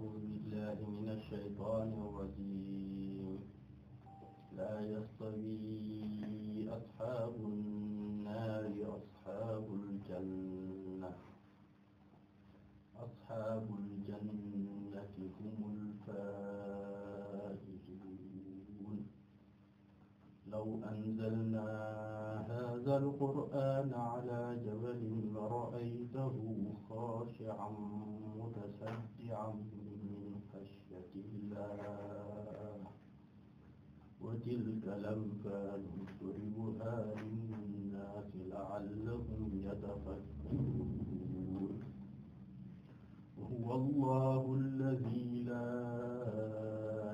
أعوذ بالله من الشيطان الرجيم لا يستوي أصحاب النار أصحاب الجنة أصحاب الجنة هم الفائزون لو أنزلنا هذا القرآن على جبل لرأيته خاشعا متصدعا وتلك الأمثال نضربها للناس لعلهم يتفكرون وهو الله الذي لا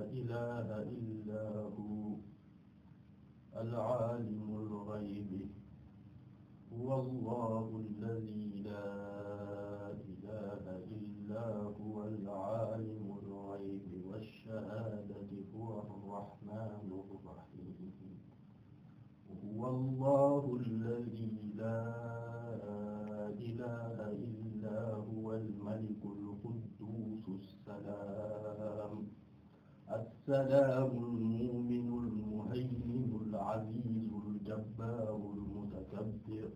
إله إلا هو العالم الغيب هو الله الذي لا والله الذي لا إله إلا هو الملك القدوس السلام السلام المؤمن المهيمن العزيز الجبار المتكبر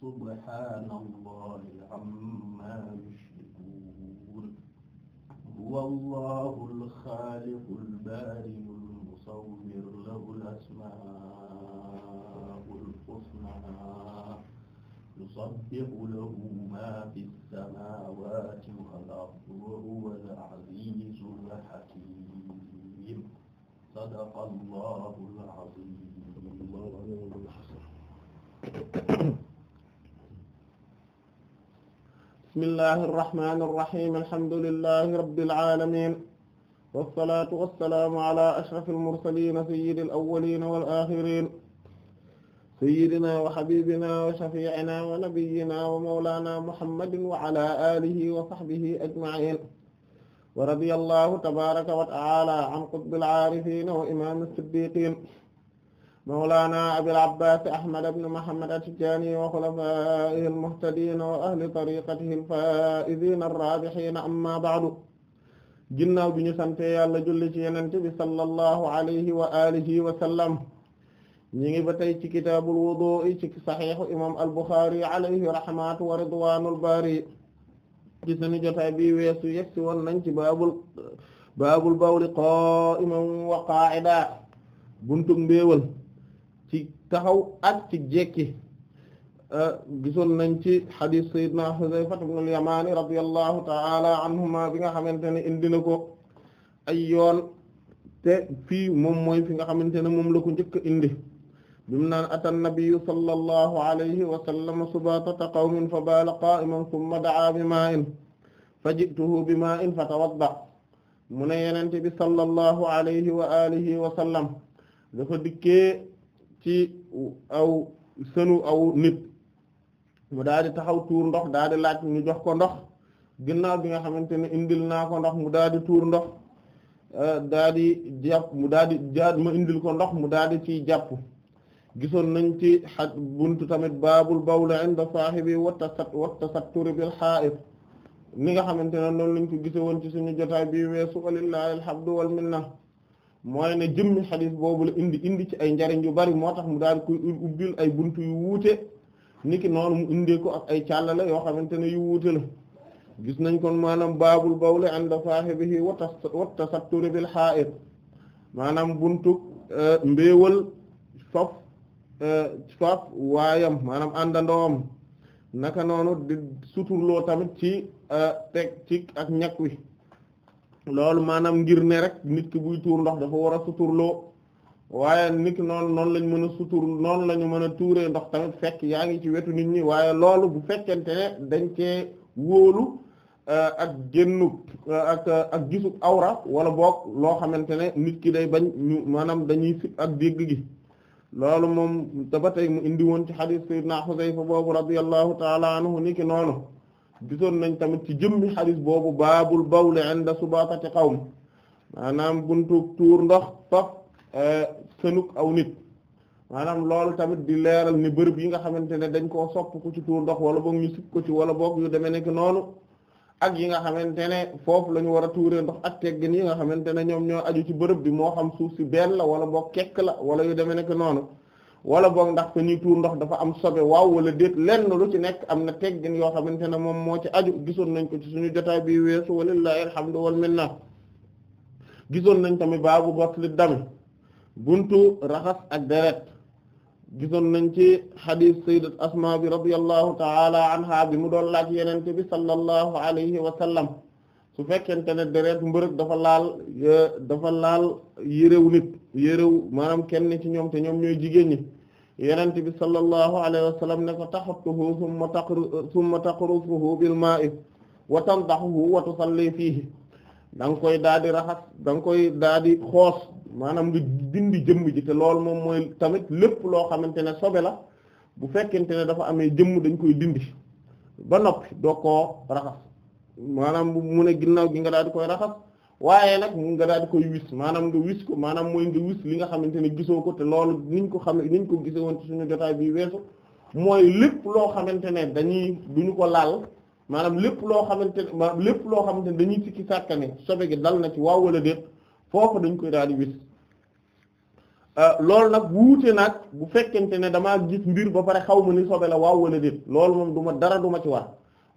سبحان الله عما يشركون هو الله الخالق البارئ المصور له الأسماء يسبح له ما في السماوات والأرض وهو العزيز الحكيم صدق الله العظيم بسم الله الرحمن الرحيم الحمد لله رب العالمين والصلاة والسلام على أشرف المرسلين سيد الأولين والآخرين sayyidina wa habibina wa shafi'ina wa nabiyyina wa mawlana muhammadin wa ala alihi wa sahbihi ajma'in wa radiyallahu tabaraka wa ta'ala an qutbil arifin wa imam as-siddiqin mawlana abil abbas ahmad ibn muhammad at-tijani wa khulafa'ihi al-muhtadin wa ahli tariqatihi al-fa'izin ar-rabihin amma ba'du ginnaaw bi ñu sante yàlla julli ci yenente bi sallallahu alayhi wa alihi wa sallam ñi ngi ba tey ci kitaabul wudu ci saxiixu imam al-Bukhari alayhi rahmatu wa ridwanul bari ci sunu jotaay bi weesu yegg si woon nañ ci baabul baabul bawli qaa'iman wa qaa'idan buntu mbéewal ci taxaw ak ci jekki ah, gisoon nañ ci xadiis sayyidina Hudayfa ibn al-Yamani radiyallahu ta'ala anhuma bi nga xamante ne indi na ko ay yoon te fii moom mooy fi nga xamante ne moom la ko njëkk indi bi mu naan ata nabiyu sallallahu alayhi wa sallam subatata qawmin fa baala qa'iman thumma da'a bi ma'in fa ji'tuhu bi ma'in fa tawadda mu ne yenente bi sallallahu alayhi wa alihi wa sallam dafa dikkee ci aw sënu aw nit mu daal di taxaw tuur ndox daal di laaj ñu jox ko ndox ginnaaw bi nga xamante ne indil naa ko ndox mu daal di tuur ndox eh, daal di mu daal di indil ko ndox mu daal di ciy jàpp gisoon nañ ci xaj buntu tamit baabul bawl inda saahibi wattasat wattasatturi bil haa'it ni nga xamante ne noonu lañ ko gise woon ci suñu jotaay bi weesu walillahi alhamdu wal minna mooy ne jëmmi xadis boobu la indi indi ci ay njariñ yu bari moo tax mu daal koy ubbil ay buntu yu wuute ki noonu mu indee ko ak ay càllale yoo xamante ne yu wuute la gis nañ kon maanaam baabul bi inda saahibihi wattasatturi bil haa'it maanaam buntu eh, mbéewal faf pap euh, waayam maanaam àndandoom naka noonu suturloo tamit ci euh, teg ci ak ñàkk wi loolu maanaam ngir ne rek nit ki buy tuur ndox dafa war a suturloo waaye nit ki noonu noonu lañ mën a sutur noonu la mën a tuuree ndox tamit fekk yaa ngi ci wetu nit ñi waaye loolu bu fekkente ne dañ cee wóolu euh, ak génnu ak ak gisu awra wala boog loo xamante ne nit ki day bañ ñu maanaam dañuy si ak dégg gi loolu moom te ba tey mu indi woon ci xadis sayyidina Xuzayfa boobu radiyallahu taala anhu ni ki noonu gisoon nañ tamit ci jëmmi xadis boobu baabul bawli inda subatati qawm maanaam buntu tuur ndox faf eh, sënuk aw nit maanaam loolu tamit di leeral ni bërëb yi nga xamante ne dañ koo sopp ku ci tuur ndox wala boog ñu sib ko ci wala boog yu demee nekk noonu ak yi nga xamante ne foofu la ñu war a tuure ndox ak teggin yi nga xamante ne ñoom ñoo aju ci bërëb bi moo xam suuf si benn la wala boog kekk la wala yu demee nekk noonu wala boog ndax fa ñuy tuur ndox dafa am sobe waaw wala déet lenn lu ci nekk am na teggin yoo xamante ne moom moo ci aju gisoon nañ ko ci suñu jotaay bi weesu xam alhamdu wal minna gisoon nañ tamit baabu gosli dami buntu raxas ak deret gisoon nañ ci xadiis sayyidat asma bi radiyallahu taala anha bi mu doon laaj yenente bi sallallahu alayhi wa sallam su fekkente ne deret mbërëg dafa laal dafa laal yëréw nit yëréw maanaam kenn ci ñoom te ñoom ñooy jigéen ñi yenente bi sallallahu alayhi wa sallam ne ko taxattuhu summa taqru summa taqrufuhu bil ma'i wa tandaxuhu wa tusalli fiihi da nga koy daa di raxas da koy daa di xoos maanaam nga dindi jëm ji te lool moom mooy tamit lépp loo xamante ne sobe la bu fekkente ne dafa amee jëmm dañ koy dindi ba noppi doo ko raxas maanaam mu ne ginnaw gi nga daal di koy raxas waaye nag mu nga daal di koy wis maanaam nga wis ko maanaam mooy nga wis li nga xamante ne gisoo ko te loolu niñ ko xam niñ ko gisee woon ci suñu jotaay bi weesu mooy lépp loo xamante ne dañuy duñu ko laal maanaam lépp loo xamante ne lépp loo xamante ne dañuy sikki sàkka ne sobe gi dal na ci waaw wala déet foofu dañ koy daal di wis euh, loolu nag wuute nag bu fekkente ne damaa gis mbir ba pare xaw ma ni sobe la waaw wala déet loolu moom du ma dara duma ci war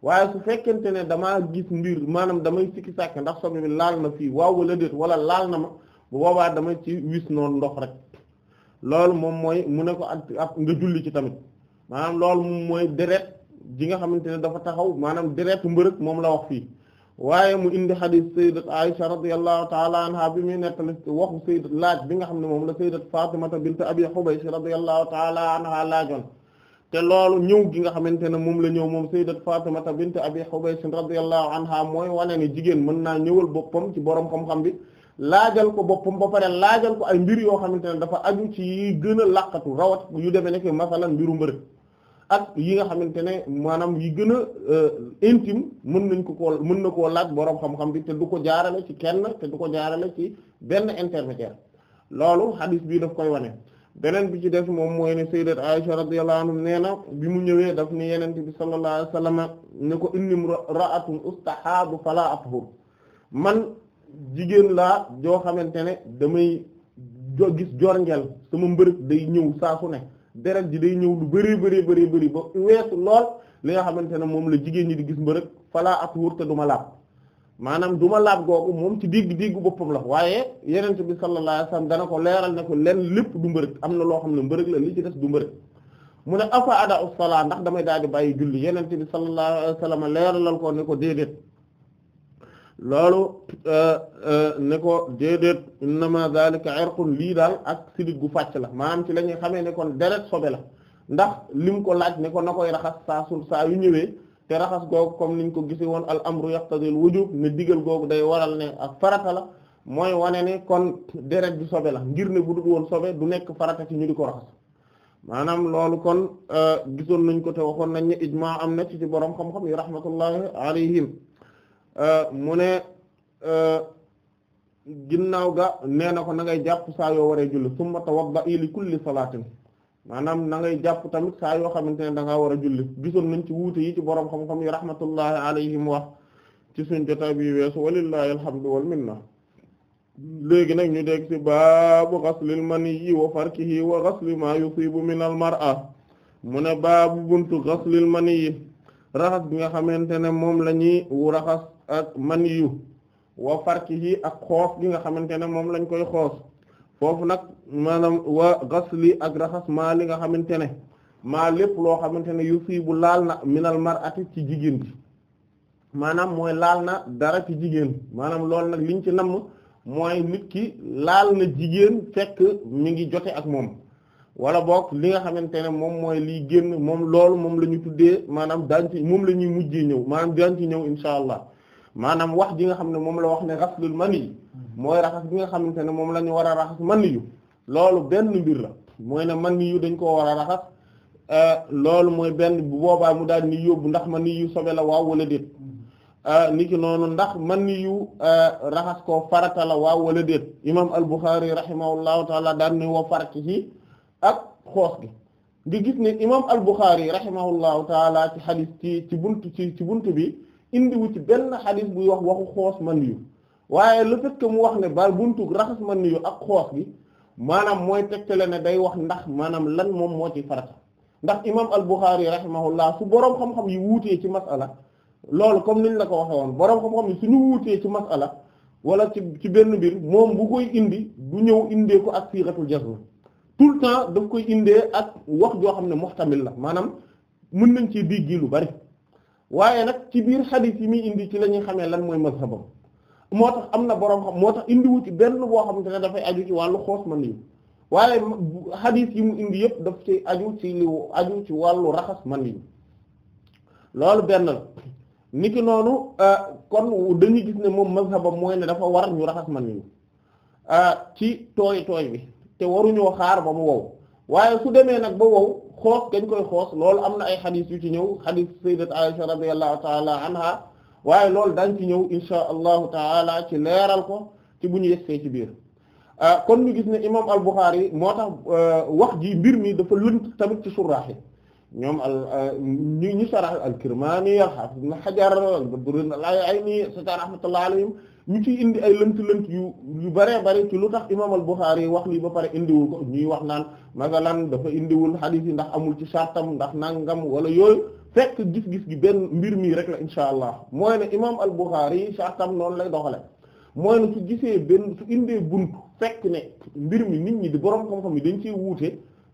waaye su fekkente ne damaa gis mbir maanaam damay sikki sàkk ndax sobe bi laal na fii waaw wala déet wala laal na ma bu boobaa damay ci wis noonu ndox rek loolu moom mooy mu ne ko ak nga julli ci tamit maanaam loolu moom mooy deret ji nga xamante ne dafa taxaw maanaam deretu mbërëg moom la wax fii waaye mu indi xadis sayyidat Aisha radiyallahu taala anha bi muy nettali waxu sayyidat laaj bi nga xam ne moom la sayyidat Fatimata bint Abi Hubaysh radiyallahu taala anha laajoon te loolu ñëw gi nga xamante ne moom la ñëw moom sayyidat Fatimata bint Abi Hubaysh radiyallahu anha mooy wane ni jigéen mën naa ñëwal boppam ci borom xam-xam bi laajal ko boppam ba pare laajal ko ay mbir yoo xamante ne dafa aju ci yi gën a laqatu rawat yu demee nekk masalan mbiru mbërëg ak yi nga xamante ne maanaam yi gën a euh, intime mën nañ ko koo mën na koo laaj boroom xam-xam bi te du ko jaarale ci kenn te du ko jaarale ci benn intermédiaire loolu hadith bii daf koy wane beneen bi ci def moom mooy ne sayyidat Aisha radiyallahu anha nee na bi mu ñëwee daf ni yenent bi sallallahu alayhi wasallam ne ko innim ra'atun ustahaadu fala athur man jigéen laa joo xamante ne damay gis jorngeel sama mbërëg day ñëw saa ne deret ji day ñëw lu bëri bëree bëree bëri ba weesu lool li nga xamante ne moom la jigéen ñi di gis mbërëg falaa ak wurte du ma laab maanaam du ma laab googu moom ci digg diggu boppam la waaye yenente bi sallallahu alayhi wasallam dana ko leeral ne ko len lépp du mbërëg am na loo xam ne mbërëg la li ci des du mbërëg mu ne afa ada ussalaa ndax damay daal di bàyyi julli yenente bi sallallahu alayhi wasallam leeralal ko ne ko déedéet loolu euh, euh, ne ko déedéet innama zalika irqun lii daal ak sidit gu fàcc la maanaam ci la ñuy xamee ne kon deret sobe la ndax lim ko laaj ne ko na koy raxas saa saa yu ñëwee te raxas googu comme niñ ko gisee woon al amru yaqtadil wujub ne digal googu day waral ne ak farata la mooy wane ne kon deret bi sobe la ngir ne bu dul woon sobe du nekk farata ci ñu di ko raxas maanaam loolu kon euh, gisoon nañ ko te waxoon nañ ne ijmaa am na ci ci boroom xam-xam yi rahmatullahi alayhim Euh, mu ne euh, ginnaaw ga nee na ko na ngay jàpp saa yoo waree julli summa tawadda'i li kulli salaatin maanaam na ngay jàpp tamit saa yoo xamante ne da ngaa war a julli gisoon nañ ci wuute yi ci borom xam-xam yi rahmatullahi alayhim wax ci suñ jotaay bi weesu walillahi alhamdu wal minna léegi nag ñu dégg ci baabu ghaslil maniyyi wa farkihi wa ghasli ma yusibu min al mar'a mu ne baabu buntu ghaslil maniyyi raxas bi nga xamante ne moom lañuy wu raxas ak man yu wa farkihi ak xoos gi nga xamante ne moom lañ koy xoos foofu nag maanaam wa gasli ak raxas li nga xamante ne maa lépp loo xamante ne yu sii bu laal na minal mar'ati ci jigéen ji maanaam mooy laal na dara ci jigéen maanaam loolu nag liñ ci namm mooy nit ki laal na jigéen fekk mi ngi jote ak moom wala boog li nga xamante ne moom mooy liy génn moom loolu moom la ñu tuddee maanaam daan ci moom la ñuy mujjee ñëw maanaam daan ci ñëw insha allah maanaam wax ji nga xam ne moom la wax ne raslul mani mooy raxas bi nga xamante ne moom la war a raxas mani yu loolu benn mbir la mooy ne mani yu dañ koo war a raxas euh, loolu mooy benn bu boobaa mu daal ni yóbbu ndax mani yu sobe la waaw wala déet euh, ni ki noonu ndax mani yu euh, raxas ko farata la waaw wala déet imam al-Bukhari rahimahullahu taala daal ni woo farata ci ak xoos gi di gis ne imam al-Bukhari rahimahullahu taala ci xadis ci ci buntu ci ci buntu bi indiwu ci benn xadis buy wax waxu xoos man yu waaye le fait mu wax ne ba buntu raxas man yu ak xoos gi maanaam mooy tegtale ne day wax ndax maanaam lan moom moo ci farata ndax imaam al-Bukhari rahimahullah su boroom xam-xam yi wuutee ci masala loolu comme niñ la ko waxe woon boroom xam-xam yi suñu wuutee ci masala wala ci ci benn mbir moom bu koy indi du ñëw indee ko ak siixatul jazm tout le temps daf koy indee ak wax joo xam ne muhtamil la maanaam mën nañ ci diggi lu bari waaye nag ci biir xadis yi muy indi ci la ñuy xamee lan mooy mazhabam moo tax am na boroom xam moo tax indiwu ci benn boo xamante ne dafay aju ci wàllu xoos man yu waaye xadis yi mu indi yëpp daf ci aju ci li aju ci wàllu raxas man yu loolu benn la niki noonu euh, kon dañuy gis ne moom mazhabam mooy ne dafa war ñu raxas man yu euh, ci tooy tooy bi te waruñoo xaar ba mu wow waaye su demee nag ba wow xoos dañ koy xoos loolu am na ay xadis yu ci ñëw xadis sayyidat Aisha radiyallahu taala anha waaye loolu dañ ci ñëw insha allahu taala ci leeral ko ci bu ñu yeggsee ci biir ah, kon ñu gis ni imam al-Bukhari moo tax ah, wax ji mbir mi dafa lënt tamit ci surraax yi ñoom al ah, ñu ñu sarax al-Kirmani al-Hafiz ibn Hajar al-Badruddin al-Ayni et cetera rahmatullah alayhim ñu ciy indi ay lënt lënt yu yu baree bari ci lu tax imam al Bukhari wax lii ba pare indiwul ko ñuy wax naan magalan dafa indiwul xadiis yi ndax amul ci sartam ndax nangam wala yooyu fekk gis-gis gi benn mbir mii rek la insha allah mooy ne imam al Bukhari tam noon lay doxale mooy ne su gisee benn su indee buntu fekk ne mbir mi nit ñi di borom xam-xam yi dañ ciy wuute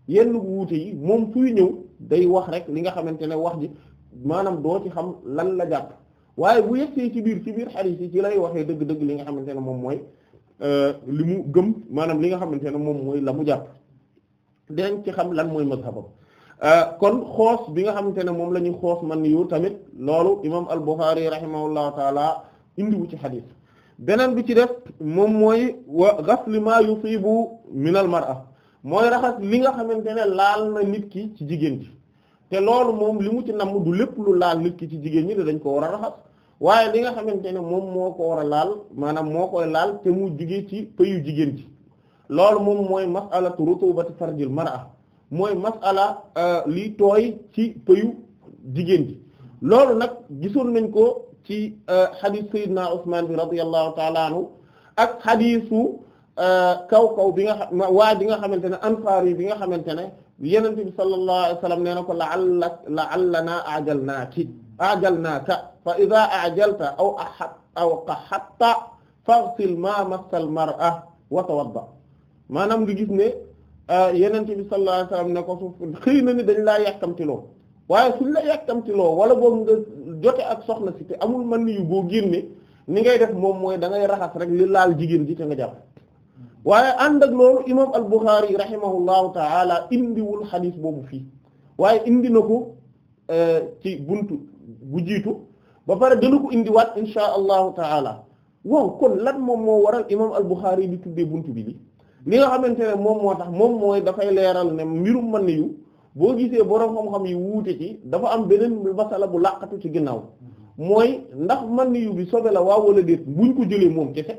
yenn wuute yi moom suy ñëw day wax rek li nga xamante ne wax ji maanaam doo ci xam lan la jàpp waaye bu yegsee ci biir ci biir xadiis yi ci lay waxee dëgg-dëgg li nga xamante ne moom mooy euh, li mu gëm maanaam li nga xamante ne moom mooy la mu jàpp dinañ ci xam lan mooy mazhabam euh, kon xoos bi nga xamante ne moom la ñuy xoos man yu tamit loolu imaam al-Bukhari rahimahullahu taala indiwu ci xadiis beneen bi ci def moom mooy wa ghasl yu yusibu min al-mar'a mooy raxas li nga xamante ne laal na nit ki ci jigéen ji te loolu moom li mu ci namm du lépp lu laal nit ki ci jigéen ñi dañ ko war a raxas waaye li nga xamante ne moom moo ko war a laal maanaam moo koy laal te mu jige ci pëyu jigéen ci loolu moom mooy mas'alatu rutubati farjil mar'a mooy mas'ala euh, li tooy ci pëyu jigéen ji loolu nag gisoon nañ ko ci euh, xadiis sayyidina Usmaan bi radiyallahu ta'ala anhu ak xadiisu euh, kaw kaw bi nga xam waa bi nga xamante ne ansaar bi nga xamante ne yenente bi sallallahu alayhi wasallam nee na ko la'alla la'allana ajalnaaki ajalnaaka fa ida ajalta aw axat aw qaxatta faghsil ma massal mar'a wa tawadda maanaam nga gis ne euh, yenente bi sallallahu alayhi wasallam ne ko su xëy na ni dañ laa yàkkamtiloo waaye suñ la tiloo wala boog nga jote ak soxna si te amul man yu goo génne ni ngay def moom mooy da ngay raxas rek li laal jigéen ji te nga jàpp waaye ànd ak loolu imam al-Bukhari rahimahullahu taala indiwul xadiis boobu fii waaye indi na ko euh, ci buntu bu jiitu ba pare dana ko indiwaat insha allahu taala waaw kon lan moom moo waral imam al-Bukhari di tuddee buntu bi li li nga xamante ne moom moo tax moom mooy dafay leeral ne mbirum man yu boo gisee boroom xam-xam yi wuute ci dafa am beneen masala bu làqatu ci ginnaaw mooy ndax man yu bi sobe la waaw wala bu ñu ko jëlee moom kese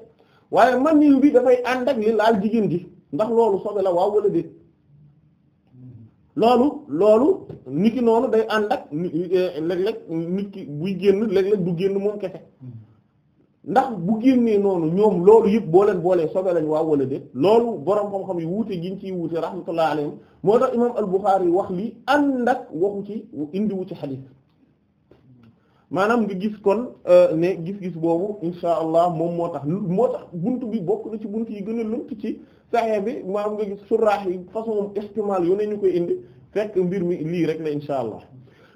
waaye man yu bi dafay ànd ak li laal jigéen ji ndax loolu sobe la waaw wala déet loolu loolu nit ki noonu day ànd ak eh, léeg-léeg nit ki buy génn léeg-léeg génn moom kese ndax bu génnee noonu ñoom loolu yëpp boo leen boolee sobe lañ waaw wala déet loolu borom xam-xam yi wuute giñ ciy wuute rahmatullah alayhim moo tax imaam al-Bukhari wax li ànd ak waxu ci indiwu ci xadiis maanaam nga gis kon eh, ne gis-gis boobu insha allah moom moo tax moo tax bunt bi bokk na ci bunt yi gën a lënt ci saxee bi maam nga gis surraax yi façon istimal yu ne ñu koy indi fekk mbir mi lii rek la insha allah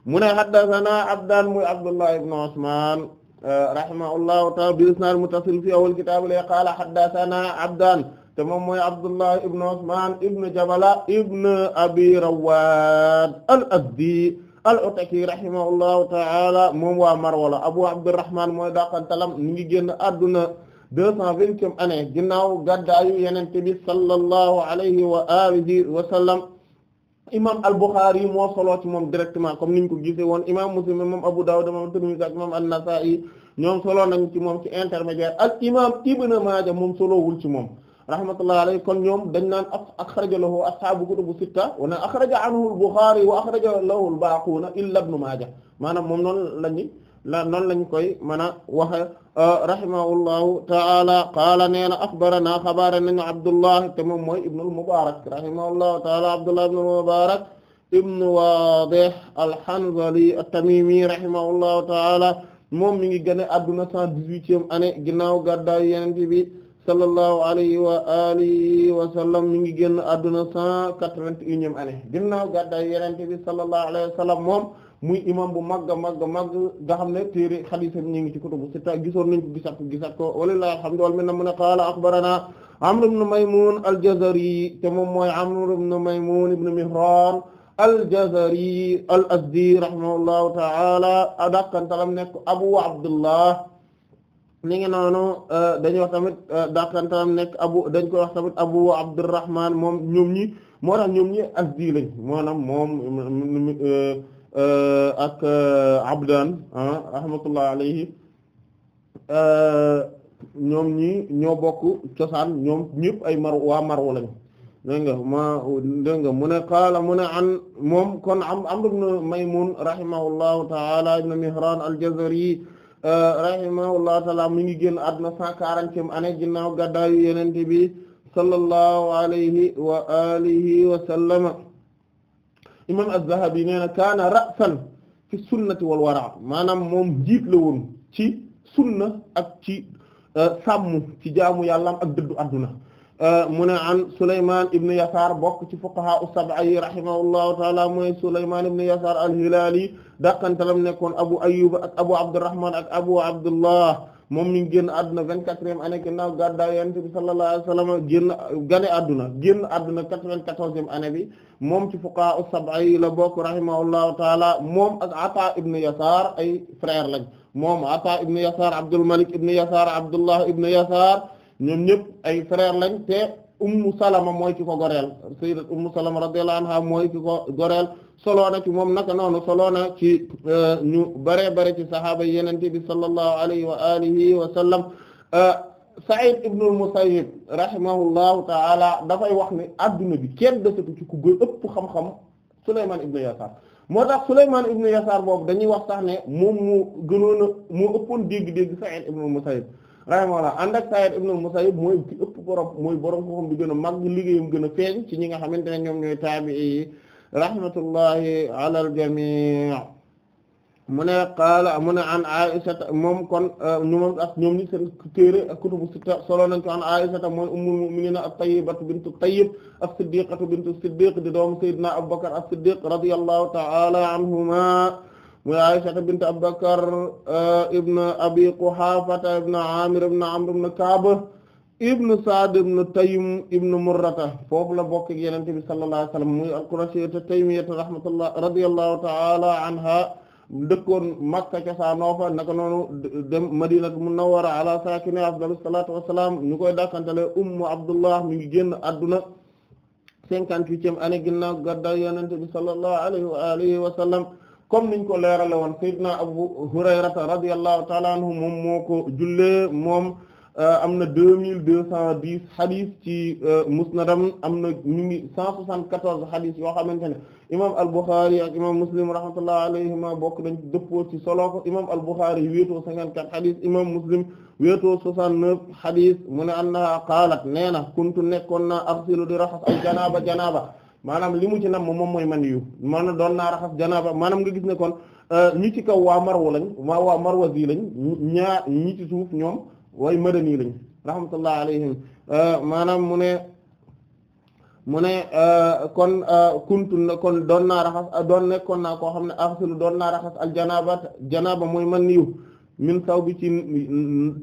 mu ne haddathana abdan muy abdullah ibn usman rahimahullahu ta'ala bi isnad muttasil fi awal kitab la qala haddathana abdan te moom mooy abdullah ibn usman ibn jabala ibn abi rawad al azdi al utaki rahimahullahu ta'ala moom waa marwala abu abdurrahman mooy daqantalam mi ngi génn adduna deux cent vingtième année ginnaaw gàddaayu yenente bi sallallahu alayhi wa alihi wa sallam imam al-Bukhari moo solo ci moom directement comme niñ ko gisee woon imam Muslim moom Abu Dawud moom Tirmidhi ak moom an-Nasa'i ñoom solo nañ moom ci intermédiaire al imam Ibn Maaja moom solowul ci moom rahmatullahi alayhi kon ñoom dañ naan akhraja lahu ashaabu kutubu sitta wa akhraja anhu al-Bukhari wa akhraja lahu al-baaqiuna illa Ibn Maaja maanaam moom noonu lañu la noonu lañu koy mën a waxe euh, rahimahullahu taala qaala nee na axbarana xabaara nañu abdullah te moom mooy ibnul mubarak rahimahullahu taala abdullah ibnul mubarak ibnu wadih alhanzali at-tamimi rahimahullahu taala moom mi ngi gën a adduna cent dix-huitième année ginnaaw gàddaayu yenente bi sallallahu alayhi wa alihi wa sallam ngi génn adduna cent quatre-vingt-unième année ginnaaw gàddaayu yenente bi sallallahu alayhi moom muy imam bu màgg a màgg a màgg nga xam ne téere xadiisam ñi ngi ci kutubu sitta gisoon nañ ko gisat ko gisat ko walillahi alhamdu wal minna mu ne qaala axbarana amr ibn maymun al-jazari te moom mooy amr ibn maymun ibn mihran al-jazari al-azdi a ta'ala dàkantalam nekk abu abdullah ni ngi noonu euh, dañuy wax tamit euh, dàkantalam nekk abu dañ koy wax tamit abu moom ñoom ñi moo tax ñoom ñi azdi lañ Euh, ak euh, Abdan rahmatullah alayhi euh, ñoom ñi ñoo bokk cosaan ñoom ñëpp ay waa Marw lañu dégg nga mu qaala mu ne an moom kon am Amr ibn Maymun rahimahullahu ta'ala ibn Mihran al-Jazari rahimahullahu ta'ala mu ngi génn àdduna cent quarantième année ginnaaw gàddaayu Yonent bi sallallahu alayhi wa alihi wa sallama imam az-Zahabi nee na kaana ra'san fi sunnati wal wara maanaam moom njiit la woon ci sunna ak ci euh, sàmm ci jaamu yàllaam ak dëddu adduna euh, mu ne an Sulaymaan ibn Yasaar bokk ci fuqahaa as-sab'a yi rahimahullahu ta'ala mooy Sulaymaan ibn Yasaar al-Hilaali dàqantalam nekkoon Abu Ayyuba ak Abu Abdurrahmaan ak Abu Abdullah moom mi génn àdduna vingt-quatrième année ginnaaw gàddaay Yonent bi sallallahu génn gane àdduna génn àdduna quatre vingt moom ci fuqahaa as-sab'a yi la bokk rahimahullahu taala moom ak Ataa ibn Yasaar ay frère lañ moom Ataa ibn Yasaar Abdul ibn Yasaar Abdullah ibn Yasaar ñoom ñëpp ay frère lañ te Ummu Salama mooy ki ko goreel sayyidat Ummu Salama radiyallahu anha mooy ki ko goreel solo na ci moom naka noonu solo na ci euh, ñu bare bare ci saxaaba yenente bi sallallahu alayhi wa alihi wa sallam euh, Sa'id ibn al-Musayyib rahimahullahu ta'ala dafay wax ne adduna bi kenn ci ku ëpp xam-xam Souleymane ibn Yasaar moo tax Souleymane ibn Yasaar boobu dañuy wax sax ne gënoon a moo ëppoon dégg-dégg Sa'id ibn al-Musayyib rahimahullah ànd ak Sa'id ibn al-Musayyib mooy ci ëpp borom mooy borom ko xam bi gën a mag liggéeyam gën a feeñ ci ñi nga xamante ne ñoom ñooy taabi'i yi rahmatullahi ala al-jamii mu ne qaala mu ne an Aisata moom kon euh, ñu moom ak ñoom ñi seen téere ak kutubu sitta solo nañ ko an Aisata mooy ummul mu'miniina at-tayyibatu bintu tayyib as-siddiqatu bintu siddiq di doomu sayyidina Abubakar as-siddiq radiyallahu ta'ala anhuma mooy Aisata bintu Abubakar euh, ibn Abi Quhafata ibn Amir ibn Amr ibn Ka'b ibnu Sa'd ibn Taym ibn Murrata foofu la bokk bi sallallahu alayhi muy al-Qurashiyya at-Taymiyya rahmatullah ta'ala anha dëkkoon Makka cosaanoo naka noonu Madinatu Munawwara ala saakinihaa afdalu salaatu wa salaam ñu Ummu Abdullah mi ngi génn àdduna cinquante-huitième année ginnaaw gàddaay Yonent bi sallallahu alayhi wa alihi niñ ko leerale woon Sayyidina Abu Hurayrata radiyallahu ta'ala anhu moom moo ko jullee moom Euh, am na deux mille deux cent dix xadis ci euh, musnadam am na ñu ngi cent soixante-quatorze xadis yoo xamante ne imam al-Bukhari ak imam Muslim rahmatullah alayhima bokk dañ dëppoo ci solo ko imam al-Bukhari wéetoo cinquante-quatre xadis imam Muslim wéetoo soixante-neuf xadis mu ne annaha qaalat nee na kuntu nekkoon naa arsilu di raxas ay janaaba janaaba maanaam li mu ci nam moom mooy man yu man doon naa raxas janaaba maanaam nga gis ne kon euh, ñi ci kaw waa marwa lañ waa waa marwazi lañ la ñi ci suuf ñoom way madani lañ rahmatullah alayhim euh, maanaam mu ne mu ne euh, kon euh, kuntu kon doon naa raxas doon nekkoon naa koo xam ne axsilu doon naa raxas al janaaba janaaba mooy man niyu min saw bi ci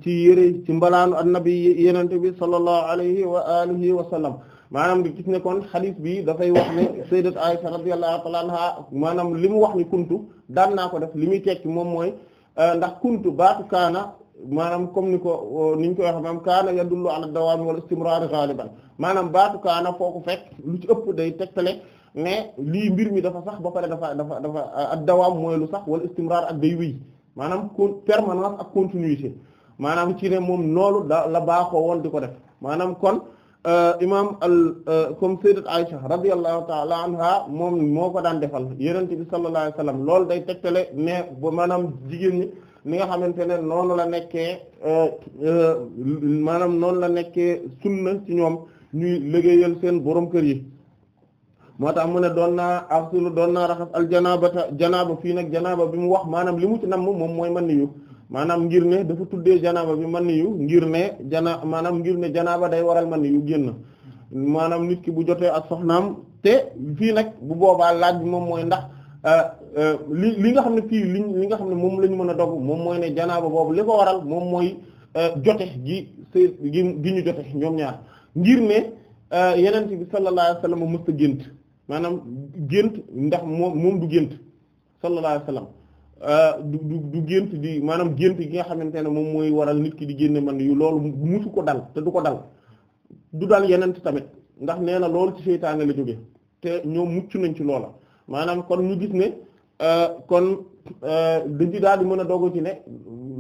ci yëre ci mbalaanu annabi yenente bi sallallahu alayhi wa alihi wa sallam maanaam di gis ne kon xadis bi dafay wax ne sayyidat Aisha radiyallahu ta'ala anha maanaam li mu wax ni kuntu daan naa ko def li muy tekki moom mooy ndax kuntu baatu kaana maanaam comme ni ko euh, ni ñu koy wax maanaam kaana yadullu ala dawaam wala istimraar ghaliban maanaam baatu kaana foo ko fekk lu ci ëpp day tegtale ne lii mbir mi dafa sax ba pare dafa dafa dafa euh, ad dawaam mooy lu sax wala istimraar ak day wéy maanaam con permanence ak continuité maanaam ci ne moom noolu da la baaxoo woon di ko def maanaam kon euh, imaam al comme sayyidat Aisha radiyallahu ta'ala anha moom moo ko daan defal yonent bi sallallahu alayhi wasallam loolu day tegtale ne ba maanaam jigéen ñi. li nga xamante ne noonu la nekkee euh, euh, maanaam noonu la nekkee sunna ci ñoom ñuy liggéeyal seen boroom kër yi moo tax mu ne doon naa arsulu doon naa raxas al janaabata janaaba fii nag janaaba bi mu wax maanaam li mu ci namm moom mooy man niyu maanaam ngir ne dafa tuddee janaaba bi man niyu ngir ne jana maanaam ngir ne janaaba day waral man niyu génn nit ki bu jotee ak soxnaam te fii nag bu boobaa laaj bi moom mooy ndax Euh, euh, li li nga xam ne fii li li nga xam ne moom lañu mën a dog moom mooy ne janaaba boobu li ko waral moom mooy euh, jote gi sëy gi ñu jote ñoom ñaar ngir ne yenent bi sallallahu alayhi wasallam mësta gént maanaam gént ndax moom moom du gént sallallahu alayhi wasallam du du du gént di maanaam gént gi nga xamante ne moom mooy waral nit ki di génne man yu loolu musu ko dal te du ko dal du dal yenent tamit ndax nee na loolu ci seytaane la jóge te ñoom mucc nañ ci loola maanaam kon ñu gis ne euh, kon euh, dañ ci daal di mën a dogu ci ne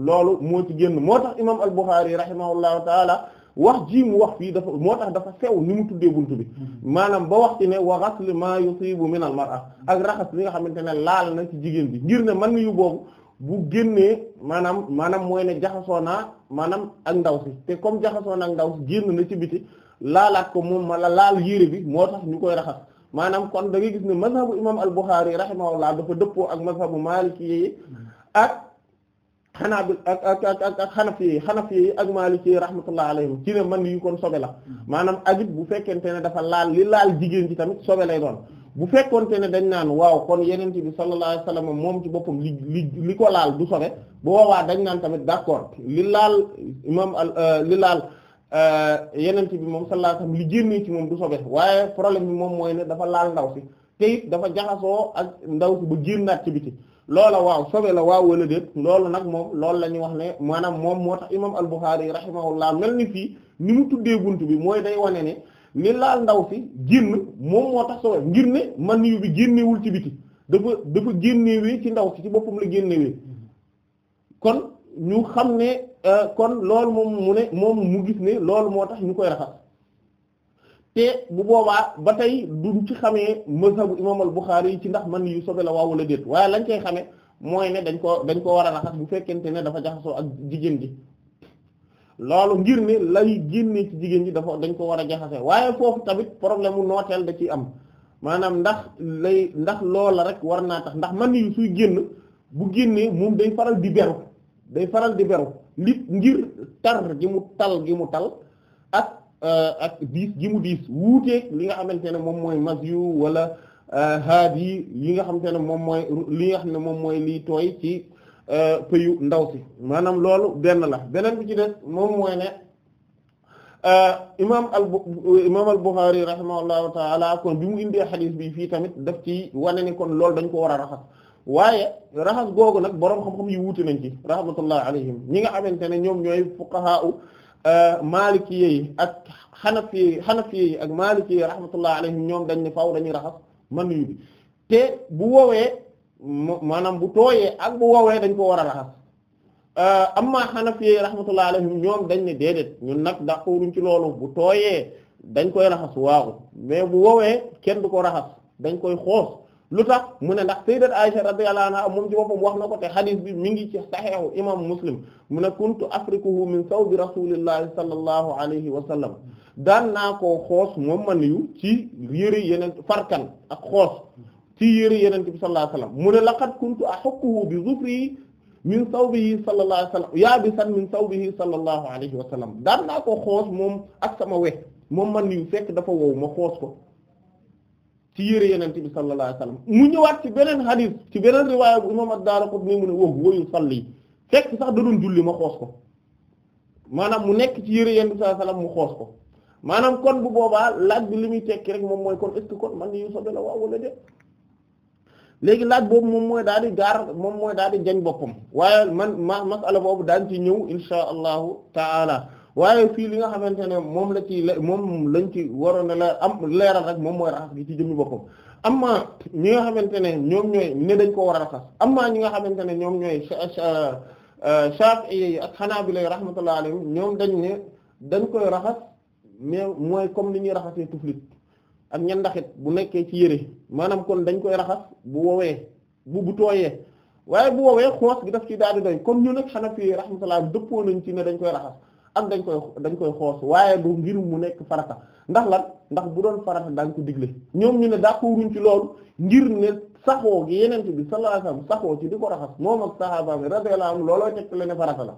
loolu moo ci génn moo tax imam al-Bukhari rahimahullahu taala wax jii mu wax fii dafa moo tax dafa sew ni mu tuddee bunt bi maanaam ba wax ci ne wa ghasl ma yusibu min al-mar'a ak raxas li nga xamante ne laal na ci jigéen bi ngir ne man yu boobu bu génnee maanaam maanaam mooy ne jaxasoo naa maanaam ak ndaw si te comme jaxasoo naa ak ndaw si génn na ci biti laalaat ko moom mala laal yére bi moo tax ñu koy raxas maanaam kon da ngay gis ne mazhabu imam al-Bukhari laa dafa dëppoo ak mazhabu maliki yi ak xanaabil ak ak ak ak ak xanaf yi xanaf yi ak maliki yi rahmatullah alayhim ci ne man yu kon sobe la maanaam agit bu fekkente ne dafa laal li laal jigéen ci tamit sobe lay doon bu fekkonte ne dañ naan waaw kon yeneen bi sallallahu alayhi wasallam moom ci boppam li li li ko laal du sobe bu boobaa dañ naan tamit d'accord li laal imam euh, li laal Euh, yenent bi moom sallallahu alayhi wasallam li génnee ci moom du sobe waaye problème bi moom mooy ne dafa laal ndaw si te it dafa jaxasoo ak ndaw si ba génnaat ci biti loola waaw sobe la waaw wala déet loolu nag moom loolu la ñuy wax ne maanaam moom moo tax imam al-Bukhari rahimahullah mel ni fii ni mu tuddee bunt bi mooy day wane ne li laal ndaw si génn moom moo tax sobe ngir ne man yu bi génnewul ci biti dafa dafa génnewee ci ndaw si ci boppam la génnewee kon ñu xam ne Euh, kon loolu moom mu ne moom mu gis ne loolu moo tax ñu koy raxas te bu boobaa ba tey duñ ci xamee mazhabu imam al-Bukhari yi ci ndax man yu sobe la waaw wala déet waaye lañ cay xamee mooy ne dañ ko dañ ko war a raxas bu fekkente ne dafa jaxasoo ak jigéen ji loolu ngir ne lay génne ci jigéen ji dafa dañ ko war a jaxase waaye foofu tamit problème mu nooteel da ciy am maanaam ndax lay ndax loola rek war naa tax ndax man yu suy génn bu génnee moom day faral di beru day faral di beru nit ngir tar gi mu tal gi mu tal ak euh, ak diis gi mu diis wuuteeg li nga xamante ne moom mooy mas yu wala euh, haad yi yi nga xamante ne moom mooy li nga xam ne moom mooy lii tooy ci euh, pëyu ndaw si maanaam loolu benn la beneen bi ci des moom mooy ne imaam al imaam al Buxaari rahimahullahu taala kon bi mu indee xadiis bi fii tamit def ci wane ne kon loolu dañ ko war a raxas waaye raxas googu nag boroom xam-xam yi wuute nañ ci rahmatullah alayhim ñi nga xamante ne ñoom ñooy fuqahaa euh, maliki yi ak xanafi xanafi ak maliki yi rahmatullah alayhim ñoom dañ ne faaw dañuy raxas man yu bi te bu woowee maanaam bu tooyee ak bu woowee dañ ko war a raxas euh, amma xanafi yi rahmatullah alayhim ñoom dañ ne déedéet ñun nag dàqoruñ ci loolu bu tooyee dañ koy raxas waaw mais bu woowee kenn du ko raxas dañ koy xoos lu tax mu ne ndax sayyidat Aisha radiyallahu anha moom ci mu wax na ko te hadith bi mi ngi ci saxiixu imam muslim mu ne kuntu afrikuhu min sawbi rasulillahi sallallahu alayhi wa sallam daan naa koo xoos moom man yu ci yenen yeneen farkan ak xoos ci yëre yeneen bi sallallahu alayhi wa mu ne laqad kuntu ahukkuhu bi zufri min sawbihi sallallahu alayhi wa bi san min sawbihi sallallahu alayhi wa sallam daan naa ko xoos moom ak sama we moom man yu fekk dafa wow ma xoos ko ci yére yenent bi sallallahu alayhi wasallam mu ñëwaat ci beneen xadiis ci beneen riwaaya bu imam ad-Daraqutni mu ne wow woyu sall yi fekk sax da doon julli ma xoos ko maanaam mu nekk ci yére yenent bi sallallahu alayhi mu xoos ko maanaam kon bu boobaa laaj bi li muy tekki rek moom mooy kon est-ce que kon man yu sobe la waaw wala de léegi laaj boobu moom mooy daal di gaar moom mooy daal di jañ boppam waaye man ma masala boobu daan ci ñëw insha allahu taala waaye fii li nga xamante ne moom la ci moom lañ ci waroon a leer am leeral rek moom mooy raxas gi ci jëmmi boppam amma ñi nga xamante ne ñoom ñooy ne dañ koo war a raxas amma ñi nga xamante ne ñoom ñooy Shafi'i euh, yi ak Hanabila rahmatullahi alayhim ñoom dañ ne dañ koy raxas mais mooy comme ni ñuy raxasee tuflit ak ñan ndaxit bu nekkee ci yére maanaam kon dañ koy raxas bu wowee bu bu tooyee waaye bu wowee xoos gi daf ci daal di doy comme ñu nag Hanafi rahmatullah dëppoo nañ ci ne dañ koy raxas ak dañ koy dañ koy xoos waaye du ngir mu nekk farata ndax lan ndax bu doon farata daañ ko digle ñoom ñu ne d'accorduñ ci loolu ngir ne saxoo gi yeneen bi sallallahu alayhi wasallam saxoo ci di ko raxas ak saxaaba mi radiyallahu anhu looloo tekk la ne la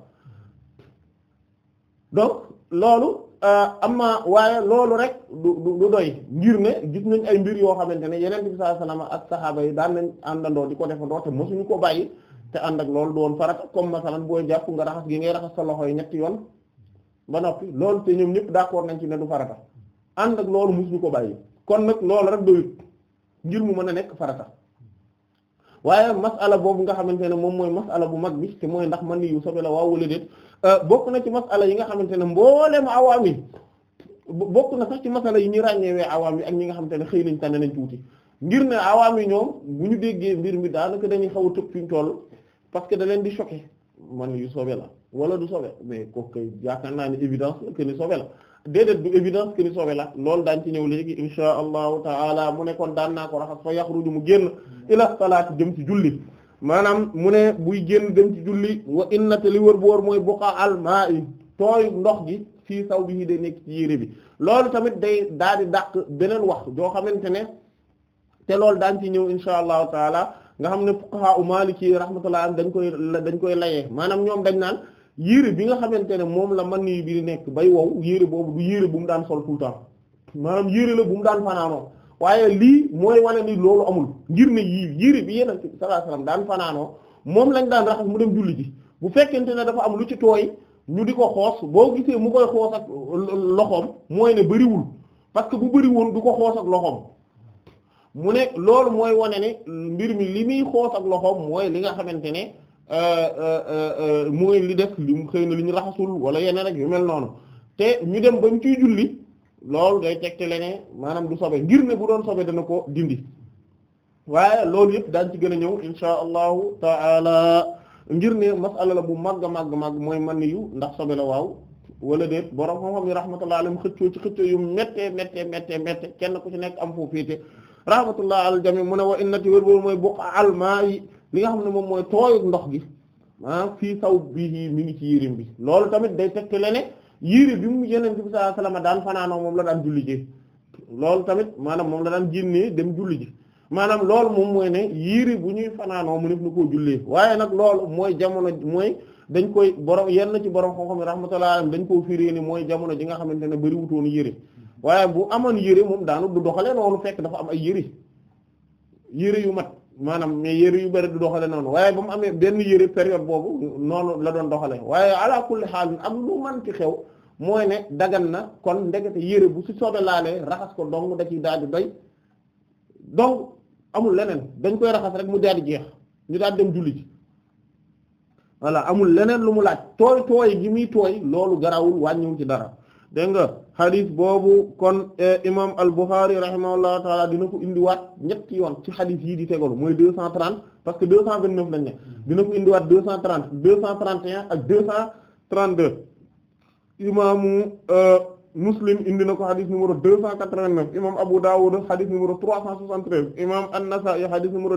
donc loolu euh, amma waaye loolu rek du du doy ngir ne gis nañ ay mbir yoo xamante ne yeneen bi sallallahu alayhi wasallam ak saxaaba yi daan nañ àndandoo di ko defandoo te mosuñu ko bàyyi te ànd ak loolu doon farata comme masalan booy jàpp nga raxas gi ngay raxas sa loxo yi ñetti yoon ba noppi loolu te ñoom ñëpp d'accord nañ ci ne du farata ànd ak loolu mus ñu ko bàyyi kon nag loolu rek doyut ngir mu mën a nekk farata waaye masala boobu nga xamante ne moom mooy masala bu mag bi te mooy ndax man yu la waaw wala déet euh, bokk na ci masala yi nga xamante ne mbooleem awaam yi bokk na sax ci masala yi ñu ràññeewee awaam yi ak ñi nga xamante ne xëy nañ tànn nañ tuuti ngir ne awaam yi ñoom bu ñu déggee mbir mi daanaka dañuy xaw a tëb fi ñu toll parce que da leen di choquer man yu sobe la wala du sobe mais ko kay yaakaar naa ne évidence que ni sobe la déedéet du évidence que ni sobe la loolu daañ ci ñëw léegi insha allahu taala mu ne kon daan naa ko raxas fa yaxruju mu génn ila salaati jëm ci julli maanaam mu ne buy génn dem ci julli wa inna te li wër bu wër mooy buqa al ma'i tooy ndox gi fii saw bi day nekk ci yére bi loolu tamit day daal di dàq beneen wax joo xamante ne te loolu daan ci ñëw insha allahu taala nga xam ne fuqaha u maliki rahmatullah am dañ koy dañ koy layee maanaam ñoom dañ naan yére bi nga xamante ne moom la man nii bi nekk bay wow yére boobu du yére bu mu daan sol tout le maanaam yére la bu mu daan fanaanoo waaye lii mooy wane ni loolu amul ngir ne yii yére bi yeneen sallallahu alayhi wasallam daan fanaanoo moom lañ daan raxas mu dem julli ji bu fekkente ne dafa am lu ci tooy ñu di ko xoos boo gisee mu koy xoos ak loxoom mooy ne bëriwul parce que bu bëriwoon du ko xoos ak loxoom mu ne loolu mooy wane ne mbir mi li muy xoos ak loxoom mooy li nga xamante ne euh, euh, euh, mooy li def li mu xëy na li ñu raxasul wala yeneen rek yu mel noonu te ñu dem ba mu ciy julli loolu day tegte leneen maanaam du sobe ngir ne bu doon sobe dana ko dindi waaye loolu yëpp daañ ci gën a ñëw insha allahu taala ngir ne masala la bu màgg màgg màgg mooy man yu ndax sobe la waaw wala déet borom xam-xam yi rahmatullah alayhim xëccoo ci xëccoo yu méttee méttee méttee méttee kenn ku ci nekk am foo féete rahmatullah al jami mu ne wa innati wér boobu mooy buq al maa li nga xam ne moom mooy tooyug ndox gi maanaam ah, fii saw bii mu ngi ci yérim bi loolu tamit day tegte lene yére bi mu yeneen bi sallallahu alayhi wasallam daan fanaanoo moom la daan julli loolu tamit maanaam moom la daan génnee dem julli ji maanaam lool moom mooy ne yére bu ñuy fanaanoo mu nekk na koo jullee waaye nag loolu mooy jamono mooy dañ koy borom yenn ci borom xam-xam rahmatullah dañ ko firée ni mooy jamono ji nga xamante ne bari wutoon yére waaye bu amoon yére moom daanu du doxale noonu fekk dafa am ay yére yére yu mat maanaam mais yére yu bari du doxale noonu waaye ba mu amee benn yére période boobu noonu la doon doxale waaye ala kulli xaal ak lu manti xew mooy ne daggan na kon ndegete yére bu si soobee laalee raxas ko dong da ciy daal di doy donc amul leneen dañ koy raxas rek mu daal di jeex ñu daal dem julli ji voilà amul leneen lu mu laaj tooy tooy gi muy tooy loolu garawul wàññiwul ci dara dégg nga xadis boobu kon eh, imam al-Bukhari rahimahullahu taala dina ko indiwaat ñetti yoon ci xadis yi di tegalu mooy deux cent trente parce que deux cent vingt neuf lañ dina ko indiwaat deux cent trente deux cent trente et un ak deux cent trente deux imaamu eh, Muslim indi na ko xadis numéro deux cent quatre vingt neuf imam Abu Dawud xadis numéro trois cent soixante treize imam An-Nasa'i xadis numéro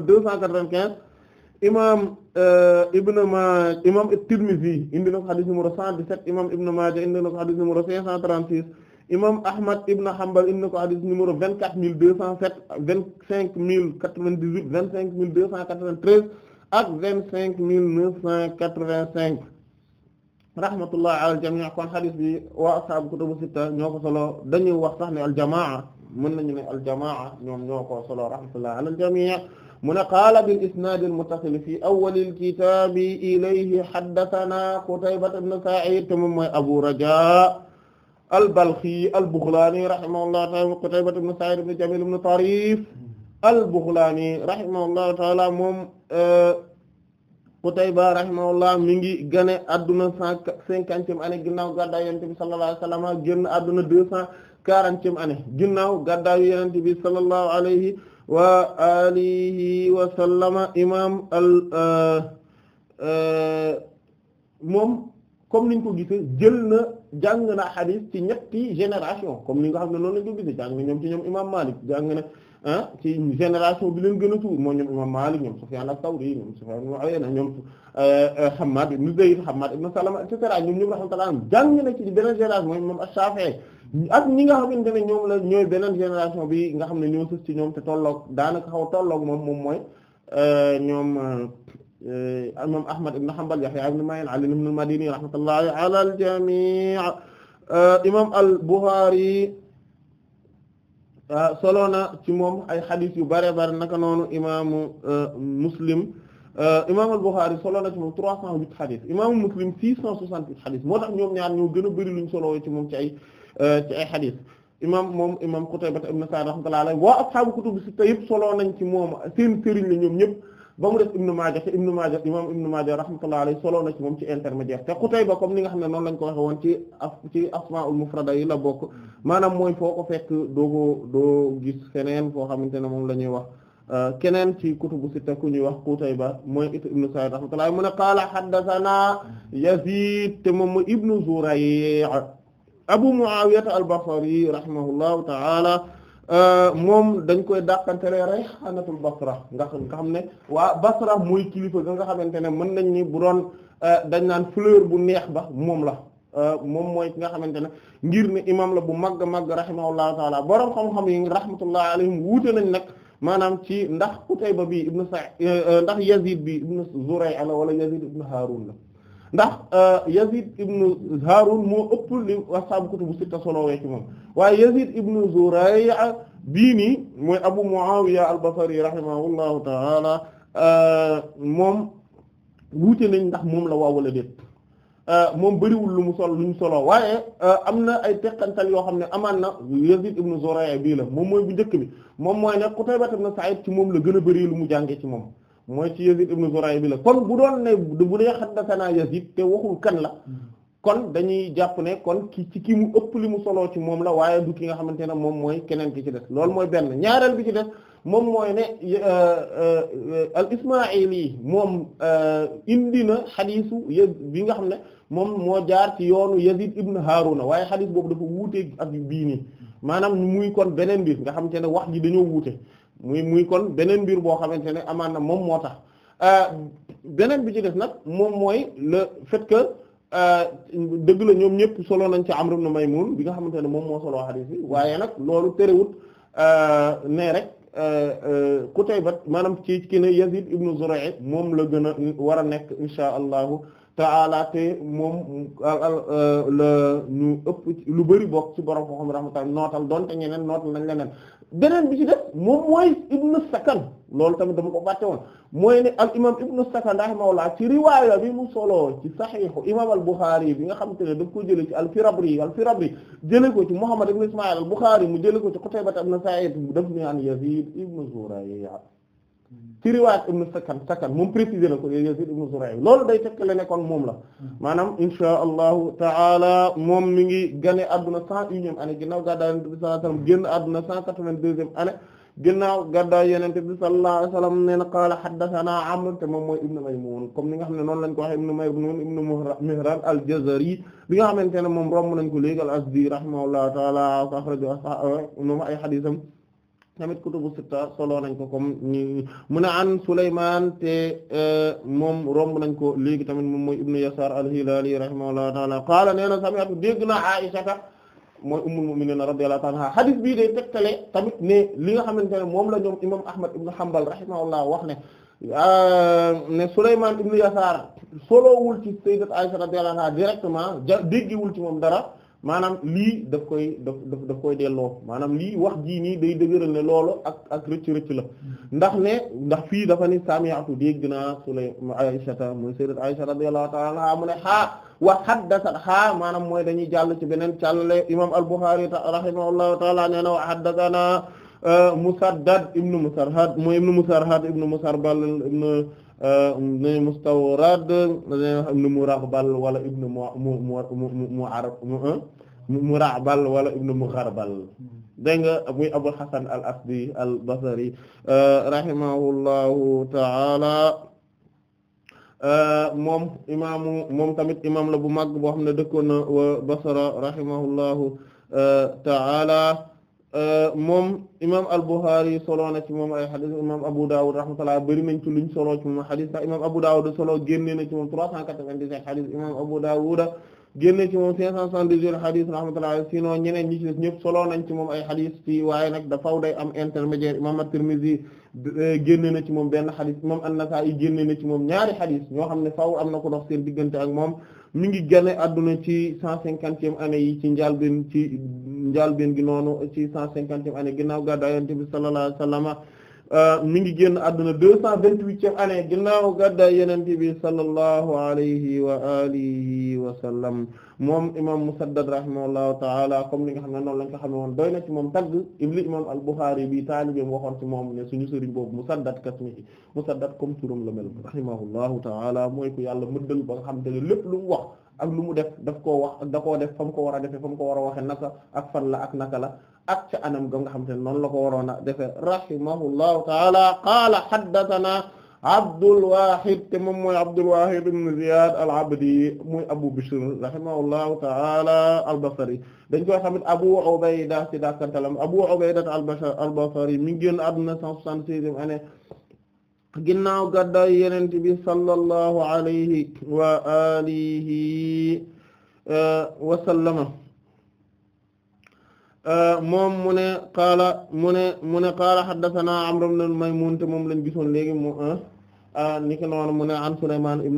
imaam euh, Ibn Maaja imaam At-Tirmidhi indi na ko xadis numéro 117 imaam Ibn Maaja indi na ko xadis numéro 536 imaam Ahmad Ibn Hanbal indi na ko xadis numéro 24207 25098 25293 ak 25985 rahmatullah ala al-jamii kon xadis bi waa ashaabu kutubu sitta ñoo ko solo dañuy wax sax ne al-jamaa mën nañu ne al-jamaa ñoom ñoo ko solo rahmatullah mu ne qaala bil isnaadil muttasil fi awwalil kitaabi ilayhi haddasanaa Qutaybata ibn Sa'iid te moom mooy Abu Rajaa al-Balkhi al-Baghlaani rahimahullahu ta'aala Qutaybata ibn Sa'iid ibn Jamiil ibn Tariif al-Baghlaani rahimahullahu ta'aala moom euh, Qutayba rahimahullah mi ngi gane adduna cent cinquantième année ginnaaw gàddaay Yonent bi sallallahu alayhi wa sallam génn adduna deux cent quarantième année ginnaaw gàddaay Yonent bi sallallahu alayhi wa alihi wa sallama imaam al euh, euh, moom comme niñ ko gisee jël na jàng na xadis ci ñetti génération comme ni nga xam ne noonu lañ ko gisee na ñoom ci ñoom imaam Maalik jàng na ah ci génération bi leen gën a tuur moo ñoom imam Maalik ñoom Sufyaan as-Sawri ñoom Sufyaan ibn Uyayna ñoom eh, eh, Hammaad ibn Zayd Hammaad ibn Salama et cetera ñoom ñëpp rahmatullah jàng na ci beneen génération mooy moom as-Shaafi'i ak ñi nga xamante ne ñoom la ñooy beneen génération bi nga xam ne ñoo sës ci ñoom te tolloog daanaka xaw tolloog moom moom mooy eh, ñoom imam Ahmad ibn Hanbal Yahya ibn Ma'in Ali ibn al-Madini rahmatullahi ala al-jami' imam al-Bukhari Ah, solo na ci moom ay xadis yu bare bare naka noonu imaamu euh, muslim euh, imaamu al-Bukhari solo na ci moom trois cent huit xadis imaamu muslim six cent soixante huit xadis moo tax ñoom ñaar ñoo gën a bëri luñ solo ci moom ci ay euh, ci ay xadis imam moom imam Qutayba ibn Sa'd rahmatullahi alayhi wa ashaabu kutubu sitta yëpp solo nañ ci moom seen sëriñ la ñoom ñëpp. ba mu def Ibnu Maaja te Ibnu Maaja imam Ibnu Maaja rahmatullahi alayhi solo na ci moom ci intermédiaire te Qutayba comme ni nga xam ne noonu lañ ko waxe ci asmaul mufrada yi la bokk maanaam mooy foo ko fekk doogo doo gis feneen foo xamante ne moom la ñuy wax euh, keneen ci kutubu sitta ku ñuy wax Qutayba mooy it Ibnu Sa'id rahmatullahi mu ne qaala haddathana Yazid te moom mooy Ibnu Zuray' Abu Muawiya al-Basri rahimahullahu ta'ala Euh, moom dañ koy dàqantele rayhanatul basra nga nga xam ne waa basra mooy kilifa ga nga xamante ne mën nañ ni bu doon euh, dañ naan fleur bu neex ba moom la euh, moom mooy ki nga xamante ne ngir ne imam la bu màgg màgg rahimahullahu taala borom xam-xam yi rahmatullahi alayhim wuute nañ nag maanaam ci ndax ba bi ibnu Sa'id ndax Yazid bi ibnu Zuray' la wala Yazid ibnu Harun la ndax euh, Yazid ibnu Harun moo ëpp li ashaabu kutubu sitta solowee ci moom waaye Yazid ibnu Zuray' bii nii mooy Abu Muawiya al-Basri rahimahullahu ta'ala euh, moom wuute nañ ndax moom la waa wala déet euh, moom bëriwul lu mu sol lu mu solo waaye am na ay teqantal yoo xam ne amaan na Yazid ibnu Zuray' bii la moom mooy bu njëkk bi moom mooy ne Qutayba ibn Sa'id ci moom la gën a bëri lu mu jàngee ci moom mooy ci Yazid ibn Zuray bi la kon bu doon ne bu dee haddathana Yazid te waxul kan la hmm. kon dañuy jàpp ne kon ci ki mu ëpp li mu soloo ci moom la waaye du ki nga xamante ne moom mooy keneen ki ci des loolu mooy benn ñaareel bi ci des moom mooy ne euh, euh, al Ismaa'ili moom euh, indi na xadiisu bi nga xam ne moom moo jaar ci yoonu Yazid ibn Haruna waaye xadiis boobu dafa wuutee ak bii nii hmm. maanaam muy kon beneen bi nga xamante ne wax ji dañoo wuute muy muy kon beneen mbir boo xamante ne amaan na moom moo tax euh, beneen bi ci des nag moom mooy la fait que euh, dëgg la ñoom ñëpp solo nañ ci am Amr may Maymun bi nga xamante ne moom moo solo hadith bi waaye nag loolu terewut euh, ne rek Qutayba maanaam ci ki ne Yazid ibn Zuray' moom la gën a war a nekk insha allahu taala te moom euh, la ñu ëpp lu bari bokk ci borom ko xam rahmatullah nootal donte ñeneen nootal nañ leneen beneen bi ci def moom mooy ibnu sakan loolu tamit dama ko bàtte woon mooy ne al imam ibnu sakan rahimahullah ci riwaaya bi mu soloo ci saxiixu imam al buxaari bi nga xam te ne daf ko jële ci al firabri al firabri jële ko ci muhammad ibnu ismail al buxaari mu jële ko ci qutayba ibn sa'id daf ni an yazid ibnu zurayya ci riwaayat ibnu sakan sakan moom précisé na ko Yazid ibnu Zuray' loolu day tekkale ne kon moom la maanaam insha allahu taala moom mi ngi gane adduna cent unième année ginnaaw gàddaa yonent bi sallallahu alayhi wasallam génn adduna cent quatre-vingt-deuxième année ginnaaw gàddaa yonent bi sallallahu alayhi wasallam nee na qaala haddathana Amr te moom mooy ibnu Maymun comme ni nga xam ne noonu lañ ko waxe ibnu Maymun ibnu Mihran al-Jazari bi nga xamante ne moom romb nañ ko léegi al-Azdi rahimahullahu taala ko axrajo asa tamit kutubu sitta solo nañ ko comme ni mu ne an Sulaymaan te euh, moom romb nañ ko léegi tamit moom mooy ibnu Yasaar al-Hilaali rahimahullahu ta'ala qaala nee na sami'tu dégg na Aysata mooy ummul mu'miniina radiyallahu ta'ala anha hadith bii day tegtale tamit ne li nga xamante ne moom la ñoom imam Ahmad ibnu Hanbal rahimahullah wax ne euh, ne Sulaymaan ibnu Yasaar solowul ci sayyidat Aysa radiyallahu anha directement ja déggiwul ci moom dara maanaam lii daf koy daf daf koy delloo maanaam lii wax jii nii day dëgëral ne loolu ak ak rëcc rëcc la mm. ndax ne ndax fii dafa ni sami'tu dégg naa Sulaymaan Aysata muy sayyidat Aysa radiyallahu ta'ala anha mu ne xaa wa haddathat xaa maanaam mooy dañuy jàll ci beneen càllale imam al-Bukhari rahimahullahu ta'ala nee na wa haddathana uh, Musaddad ibnu Musarhad mooy ibnu Musarhad ibnu Musarbal ibnu ne mustawrad ibn murabal wala ibn mu mu mu mu ah, murabal wala ibn mugharbal dégg nga muy abul hasan al asdi al basri rahimahullahu taala moom imaamu moom tamit imaam la bu mag boo xam ne dëkkoon na wa basra rahimahullahu taala Euh, moom imaam al-Bukhari solo na ci moom ay xadis imaam Abu Dawud rahmatullah bari nañ ci luñ solo ci moom xadis imaam Abu Dawud solo génne na ci moom 397 xadis imaam Abu Dawud génne ci moom 578 xadis rahmatullah sinon ñeneen ñi ci des ñëpp solo nañ ci moom ay xadis fii waaye nag dafaw day am intermédiaire imaam at-Tirmidhi euh, na ci moom benn xadis imaam an-Nasa'i génne na ci moom ñaari xadis ñoo xam ne faaw am na ko dox seen diggante ak moom. mi ngi gane adduna ci cent cinquante année yi ci njàlbeen ci njàlbeen gi noonu ci cent cinquantième année ginnaaw gàddaay Yonent bi sallallahu alayhi wa sallam Euh, mi ngi génn àdduna deux cent vingt-huitième année ginnaaw gàddaay yonent bi sallallahu alayhi wa alihi wa sallam moom imam Musaddad rahimahullahu ta'ala comme li nga xam ne noonu lañ ko xamee woon doy na ci moom tagg ibli imam al bi taalibeem waxoon ci moom ne suñu sëriñ boobu Musaddad kasmihi Musaddad comme turam la mel rahimahullahu ta'ala mooy ku yàlla mëddal ba nga xam te ne lépp lu mu wax ak lu mu def daf koo wax da koo def fa ko war a defee fa mu ko war a waxee naka ak fan la ak naka la ak ca anam ga nga xam te ne noonu la ko waroon a defee rahimahullahu taala qaala haddathana Abdul Wahid te moom mooy Abdul Wahid ibn Ziyad al-Abdi muy Abu Bishr rahimahullahu ta'ala al-Basri dañ koy xamit Abu Ubayda si dakantalam Abu Ubayda al-Basri mi ngi génn àdduna 176e année ginnaaw gàddaay yenente bi sallallahu alayhi wa alihi uh, wa sallama uh, moom mu ne qaala mu ne mu ne qaala haddathana Amr ibn al-Maymun te moom lañ gisoon léegi mu uh, ni ko noonu mu ne an Sulaymaan ibn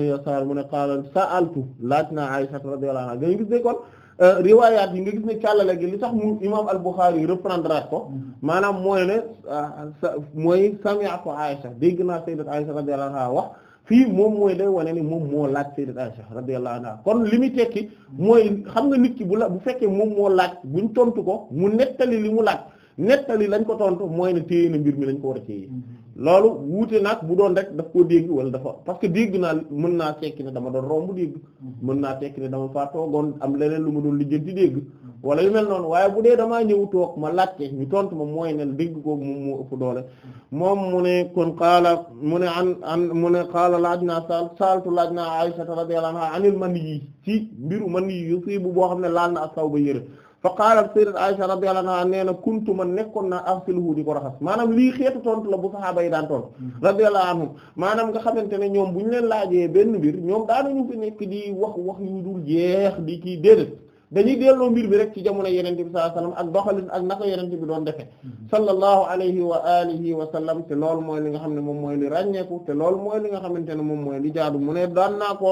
mu ne qaala sa'altu laaj na gis de kon Euh, riwaayaat yi nga gis ne càllale gi li tax mu imam al-Bukhari yi reprendre ko mm-hmm. maanaam mooy ne ah, mooy sami'tu Aisha dégg naa sayyidat Aisha radiyallahu anha wax fii moom mooy day wane ni moom moo laaj sayyidat Aisha radiyallahu anha kon li mu tekki mooy xam nga nit ki bu la bu fekkee moom moo laaj buñ tontu ko mu nettali li mu laaj nettali lañ ko tontu mooy ne téye na mbir mi lañ ko war a téye mm-hmm. loolu wuute nag bu doon rek daf koo dégg wala dafa parce que dégg naa mën naa tekki ne dama doon romb dégg mm-hmm. mën naa tekki ne dama faa toogoon am leneen lu ma doon di dégg wala yu mel noonu waaye bu dee damaa ñëw toog ma laajte mi tontu ma mooy ne dégg kooku moom moo ëpp doole mm-hmm. moom mu ne kon xaala mu ne an an mu ne xaala laaj naa sal saltu laaj naa Aisha radiyallahu anha anil man yi ci mbiru man yi yu sii bu boo xam ne laal naa ak yëre fa qaalat sayyidat Aisha radiyallahu anha nee na kuntu man nekkoon naa arsiluhu di ko raxas maanaam lii xeetu tontu la bu saxaaba yi daan tontu mm-hmm. radiyallahu anhum maanaam nga xamante ne ñoom bu ñu leen laajee benn mbir ñoom daanañu fi nekk di wax wax yu dul jeex di kii déedéet dañuy delloo mbir bi rek ci jamono yenente bi sallallahu alayhi wa sallam ak doxalin ak naka yenente bi doon defe mm-hmm. sallallahu alayhi wa alihi wa sallam te lool mooy li nga xam ne moom mooy li ràññeeku te loolu mooy li nga xamante ne moom mooy li jaadu mu ne daan naa ko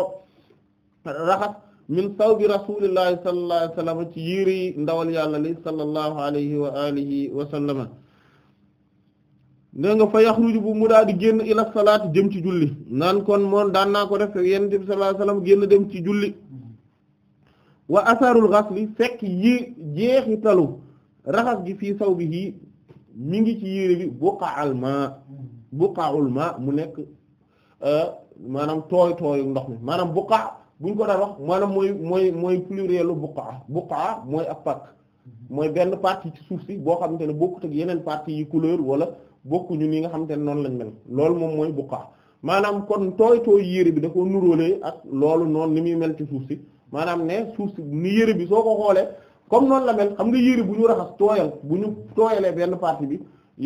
raxas min sawbi rasulillahi sallallahu alayhi wa sallam ci yére yi ndawal yàlla li sallallahu alayhi wa alihi wa nga fa yaxruju bu mu daal génn ila salaat jëm ci julli naan kon moom daan naa ko def yonent bi sallallahu alayhi wa sallam génn dem ci julli wa asarul ghasli fekk yi talu raxas gi fii saw bi yii mi ngi ci yére bi buqa'al ma buqa'ul mu nekk euh, maanaam tooy ndox mi maanaam buqa bu ñu ko daan wax maanaam mooy mooy mooy plurielu buqaa buqaa mooy ab pàcc mooy benn partie ci suuf si boo xamante ne bokkut ak yeneen partie yi couleur wala bokkuñu ni nga xamante ne noonu lañ mel loolu moom mooy buqaa maanaam kon tooy tooy yére bi da ko nuróolee ak loolu noonu ni muy mel ci suuf si maanaam ne suuf si ni yére bi soo ko xoolee comme noonu la mel xam nga yére bu ñu raxas tooyal bu ñu tooyalee benn partie bi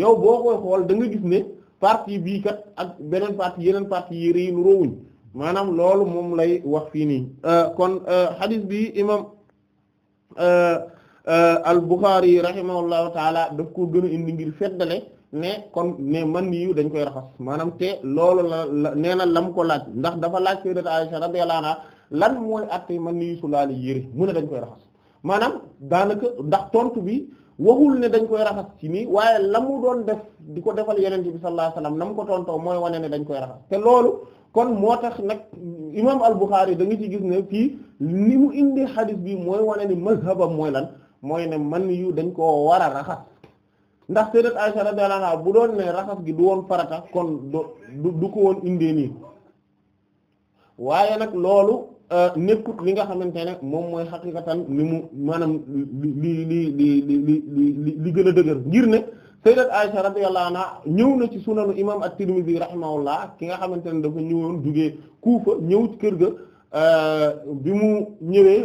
yow boo koy xool da nga gis ne partie bii kat ak beneen partie yeneen partie yére yi nuróowuñ maanaam loolu moom lay wax fii nii euh, kon euh, hadith bi imam euh, al-Bukhari rahimahullahu taala daf ko gën a indi ngir feddale ne kon ne man yu dañ koy raxas maanaam te loolu la nee na lam ko laaj ndax dafa laaj sayyidat Aisha radiyallahu anha lan mooy attey man yu su laali yére mu dañ koy raxas maanaam daanaka ndax tontu bi waxul ne dañ koy raxas ci nii waaye la mu doon def di ko defal yeneen bi sallallahu alayhi wasallam na mu ko tontoo mooy wane ne dañ koy raxas te loolu kon moo tax nag imam al-Bukhari da nga ci gis ne fii li mu indi xadis bi mooy wane ni mazhabam mooy lan mooy ne man yu dañ koo war a raxas ndax sayyidat Aisha radiyallahu anha bu doon ne raxas gi du woon farata kon du du ko woon indee nii waaye nag loolu euh, nekkut li nga xamante ne moom mooy xaqiqatan li mu maanaam li li li li li li gën a dëgër ngir ne sayyidat Aisha radiyallahu anha ñëw na ci sunanu imam at-Tirmidhi rahimahullah ki nga xamante ne dafa ñëwoon jugee Kufa ñëw ci kër ga euh, bi mu ñëwee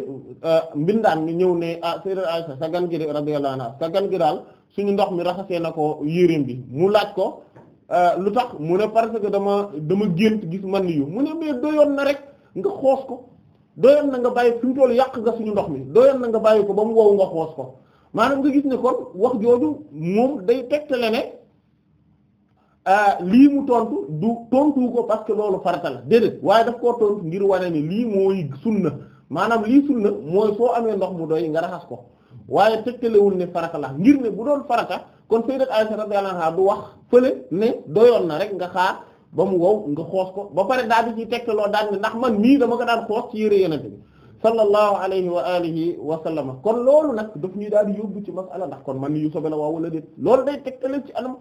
euh, mbindaan mi ñëw ne ah sayyidat Aisha sa gan gi de radiyallahu sa gan gi daal suñu ndox mi raxasee na ko yéreem bi mu laaj ko euh, lu tax mu ne parce que dama dama gént gis man yu mu ne mais doyoon na rek nga xoos ko doyoon na nga bàyyi fi mu toll yàq nga suñu ndox mi doyoon na nga bàyyi ko ba mu wow nga xoos ko maanaam nga gis ne kon wax jooju moom day tegtale ne lii mu tontu du tontu ko parce loolu farata la déedéet waaye daf koo tontu ngir wane ne lii mooy sunna maanaam lii sunna mooy soo amee ndox mu doy nga raxas ko waaye tegtalewul ne farata la ngir ne bu doon farata kon sayyidat Aisha radiyallahu anha du wax fële ne doyoon na rek nga xaar ba mu wow nga xoos ko ba pare daal di ciy tegtaloo daal ne ndax man nii dama ko daan xoos ci yére yenente bi sallallahu alayhi wa alihi wa sallama kon loolu nag daf ñuy daal di yóbbu ci masala ndax kon man yu sobe la waaw wala déet loolu day tegtale ci anam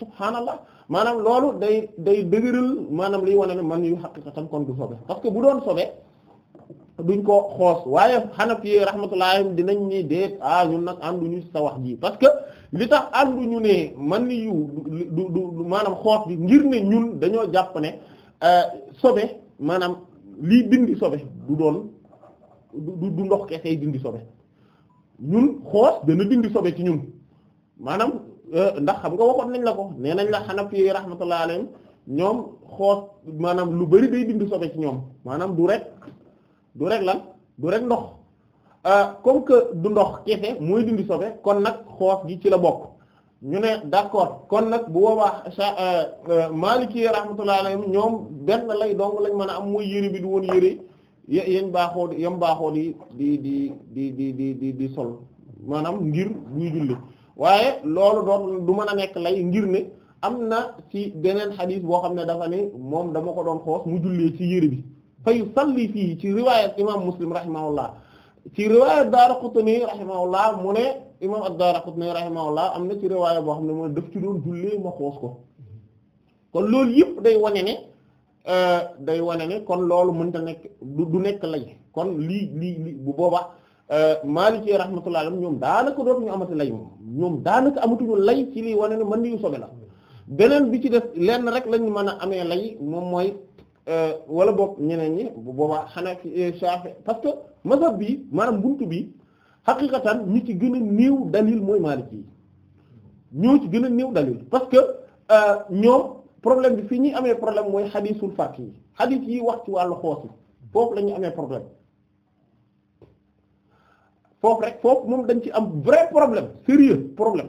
subhaanallah maanaam loolu day day dëgëral maanaam liy wane ne man yu xaqiqatan kon du sobe parce que bu doon sobe duñ ko xoos waaye xanafi rahmatullahi dinañ ni déet ah ñun nag ànduñu sa wax ji parce que li tax ànduñu ne man yu du du maanaam xoos bi ngir ne ñun dañoo jàpp ne euh, sobe maanaam lii dindi sobe du doon du du ndox kese dindi sobe ñun xoos dana dindi sobe ci ñun maanaam euh, ndax xam nga waxoon nañ la ko nee nañ la Hanafi rahmatullah alayhim ñoom xoos maanaam lu bari day dindi sobe ci ñoom maanaam du rek du rek lan du rek ndox euh, comme que du ndox kese mooy dindi sobe kon nag xoos gi ci la bokk ñu ne d'accord kon nag bu boobaa euh, Maliki rahmatullah alayhim ñoom benn lay dong lañ mën a am mooy yére bi du woon yére yañ baaxoo yam baaxoo di di di di sol maanaam ngir buy julli waaye loolu doon du mën a nekk lay ngir ne am na ci beneen xadis boo xam ne dafa ne moom dama ko doon xoos mu jullee ci yére bi fa yusalli fii ci riwaayat imam muslim rahimahullah ci riwaayat Daaraqutni rahimahullah mu ne imam ad-Daaraqutni rahimahullah am na ci riwaaya boo xam ne mu ne daf ci doon jullee ma xoos ko kon loolu yëpp day wone ne Euh, day wane ne kon loolu mënta nekk du nekk lañ kon lii lii bu boobaa euh, Maliki rahmatullah alayhi ñoom daanaka dootuñu amati lay moom ñoom daanaka amatuñu lay ci lii wane ne mën nañu sobe la beneen bi ci def lenn rek lañ mën a amee lay moom mooy euh, wala boog ñeneen ñi bu boobaa xanaa Shafi parce que mazhab bi maanaam buntu bi xaqiqatan ñi ci gën a néew dalil mooy Maliki yi ñoo ci gën a néew dalil parce que ñoom. problème bi fi ñuy amee problème mooy xadiisul faat yi xadiis yi wax ci wàllu xoos yi foofu la ñuy amee problème foofu rek foofu moom dañ ci am vrai problème sérieux problème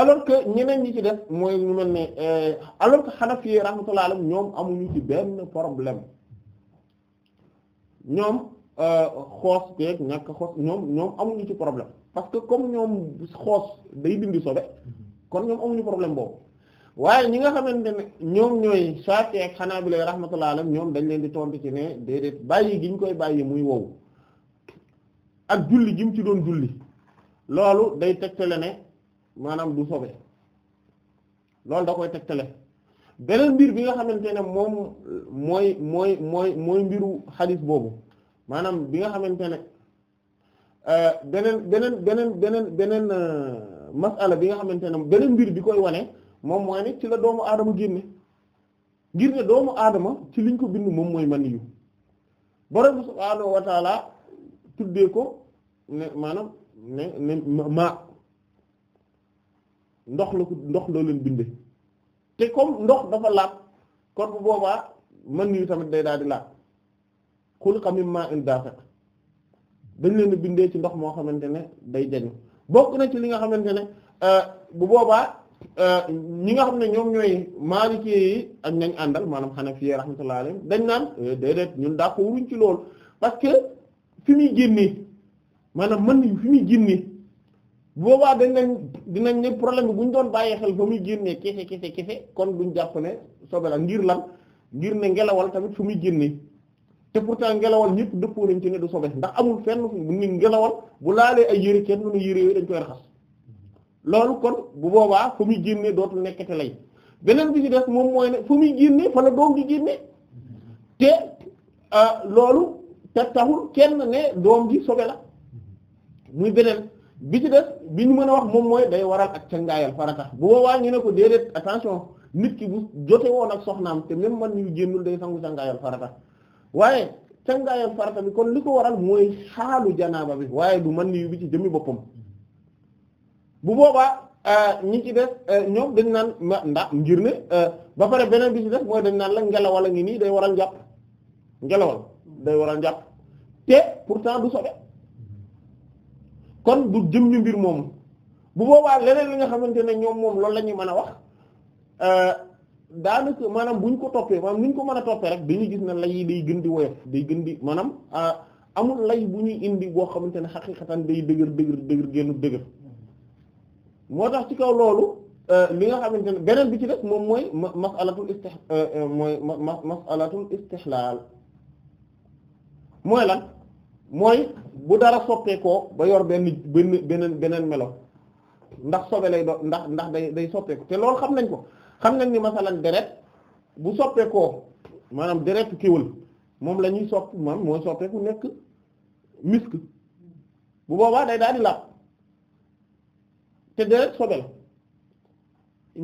alors que ñeneen ñi ci def mooy ñu mel ne euh, alors que Hanafi rahmatullahi alayhim ñoom amuñu ci benn problème ñoom euh, xoos teeg ñàkk xoos ñoom ñoom amuñu ci problème parce que comme ñoom xoos day dindi sobe kon ñoom amuñu problème boobu waaye ñi nga xamante ne ñoom ñooy Shafi'i ak Hanabila rahmatullahi alayhim ñoom dañ leen di tontu ci ne déedéet bàyyi gi ñu koy bàyyi muy wow ak julli gi ci doon julli loolu day tegtale ne maanaam du sobe loolu da koy tegtale beneen mbir bi nga xamante ne moom mooy mooy mooy mooy mbiru xadis boobu maanaam bi nga xamante ne euh, beneen beneen beneen beneen beneen euh, masala bi nga xamante ne beneen mbir bi koy wane. moom mooy ne ci la doomu aadama génne ngir ne doomu aadama ci liñ ko bind moom mooy man yu borom subhaanahu wa taala tuddee ko ne maanaam ne ne ma ndox la ko ndox la leen binde te comme ndox dafa laab kon bu boobaa man yu tamit day daal di laab xuliqa min ma'in daafiq dañ leen bindee ci ndox moo xamante ne day jañu bokk na ci li nga xamante ne euh, bu boobaa Euh, ñi nga xam ne ñoom ñooy maaliki yi a ñañ àndal maanaam xanafiye rahmatullahi alayhim dañ naan euh, déedéet ñun daa ko ci lool parce que fi muy génnee maanaam mën nañ fi génnee boobaa dañ nañ dinañ ne problème bu ñu doon bàyyi xel fa muy génnee kese kese kese kon duñ jàpp ne sobe la ngir lan ngir ne ngelawal tamit fu muy génnee te pourtant ngelawal ñëpp dëppoo nañ ci ne du sobe ndax amul fenn bu ni ngelawal bu laalee ay yére kenn mënu yére yooyu dañ koy raxas loolu kon bu boobaa fu muy génnee dootul nekkati lay beneen bi ci des moom mooy ne fu muy génnee fa la doom di génnee te euh, loolu te taxul kenn ne doom ji sobe la muy beneen bi ci des bi ñu mën a wax moom mooy day waral ak cangaayal farata bu boobaa ñu ne ko déedéet attention nit ki bu jote woon ak soxnaam te même man ñu génnul day sangu cangaayal farata waaye cangaayal farata bi kon li ko waral mooy xaalu janaaba bi waaye du man yu bi ci jëmmi boppam bu boobaa euh, ñi ci des euh, ñoom dañ naan ndax ngir ne euh, ba pare beneen bi ci des mooy dañ naan la ngelawal a ngi nii day waral jàpp ngelawal day waral jàpp te pourtant du sobe kon du jëm ñu mbir moom bu boobaa leneen li nga xamante ne ñoom moom loolu la ñuy mën a wax daanaka maanaam bu ñu ko toppee maanaam ni ñu ko mën a toppee rek dañuy gis ne lay yi day gën di woyof day gën di maanaam amul lay bu ñuy indi boo xamante ne xaqiiqatan day dëgër dëgër dëgër génn dëgër. moo tax ci kaw loolu euh, li nga xamante ne beneen bi ci def moom mooy masalatul istih euh, euh, mooy masalatul istihlaal mooy lan mooy bu dara soppeekoo ba yor benn benn beneen beneen melo ndax sobe lay do ndax ndax day day soppeeku te loolu xam nañ ko xam nañ ni masalan deret bu soppeekoo maanaam deretu kéwal moom lañuy sopp man mooy soppeeku nekk misk bu boobaa day daal di laab te deret sobe la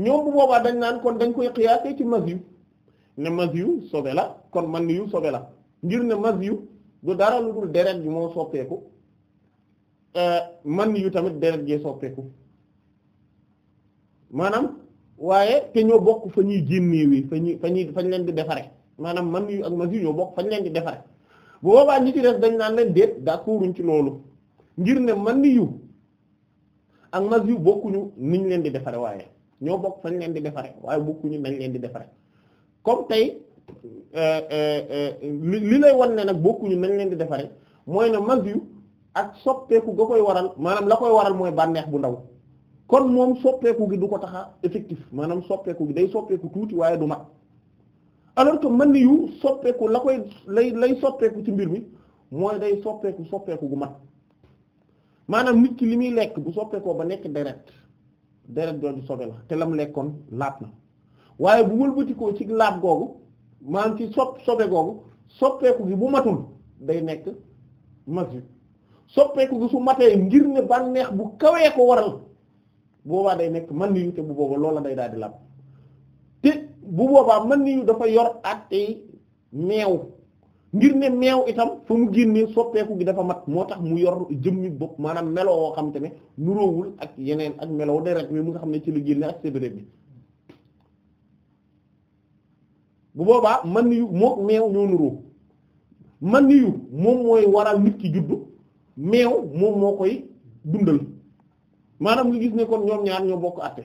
ñoom bu boobaa dañ naan kon dañ koy xiyaasee ci mas yu ne mas yu sobe la kon man yu sobe la ngir ne mas yu du dara lu dul deret bi moo soppeeku euh, man yu tamit deret jee soppeeku maanaam waaye te ñoo bokk fa ñuy génnee wi fa ñuy fa ñuy leen di defare maanaam man yu ak mas yu ñoo bokk fañ leen di defare bu boobaa ñi ci des dañ naan leen déet d'accorduñ ci loolu ngir ne man yu ak mazyu bokkuñu niñ leen di defare waaye ñoo bokk fañ leen di defare waaye bokkuñu nañ leen di defare comme tey euh, euh, euh, li lay wan ne nag bokkuñu nañ leen di defare mooy ne mazyu ak soppeeku ga koy waral maanaam la koy waral mooy bànneex bu ndaw kon moom soppeeku gi du ko taxa effectif maanaam soppeeku gi day soppeeku tuuti waaye du mat alors que man yu soppeeku la koy lay lay soppeeku ci mbir mi mooy day soppeeku soppeeku gu mag maanaam nit ki li muy lekk bu soppeekoo ba nekk deret deret jooju sobe la te lam lekkoon laab na waaye bu wëlbatikoo ci laab googu maanaam ci sopp sobe googu soppeeku gi bu matul day nekk masjid soppeeku gi su matee ngir ne bànneex bu kawee ko waral boobaa day nekk man ni yu te bu booba loola day daal di laab te bu boobaa man ni ñu dafa yor at tey meew ngir ne meew itam fa mu génnee soppeeku gi dafa mat moo tax mu yor jëmmi bopp maanaam melo woo xam te ne nuróowul ak yeneen ak melow deret mi mu nga xam ne ci la génne ak sébéré bi bu boobaa man yu mook meew ñoo nuróo man yu moom mooy waral nit ki juddu meew moom moo koy dundal maanaam nga gis ne kon ñoom ñaar ñoo bokk àtte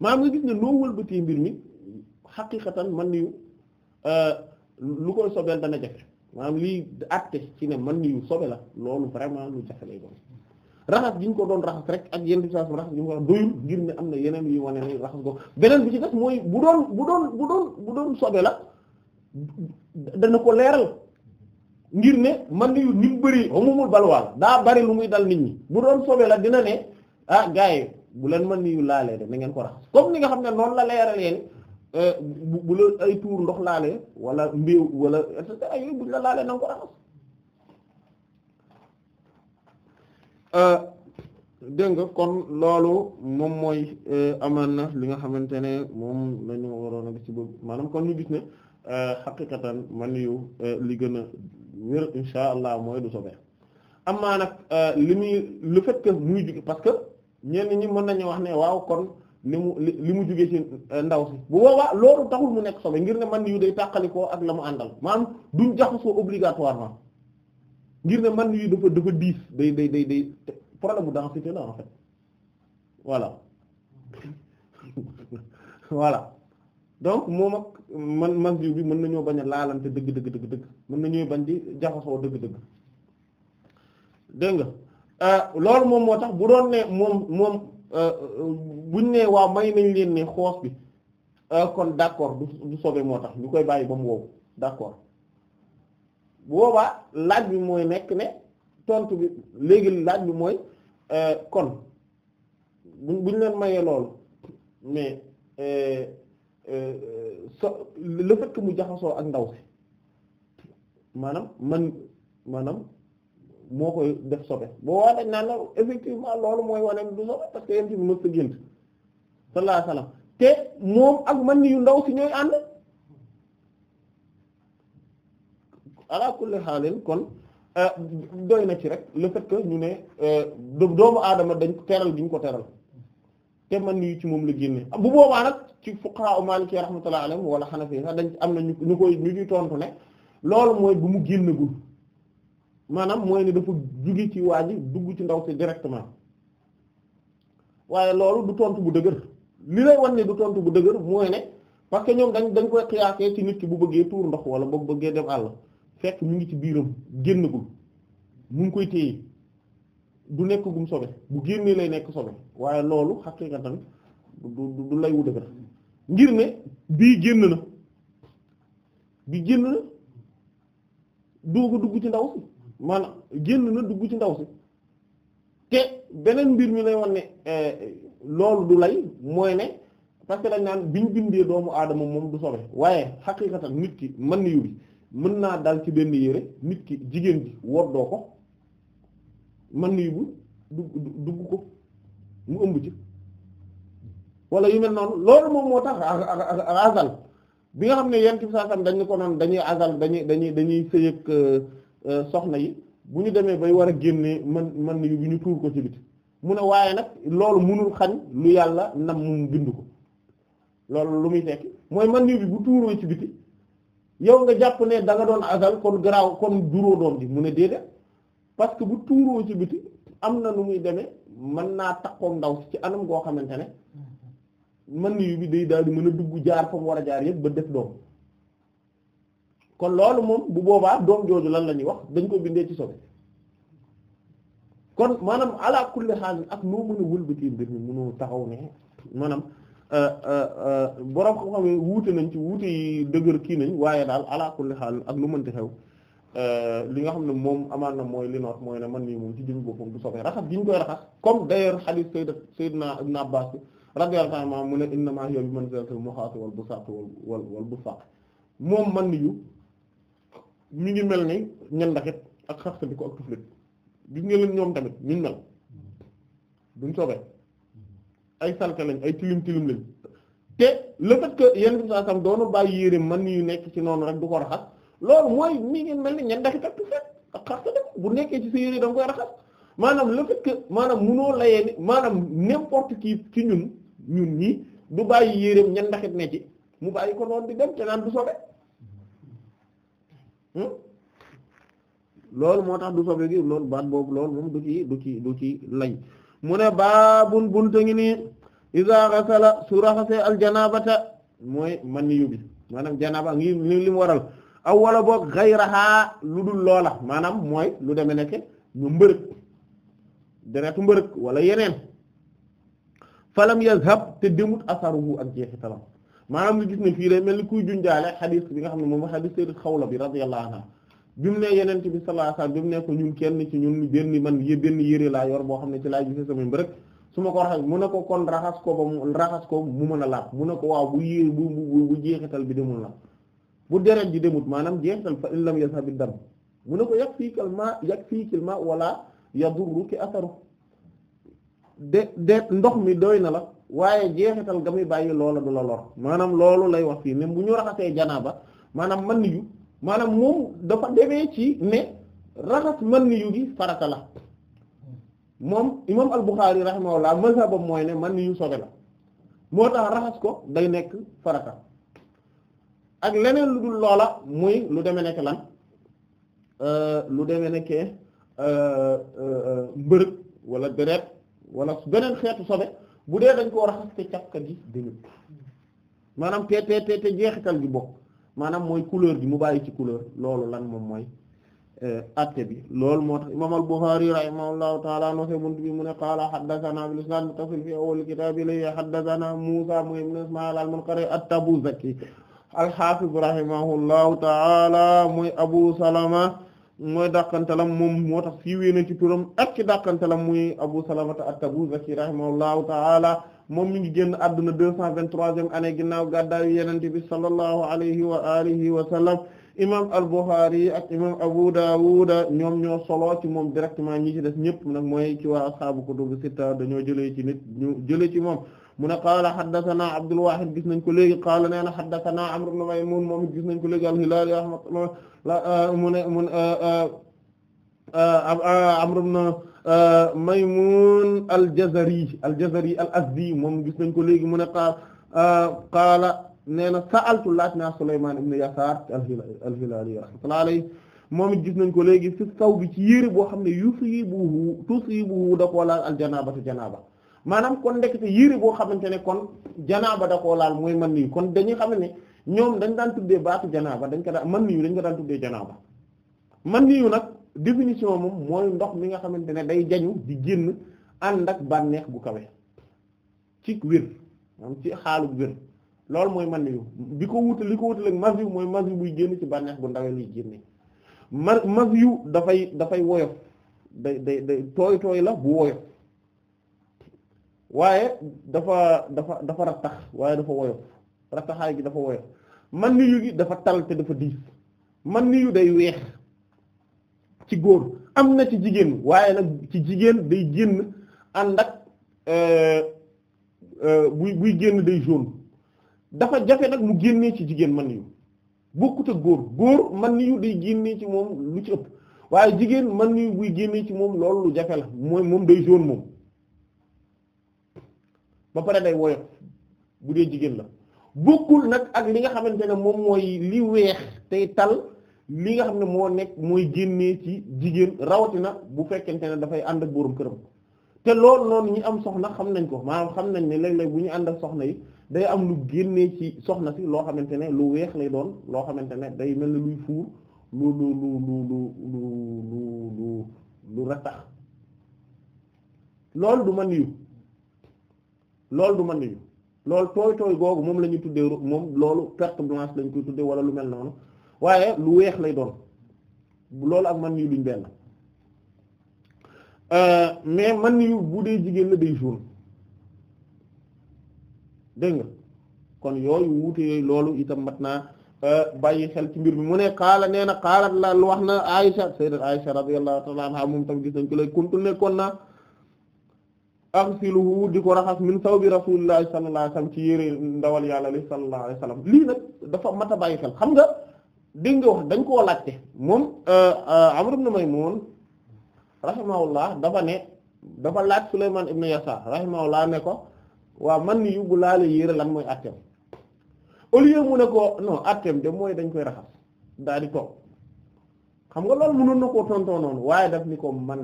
maanaam nga gis ne loo wëlbatee mbir mi xaqiqatan man yu Euh, lu koy sobeel dana jafe maanaam lii àtte ci ne man yu sobe la loolu vraiment lu jafe lay doon raxas gi ñu ko doon raxas rek ak yenn situation raxas gi ñu ko doon doyul ngir ne am na yeneen yu wane ne raxas ko beneen bi ci des mooy bu doon bu doon bu doon bu doon sobe la dana ko leeral ngir ne man yu ni mu bëri amumul balwaal daa bari lu muy dal nit ñi bu doon sobe la dina ne ah yi bu leen man yu laalee de na ngeen ko raxas comme ni nga xam ne noonu la leeral leeralee Euh, bu bu la ay tuur ndox laale walla mbéew wala et cetera la laalee na raxas euh, dégg kon loolu moom mooy euh, amaan na li nga xamante ne moom na ñu waroon a gis ci boobu maanaam kon ñu gis ne xaqiqatan man yu li gën a wér insha allah mooy du sobee amaa nag li muy le fait que muy jóge parce que ñenn ñi mën nañu wax ne waaw kon. li mu li mu jugee ci euh, ndaw si bu boobaa loolu taxul mu nekk sobe ngir ne man yu day tàqalikoo ak la mu àndal maanaam duñ jaxasoo obligatoirement ngir ne man yu dafa diis day day day day problème bu densité la voilà voilà donc ak man na yu bi mën nañoo bañ a laalante dëgg dëgg dëgg dëgg mën nañoo bañ di jaxasoo dëgg dëgg euh, loolu moom moo tax bu doon ne moom moom buñ nee waaw may nañ leen ne xoos bi euh, kon d'accord du sobe moo tax ñu koy bàyyi ba mu wow d'accord boobaa laaj bi mooy nekk ne tontu bi léegi laaj bi mooy euh, kon buñ leen mayee loolu mais euh, so le mu jaxasoo ak ndaw si maanaam man maanaam moo koy def sobe boobaa dañ naa la effectivement loolu mooy waneem du sobe parce que yéen ci bi mës a gént sallallahu alayhi wasallam te moom ak man yu ndaw si ñooy ànd ala kulli xaalin kon euh, doy na ci rek le fait ñu ne euh, doomu aadama dañ ko teral diñ ko teral te man yu ci moom la génne bu boobaa nag ci fuqaha maliki rahmatullahi alayhim wala xanafi sax dañ am na ñu koy ñu ñuy tontu ne loolu mooy bu mu génnagul maanaam mooy ne dafa jóge ci waa ji dugg ci ndaw si directement waaye loolu du tontu bu dëgër li lay wan ne du tontu bu dëgër mooy ne parce que ñoom dañ dañ koy xiyaasee ci nit ki bu bëggee tuur ndox wala boog bëggee dem àll fekk mu ngi ci biiram génnagul mu ngi koy téye du nekk gum sobe bu génnee lay nekk sobe waaye loolu xaqiiqatan du du lay wu dëgër ngir ne bii génn na bi génn na doo ko dugg ci ndaw maanaam génn na dugg ci ndaw si te beneen mbir mi lay won ne eh, loolu du lay mooy ne parce que dañ naan bi ñu bindee doomu aadama moom du sobe waaye xaqiiqatan nit ki mën na yóbbi mën naa dal ci benn yére nit ki jigéen ji woddoo ko mën na yóbbu dugg ko mu ëmb ci wala yu mel noonu loolu moom moo tax azal bi nga xam ne yenn ci saa dañ dañu ko noonu dañuy azal dañuy dañuy dañuy sëyeeg. Euh, soxna yi bu ñu demee bay war a génne man man yu ñu tuur ko ci biti mu ne waaye nag loolu mënul xañ lu yàlla nam mu bind ko loolu lu muy tekki mooy man yu bi bu tuuroo ci biti yow nga jàpp ne da nga doon agal kon garaaw kon duróo doom ji mu ne déedéet parce que bu tuuroo ci biti am na nu muy deme mën naa takkoog ndaw ci anam goo xamante ne mm-hmm. man yu bi day daal di mën a dugg jaar fa mu war a jaar yépp ba def doom kon loolu moom bu boobaa doom jooju lan la ñuy wax dañ ko bindee ci sobe kon maanaam ala kulli xaal ak noo mën a wëlbati mbir mi mënoo taxaw ne maanaam euh, euh, euh, borom xam-xam wuute nañ ci wuute yi kii nañ waaye daal ala kulli xaal ak lu mënti xew li nga xam ne moom amaan na mooy li noot mooy ne man nii moom ci jëm boppam du sobe raxas gi ñu koy raxas comme d'ailleurs hadith sayyid sayyidna ibn Abbas bi radiyallahu anhu mu ne innamaa hiya bi manzilatil muxaati wal busaaq wal bu busaaq moom man yu ñu ngi mel ni ñan ndaxit ak xarta di ko ak tuflit gis nga leen ñoom tamit ñu mel duñ sobee ay salte ay tilim tilim lañ te le fait que yenn bi saa sam doona bàyyi yére man yu nekk ci noonu rek du ko raxas loolu mooy mi ngi mel ni ñan ndaxit ak tuflit ak xarta bu nekkee ci sa yére da nga koy raxas maanaam le fait maanaam munoo layee ni maanaam n'importe qui ci ñun ñun ñii du bàyyi yéreem ñan ndaxit ne ci mu bàyyi ko noonu di dem te naan du sobee Hmm? loolu moo tax du sobe gi loolu baat boobu loolu moom du ci du ci du ci lañ mu ne baabun bunta ngi nii iza ghasala su raxasee al janaabata mooy man ni yóbbi maanaam janaba ngi li mu waral aw wala boog ghayraha lu dul loola maanaam mooy lu deme nekk ñu mbërëg deretu mbërëg wala yeneen falam yazhab te demut asaruhu ak jeexitalam maanaam nga gis ne fii day mel ni kuy junjaale xadis bi nga xam ne moom xadis seen xawla bi radiyallahu anha bi mu ne yenente bi sallallahu bi mu ne ko ñun kenn ci ñun benn man y benn yëre laa yor boo xam ne ci laa gisee sama mbërëg su ma ko raxas mu ne ko kon raxas ko ba mu mu mën a laab mu ne ko waaw bu yé bu bu jeexital bi demul la bu deret ji demut maanaam jeexital fa in lam yashabi dam mu ne ko yakfika al-ma fii al-ma wala yadurruki atharu de de ndox mi doy na la waaye jeexital ga muy bàyyi loola du la lor maanaam loolu lay wax fii même bu ñu raxasee janaaba maanaam man yu maanaam moom dafa demee ci ne raxas man yu gi farata la moom imam al-Bukhari rahimahullah mazhabam mooy ne man yu sobe la moo tax raxas ko day nekk farata ak leneen lu dul loola muy lu deme nekk lan euh, lu deme nekk euh, euh, mbërëg walla deret wala beneen xeetu sobe bu dee dañ ko raxas te cafka gi dañut maanaam te te te te jeexital gi bokk maanaam mooy couleur bi mu bàyyi ci couleur loolu lan moom mooy eh, atte bi loolu moo tax imam al-Bukhari rahimahullahu taala noose buntu bi mu ne qaala haddathana bil isnad muttasil fi awwal kitab ilayhi haddathana Musa mu ibn Ismail al-Munqari at-Tabuzaki al-hafiz rahimahullahu taala mooy Abu Salama mooy dàqantalam moom moo tax fii wéena ci turam ak ci dàqantalam muy Abu Salamata at-Tabuzaki rahimahullahu ta'ala moom mi ngi génn àdduna deux cent vingt-troisième année ginnaaw gàddaayu Yonent bi sallallahu alayhi wa alihi wa sallam imam al-Bukhari ak imam Abu Dawud ñoom ñoo solo ci moom directement ñi ci des ñëpp nag mooy ci waa ashaabu kutubu sitta dañoo jëlee ci nit ñu jëlee ci moom mu ne qaala haddathana Abdul Wahid gis nañ ko léegi qaala nee na haddathana Amr ibn Maymun moom gis nañ ko léegi al-Hilali rahmatullah euh, mu ne mu ne euh, euh, Amr ibn Maymun al-Jazari al-Jazari al-Azdi moom gis nañ ko léegi mu ne qaala nee na sa'altu laaj naa Sulaymaan ibn Yasaar al-Hilali rahmatullah alayhi moom it gis nañ ko léegi fi saw bi ci yére boo xam ne yusibuhu tusibuhu da koo laal al-janaabatu janaaba maanaam kon ndekete yére boo xamante ne kon janaaba da koo laal mooy man nii kon dañuy xam ne ñoom dañ daan tuddee baatu janaa ba dañ ko daan man nii dañ ko daan tuddee janaaba man nii nag définition moom mooy ndox mi nga xamante ne day jañu di génn ànd ak bànneex bu kawe ci wér am ci xaalu wér loolu mooy man nii bi ko wut li ko wutal ak mas mooy mas buy génn ci bànneex bu ndawe luy génne ma mas yu dafay dafay woyof day day day tooy la bu woyof waaye dafa dafa dafa rattax waaye dafa woyof rattaxaay gi dafa woyof man ni yu dafa tal te dafa diis man ni yu day weex ci góor am na ci jigéen waaye nag ci jigéen day génn ànd ak euh, euh, buy buy génn day jaune dafa jafe nag mu génnee ci jigéen man ni yu bokkut góor góor man ni yu day génnee ci moom lu ci ëpp waaye jigéen man ni yu buy génnee ci moom loolu lu jafe la mooy moom day jaune moom ba pare day woyof bu dee jigéen la bokkul nag ak li nga xamante ne moom mooy li weex tey tal li nga xam ne moo nekk mooy génnee ci jigéen rawatina bu fekkente ne dafay ànd ak boroom këram te loolu noonu ñi am soxna xam nañ ko maanaam xam nañ ne léeg bu ñu ànd ak soxna day am lu génnee ci soxna si loo xamante ne lu weex lay doon loo xamante ne day mel ne luy fuur lu lu loolu du ma loolu du mën nañu loolu tooy tooy googu moom la ñu tuddee moom loolu perte blanche lañ koy tuddee wala lu mel noonu waaye lu weex lay doon loolu ak man nañu duñ benn euh, mais man nañu bu dee jigéen la day jaune dégg nga kon yooyu wuute yooyu loolu itam mat naa euh, bàyyi xel ci mbir mi mu ne xaala nee na xaalat la wax na Aisha sayyidat Aisha radiyallahu ta'ala anha moom tam gis nañ ko lay kuntu nekkoon na aghsiluhu di ko raxas min sawbi rasulillahi sallallahu alayhi wasallam ci yére ndawal yàlla li sallallahu alayhi wasallam lii nag dafa mat a bàyyi xel xam nga dégg nga dañ koo laajte moom euh, euh, Amr ibn Maymun rahimahullah dafa ne dafa laaj Sulayman ibn Yasar rahimahullah ne ko waaw man ni yubbu laale yére lan mooy atteem au lieu mu ne ko non atteem de mooy dañ koy raxas daal di xam nga loolu mënoon na koo tontoo noonu waaye def ni ko man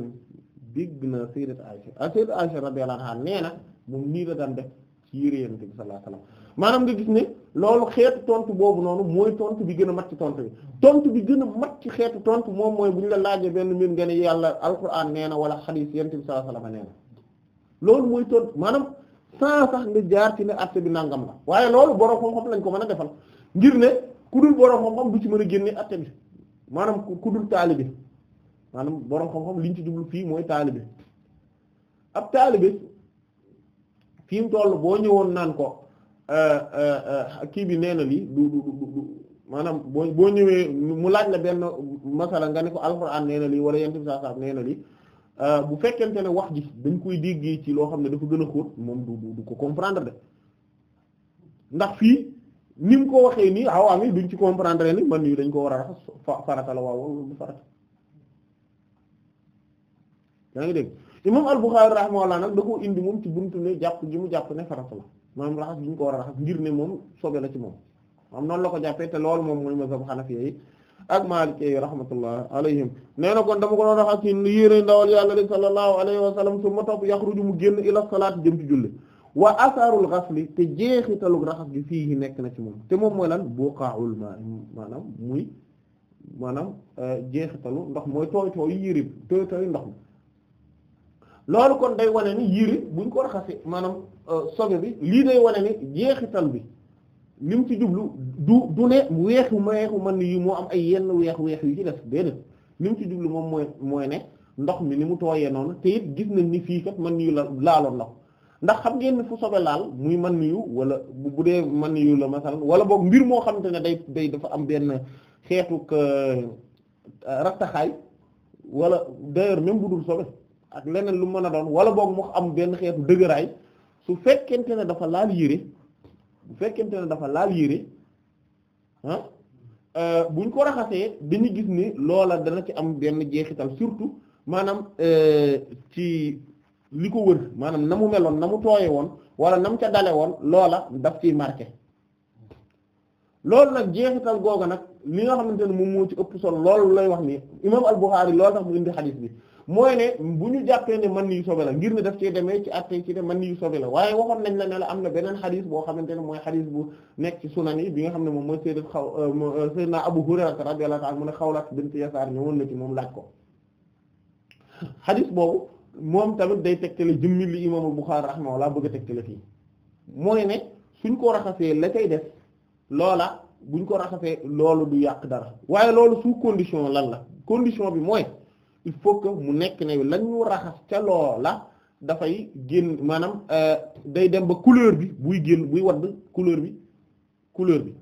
dégg na sayyidat Aisha ak ah, sayyidat Aisha radiyallahu nee na moom nii la daan def ci yére yonent bi sallallahu alayhi maanaam nga gis ne loolu xeetu tontu boobu noonu mooy tontu bi gën a mat ci tontu bi tontu bi gën a mat ci xeetu tontu moom mooy bu ñu la laajee benn mbir nga ne yàlla alquran nee na wala xadiis yonent bi sallallahu alayhi wasallam nee loolu mooy tontu maanaam sans sax nga jaar ci ne acte bi nangam la waaye loolu borom xam-xam lañ ko mën a defal ngir ne ku dul borom xam-xam du ci mën a génne acte bi maanaam ku dul taalibe bi. maanaam borom xam-xam liñ ci jublu fii mooy taalibe ab taalibe fii mu toll boo ñëwoon naan ko euh, euh, kii bi nee na lii du du du maanaam boo boo ñëwee mu laaj la benn masala nga ne ko alxuraan nee na lii wala yent bi saa saa na lii euh, bu fekkente ne wax ji dañ koy déggee ci loo xam ne dafa gën a xóot moom du du ko comprendre de ndax fii ni mu ko waxee nii awaam yi duñ ci comprendre ni man yu dañ ko war a raxas farata la waaw wala farata yaa ngi dégg imam al-Bukhârî rahimahullah nag da koo indi moom ci buntu ne jàpp gi mu jàpp ne farata la maanaam raxas gi ñu ko war a raxas ngir ne moom sobe la ci moom am noonu la ko jàppee te loolu moom mooy mazhab Hanafiyya yi ak Maalik yi rahmatullah alayhim nee na kon dama ko doon raxas ci yére ndawal yàlla li sallallahu alayhi wa sallam su ma topp yaxruju mu génn ila salaat jëm ci julli wa asarul ghasli te jeexitalu raxas gi fii nekk na ci moom te moom mooy lan buqa'ul ma maanaam muy maanaam euh, jeexitalu ndox mooy tooy tooy yére tooy ndox mi loolu kon day wane ni yére buñ ko raxasee maanaam euh, sobe bi lii day wane ni jeexital bi li mu ci jublu du du ne weexu weexu man ni yu moo am ay yenn weex weex yu ci def déedéet ci jublu moom mooy mooy ndox mi ni mu tooyee noonu te gis nañ ni fii kat man yu la laaloon na ndax xam ngeen fu sobe laal muy man ni yu wala bu dee man yu la masalan wala boog mbir moo xamante ne day day dafa am benn xeetu euh, rattaxaay wala d'ailleurs même bu dul sobe ak leneen lu mën a doon wala boog mu am benn xeetu dëgëraay su fekkente ne dafa laal yére bu fekkente ne dafa laal yére ah euh, buñ ko raxasee dañu gis ni loola dana ci am benn jeexital surtout maanaam euh, ci li ko wër maanaam na mu meloon na mu tooye woon wala na mu ca dale woon loola daf ci marqué loolu nag jeexital googa nag li nga xamante ne moom moo ci ëpp solo loolu lay wax ni imam al-Bukhari loolu tax mu indi xadiis bi mooy ne bu ñu jàppee ne man yu sobe la ngir ne daf cee demee ci attey ci ne man yu sobe la waaye waxoon nañ la ne la am na beneen xadis boo xamante ne mooy xadis bu nekk ci sunan yi bi nga xam ne moom mooy sayyid xaw euh, euh, sayyidina Abu Hurayra radiyallahu ta'ala mu ne Xawlat bint Yasaar ñëwoon na moom laaj ko xadis moom tamit day tegtale jëmmi li imam Bukhari rahimahullah bëgg a tegtale fii mooy ne suñ ko raxasee la cay def loola buñ ko raxasee loolu bu yàq dara waaye loolu sous condition lan la condition bi mooy il faut que mu nekk ne lañu raxas ca loola dafay génn maanaam euh, day dem ba couleur bi buy génn buy wadd couleur bi couleur bi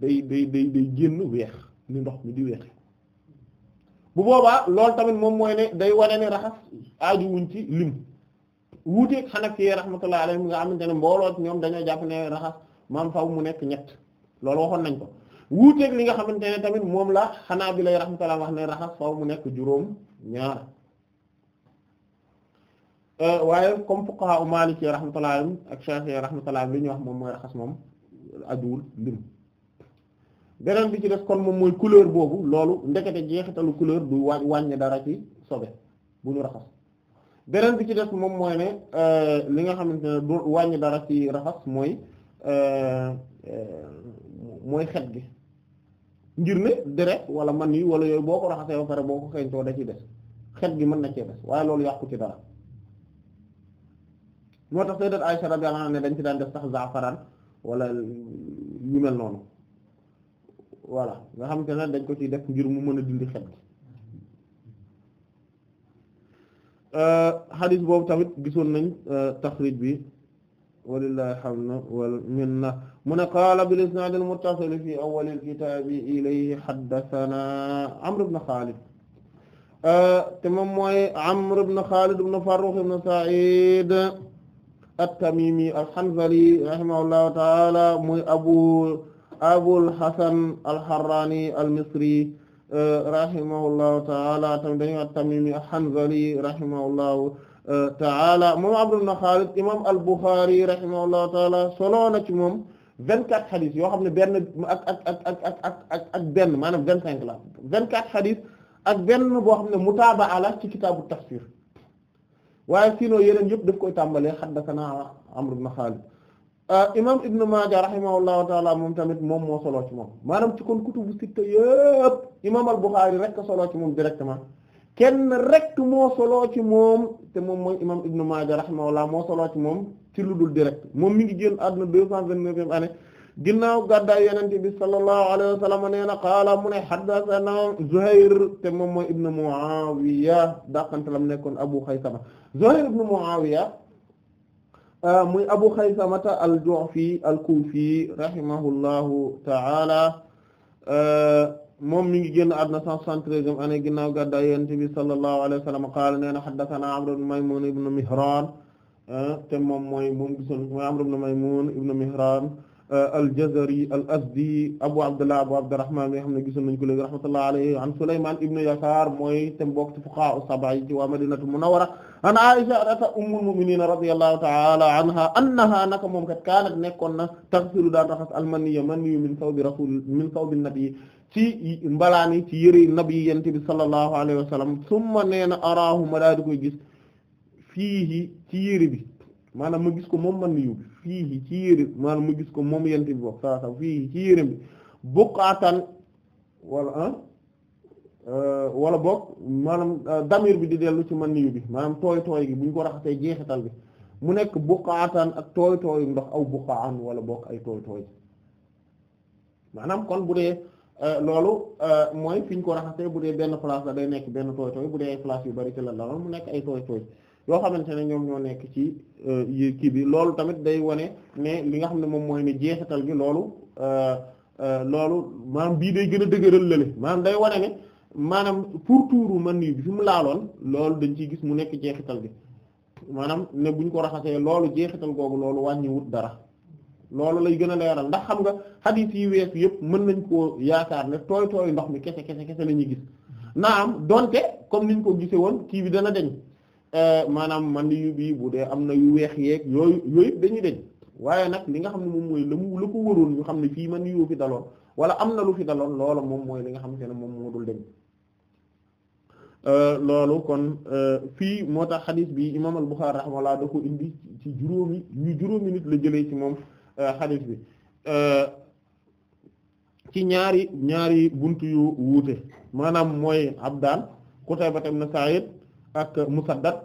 day day day day génn weex ni ndox mi di weex bu boobaa loolu tamit moom mooy ne day wane ne raxas aaju wuñ ci lim wuuteeg xanaf yi rahmatullah mu nga am xamante ne mbooloo ñoom dañoo jàpp ne raxas maam faw mu nekk ñett loolu waxoon nañ ko wuuteeg li nga xamante ne tamit moom la xanaa bi lay rahmatullah wax ne raxas faaw mu nekk juróom ñaar euh, waaye comme fuqaha u maliki rahmatullah ak shafi'i rahmatullah li ñuy wax moom mooy raxas moom ajuwul lim beneen bi ci def kon moom mooy couleur boobu loolu ndekete jeexitalu couleur du wàñ wàññi dara ci sobe bu ñu raxas beneen bi ci def moom mooy ne euh, li nga xamante ne du wàññi dara ci raxas mooy euh, mooy xet gi ngir ne deret wala man yi wala yooyu boo ko raxasee ba pare boo ko xeeñtoo da ci des xet gi mën na cee des waaye loolu yàqu ci dara moo tax sayyidat Aisha radiyallahu ne dañ ci daan def sax zaafaraan walla yu mel noonu voilà nga xam te ne dañ ko ciy def ngir mu mën a dindi xet gi xadis euh, boobu tamit gisoon nañ euh, taxrij bi walillahi alhamdu wal minna mu ne qaala bil isnaad al muttasil fi awwal al kitaab ilayhi haddathana Amr ibn Khalid te moom mooy Amr ibn Khalid ibn Farrukh ibn Sa'id at-Tamimi al-Hanzali rahimahullahu ta'ala muy abu Abul Hasan al-Harrani al-Misri rahimahullahu ta'ala tamit dañu at-Tamimi al-Hanzali rahimahullahu taala moom Amr ibn Khalid imam al-Bukhari rahimahullahu taala solo na ci moom vingt-quatre xadis yoo xam ne benn ak benn maanaam vingt-cinq la vingt-quatre xadis ak benn boo xam ne mutaabaa la ci kitaabu tafsir waaye sinon yeneen yëpp daf koy tàmbalee xaddasanaa Amr ibn Khalid euh, imam Ibn Maaja rahimahullahu taala moom tamit moom mo solo ci moom maanaam ci kon kutubu sitta yëpp imam al-Bukhari rek solo ci moom directement kenn rek moo soloo ci moom te moom mooy imam Ibn Maaja rahimahullah moo soloo moom ci lu dul direct moom mi ngi génn àdduna deux cent vingt-neuvième année ginnaaw gàddaay yenente bi sallallahu alayhi wa sallam nee na ne haddathana moom mooy ibnu Muawiya dàqantalam nekkoon Abu Khaysama Zuhair ibnu Muawiya ah, muy Abu Khaysamata al-Ju'fi al-Kufi ta'ala ah, moom mi ngi génn àdduna 173e année ginnaaw gàddaay Yonent bi sallallahu alayhi wa sallam qaala nee na haddathana Amr Maymun ibn Mihran ah, te moom mooy moom gisoon mooy Amr ibn Maymun ibn Mihran ah, al-Jazari al-Azdi Abu Abdullah Abu Abdurrahman mi nga xam ne gisoon nañu ko léegi rahmatullahi alayhi an Sulayman ibn Yasar mooy te mbokk ci fuqaha as-sab'a ci waa Madinatu Munawwara an Aisha rata ummul mu'minin radiyallahu ta'ala anha annaha naka moom kat kaanat nekkoon na taxsilu daan raxas almaniya maniyu min sawbi rasul min sawbi nabi ci mbalaani ci yëre nabi yent bi sallallahu alayhi wa sallam summa nee na araahu ma daal di koy gis fiihi ci yëre bi maanaam ma gis ko moom maniyu bi fiihi ci yëre bi maanaam ma gis ko moom yent bi wax saa saa fiihi ci yëre bi buqatan wala ah, Euh, wala boog maanaam euh, damir bi di dellu ci man niyu bi maanaam tooy tooy gi bu ñu ko raxasee jeexital bi mu nekk buqaataan ak tooy tooyu ndox aw buqaan wala boog ay tooy tooy maanaam kon bu dee euh, loolu mooy fi ñu ko raxasee bu dee benn place la day nekk benn tooy bu dee ay place yu bari ci la la mu nekk ay tooy tooy yoo xamante ne ñoom ñoo nekk ci kii bi loolu tamit day wane ne li nga xam ne moom mooy ne jeexital gi loolu loolu maanaam bii day gën a dëgëral lële maanaam day wane ne maanaam pour tuuru man nii bi fi mu laaloon loolu dañ ci gis mu nekk jeexital gi maanaam ne bu ñu ko raxasee loolu jeexital googu loolu wàññiwut dara loolu lay gën a leeral ndax xam nga xadiis yi weesu yëpp mën nañ koo yaakaar ne tooy tooy ndox mi kese kese kese la ñuy gis naa am donte comme ni ñu ko gisee woon kii bi dana deñ euh, maanaam man yu bi bu dee am na yu weex yeeg yooyu yooyu dañuy deñ waaye nag li nga xam ne moom mooy la mu la ko waroon ñu xam ne fii man yoo fi daloon wala am na lu fi daloon loolu moom mooy li nga xamante ne moom moo dul deñ Euh, loolu kon euh, fii moo tax xadis bi imaam al-Bukhari rahimahullah da ko indi ci juróomi ñu juróomi nit la jëlee ci moom euh, xadis bi ci ñaari ñaari buntu yu wuute maanaam mooy Abdaan Qutayba ibn Sa'id ak Musaddad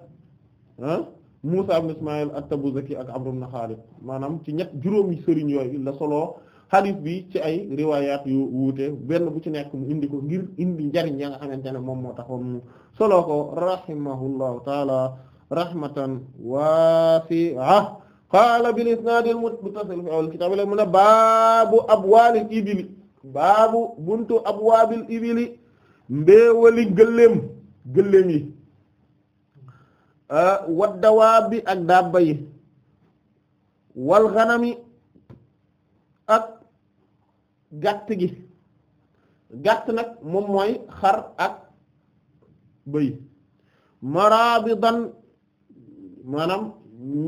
ah Muusa ibn Ismaayil at-Tabuzaki ak Amr ibn Xaalid maanaam ci ñett juróomi sëriñ yooyu la solo. xadis bi ci ay riwaayaat yu wuute benn bu ci nekk mu indi ko ngir indi njariñ ya nga xamante ne moom moo taxoon mu soloo ko rahimahullahu taala rahmatan waasi'a qaala bil isnaadil muttasil fil kitaab la mu ne baabu abwaalil ibili baabu buntu abwaabil ibili mbéewali gëléem gëléem yi ah, waddawaabi ak daaba wal ganami ak gàtt gi gàtt nag moom mooy xar ak bëy dan maanaam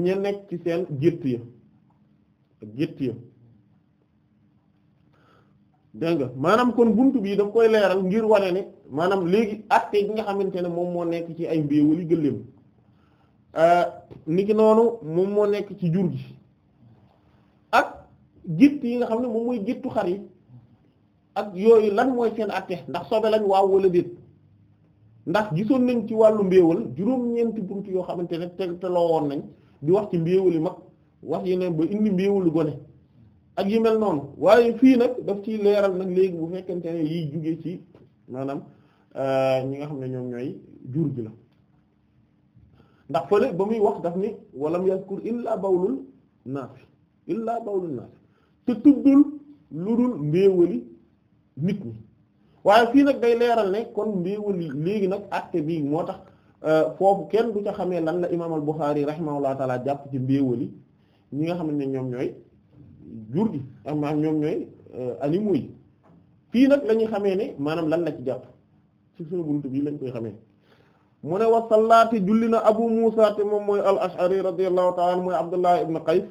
ñi nekk ci seen gétt ya gétt ya dégg nga maanaam kon bunt bii daf koy leeral ngir wane ne maanaam léegi atte yi nga xamante ne moom moo nekk ci ay mbéewali gëléem euh, niki noonu moom moo nekk ci jur gi ak gétt yi nga xam ne moom mooy géttu xar yi ak yooyu lan mooy seen atte ndax sobe lañ waaw wala déet ndax gisoon nañ ci wàllu mbéewal juróom-ñeenti bunt yoo xamante ne te te woon nañ di wax ci mbéewal yi mag wax yi ne ba indi mbéewalu gone ak yi noonu waaye fii nag daf ciy leeral nag léegi bu fekkente ne yiy jugee ci maanaam euh, ñi nga xam ne ñoom ñooy jur gi la ndax fële ba muy wax daf ni walam yaskur illaa bawlul naafi illaa bawlul naafi te tuddul lu dul mbéewali nit ñi waaye fii nag day leeral ne kon mbéewal léegi nag acte bi moo tax euh, foofu kenn du ca xamee lan la imaam al-Bukhari rahimahullahu taala jàpp ci mbéewali ñi nga xam ne ñoom ñooy jur gi maanaam euh, nag la xamee ne maanaam lan la ci ci suñu bunt bii lañ koy xamee mu ne wa sallaati julli na Abu Muusa te moom mooy al-Ash'ari radiyallahu taala anhu mooy Abdullah ibn Qays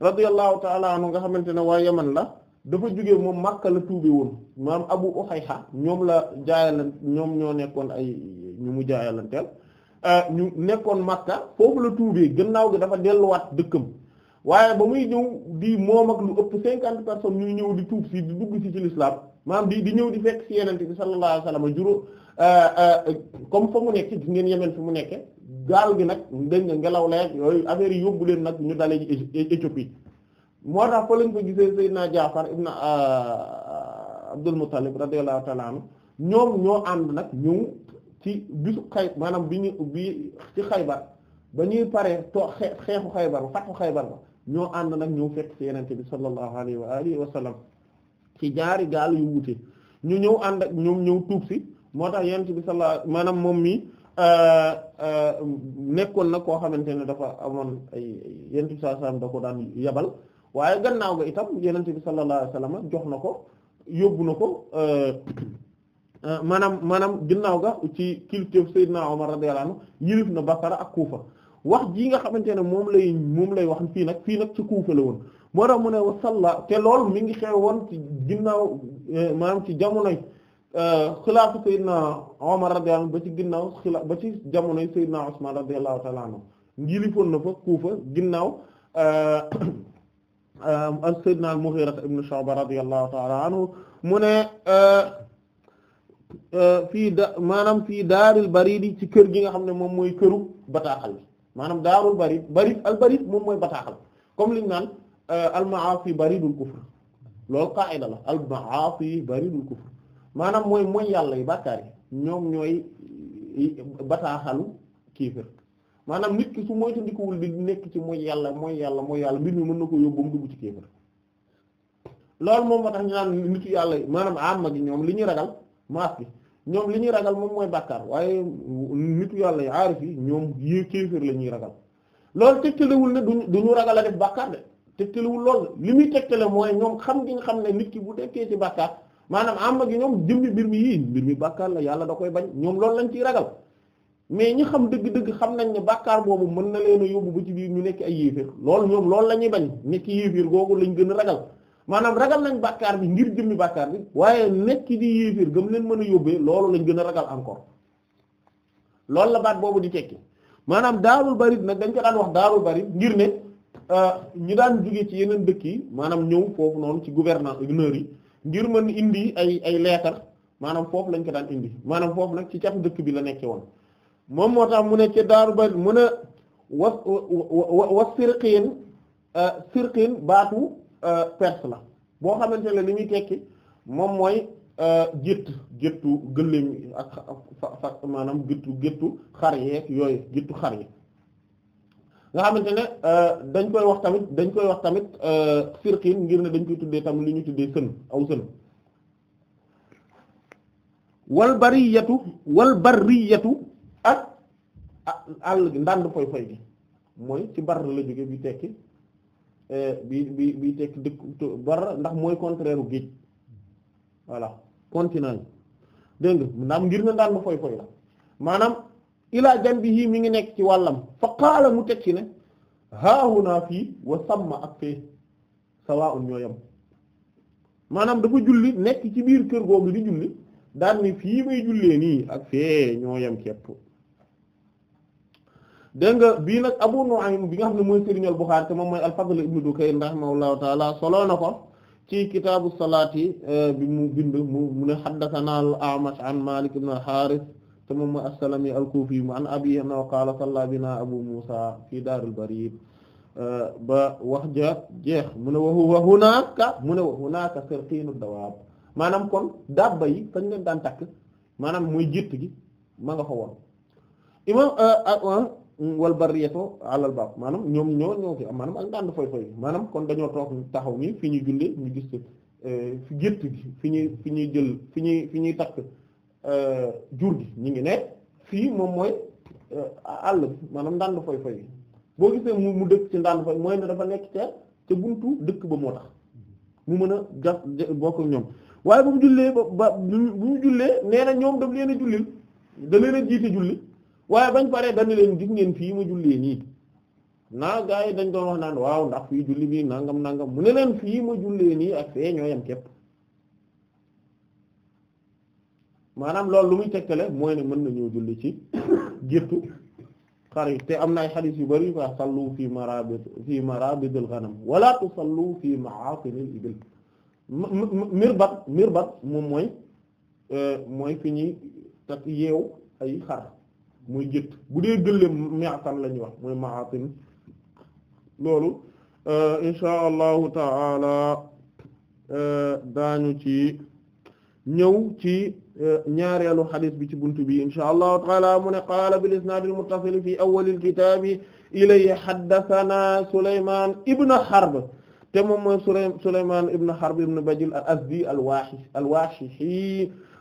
radiyallahu taala anhu nga xamante ne waa Yaman la dafa jóge moom Makka la tuube woon maam Abu Uhayha ñoom la jaayalan ñoom ñoo nekkoon ay ñu mu jaayalanteel euh, ñu nekkoon Makka foofu la tuubee gannaaw gi dafa delluwaat dëkkam waaye ba muy ñëw di moom ak lu ëpp cinquante personnes ñuy ñëw di tuub si di dugg si ci l'islam maanaam di di ñëw di fekk si yenente bi sallallahu alayhi wasallam juróom euh, euh, comme fa mu nekk gis ngeen Yemen fi mu nekke gaal gi nag dañ nga ngelaw la yooyu affaire yi yóbbu leen nag ñu dalee Éthiopie moo tax fa lañ ko gisee Seydina Jaafar ibn euh, Abdul Muttalib radiyallahu ta'ala anhu ñoom ñoo ànd nag ñëw ci bisu xay maanaam bi ñu bi ci xaybar ba ñuy paree to xeexu xaybar ba fàttu ñoo ànd nag ñëw fekk ci yenente bi ci ñaari gaal yu wuute ñu ñëw ànd ak ñoom ñëw tuub si moo tax yenente bi sallallahu maanaam moom mi euh, euh, nekkoon nag koo xamante ne dafa amoon ay yenente bi sallallahu alayhi ko daan yabal waaye gannaaw ga itam yenente bi sallallahu alayhi wasallam jox na ko yóbbu na ko euh, euh, maanaam maanaam ginnaaw ga ci kilifteef Seydina Omar radiyallahu anhu yilif na Basra ak Kufa wax jii nga xamante ne moom lay moom lay wax fii nag fii nag ci Kufa la woon moo tax mu ne te lool mi ngi xew woon ci ginnaaw euh, maanaam ci jamonoy xilaafu Seydina Omar radiyallahu anhu ba ci ginnaaw xila ba ci jamonoy Seydina Usman radiyallahu ta'ala anhu na fa Kufa ginnaaw Euh, sayyidina al-Mughira ibn Shu'ba radiyallahu ta'ala anhu mu ne euh, euh, fii da maanaam fii daaril baridi ci kër gi nga xam ne moom mooy këru bataaxal bi maanaam daarul barid barid al barid moom mooy bataaxal comme li ñu naan al-ma'asi baridul kufr loolu qaa'ida la al-ma'asi baridul kufr maanaam mooy mooy yàlla yi bàkkaar yi ñoom ñooy bataaxalu kiifir maanaam nit ki su moytandikuwul di nekk ci mooy yàlla mooy yàlla mooy yàlla mbir mi mën na ko yóbbu mu dugg ci kéefër loolu moom yàlla maanaam amma gi ñoom li ñuy ragal maas gi ñoom li ñuy ragal moom mooy bàkkaar waaye nitu yàlla yi aarif yi ñoom yée kéefër la ñuy ragal loolu tegtalewul ne duñu duñu ragal a def bàkkaar de tegtalewul loolu li muy tegtale mooy ñoom xam gi nga xam ne nit ki bu dekkee ci bàkkaar maanaam amma gi ñoom jëmmi mbir mi yii mbir mi bàkkaar la yàlla da koy bañ ñoom loolu lañ ciy ragal mais ñi xam dëgg-dëgg xam nañ ne bàkkaar boobu mën na leen a yóbbu ba ci biir ñu nekk ay yéeféer loolu ñoom loolu la ñuy bañ nekk yéeféer googu lañ gën a ragal maanaam ragal nañ bàkkaar bi ngir jëmmi bàkkaar bi waaye nekk di yéeféer gëm leen mën a yóbbee loolu lañ gën a ragal encore loolu la baat boobu di tekki maanaam daarul barid nag dañ ko daan wax daarul bari ngir ne euh, ñu daan jóge ci yeneen dëkk yi maanaam ñëw foofu noonu ci gouverneur yi ngir mën indi ay ay leetar maanaam foofu lañ ko daan indi maanaam foofu nag ci catu dëkk bi la nekkee woon moom moo tax mu ne ci daaru ba mu ne was was sirqiin uh, baatu uh, perse la boo xamante ne li muy tekki moom mooy uh, gétt géttu gëléem ak fa maanaam géttu géttu xar yeeg yooyu géttu xar yi nga xamante ne dañ koy wax tamit dañ koy wax tamit sirqiin ngir ne dañ koy tuddee tam li ñu tuddee sën aw sën wal bariyatu wal bariyatu Ah, àll gi ndànd poy poy mooy ci bar la jóge bi tekki eh, bi bi tekki dëkk bar ndax mooy contraire u géej voilà continent dégg nga ndax ngir na ndànd poy poy la maanaam ilaa janbihi mi ngi nekk ci wàllam fa qaala mu tekki ne haahunaa fii wa samma ak fee sawaa un ñooyam maanaam dafa julli nekk ci biir kër googu di julli daan ni fii may jullee nii ak fee ñooyam képp dégg nga bii nag Abu Nu'aym bi nga xam ne mooy sëriñ al-Bukhari te moom mooy al-Fadl ibn Dukayn rahimahullahu ta'ala soloo na ko ci kitaabu salaati euh, bi mu bind mu ne haddathana al-A'mash an Malik ibn al-Harith te moom mooy as-Salami al-Kufi mu bina Abu Musa fi dar al-Barid euh, ba wax ja jeex mu ne wa huwa hunaka mu ne wa hunaka sirqinu dawaab maanaam kon dabba yi fañ leen daan takk maanaam muy jitt gi ma nga fa woon euh, wal barriyatu alal baab maanaam ñoom ñoo ñoo fi am maanaam ak ndànd foy foy maanaam kon dañoo toog taxaw nii fi ñuy jullee ñu gis euh, fi gétt gi fi ñuy fi ñuy jël fi ñuy fi ñuy takk euh, jur gi ñu ngi ne fii moom mooy euh, àll maanaam ndànd foy foy boo gisee mu mu dëkk ci ndànd foy mooy ne dafa nekk ca ca buntu dëkk ba moo tax mu mën a gas bokk ak ñoom waaye ba mu jullee ba ba bu mu jullee nee na ñoom daf leen a jullil da leen a julli waaye bañ pare da leen gis ngeen fii ma jullee nii naa gaa yi dañ doon wax naan waaw ndax fii julli bi nangam nangam mu ne fii ma jullee nii ak fee ñoo yam képp maanaam loolu lu muy tekkale mooy ne mën nañoo julli ci girtu xar yi te am na ay xadiis yu bari fa sallu fi marabid fi marabidil ghanam wala tusallu fi ma'atinil ibil mirbat mirbat moom mooy euh, mooy fi ñuy takk yeew ay xar mooy gétt bu dee gëléem miatan la ñuy wax mooy maatin loolu euh, insha allahu taala euh, daañu ci ñëw ci euh, ñaareelu xadis bi ci buntu bi insha allahu taala mu ne qaala bil isnaadil muttasil fi awwalil kitaabi ilayhi haddathana Sulaymaan ibn Harb te moom mooy Sulaymaan ibn Harb ibn Bajil al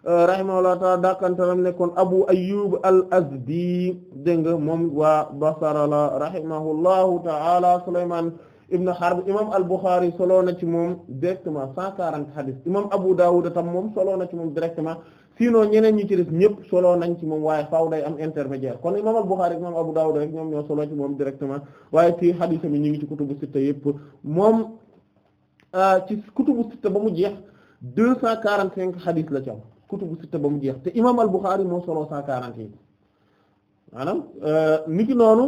Euh, rahimahullahu taala dakantaram nekkoon Abu Ayyub al-Azdi dégg nga moom waa Basra la rahimahullahu taala Sulaymaan ibn Harb imam al-Bukhari solo na ci moom directement cent quarante hadith imam Abu Dawud tam moom solo na ci moom directement sinon ñeneen ñi ci des ñëpp solo nañ ci moom waaye faaw day am intermédiaire kon imam al-Bukhari imam Abu Dawud rek ñoom ñoo solo ci moom directement waaye ci hadith mi ñu ngi ci kutubu sitta yëpp moom euh, ci kutubu sitta ba mu jeex deux cent quarante cinq hadith la ci kutubu sitta ba mu jeex te imaam al-Bukhari moo solo 140 yi maanaam ni ki mu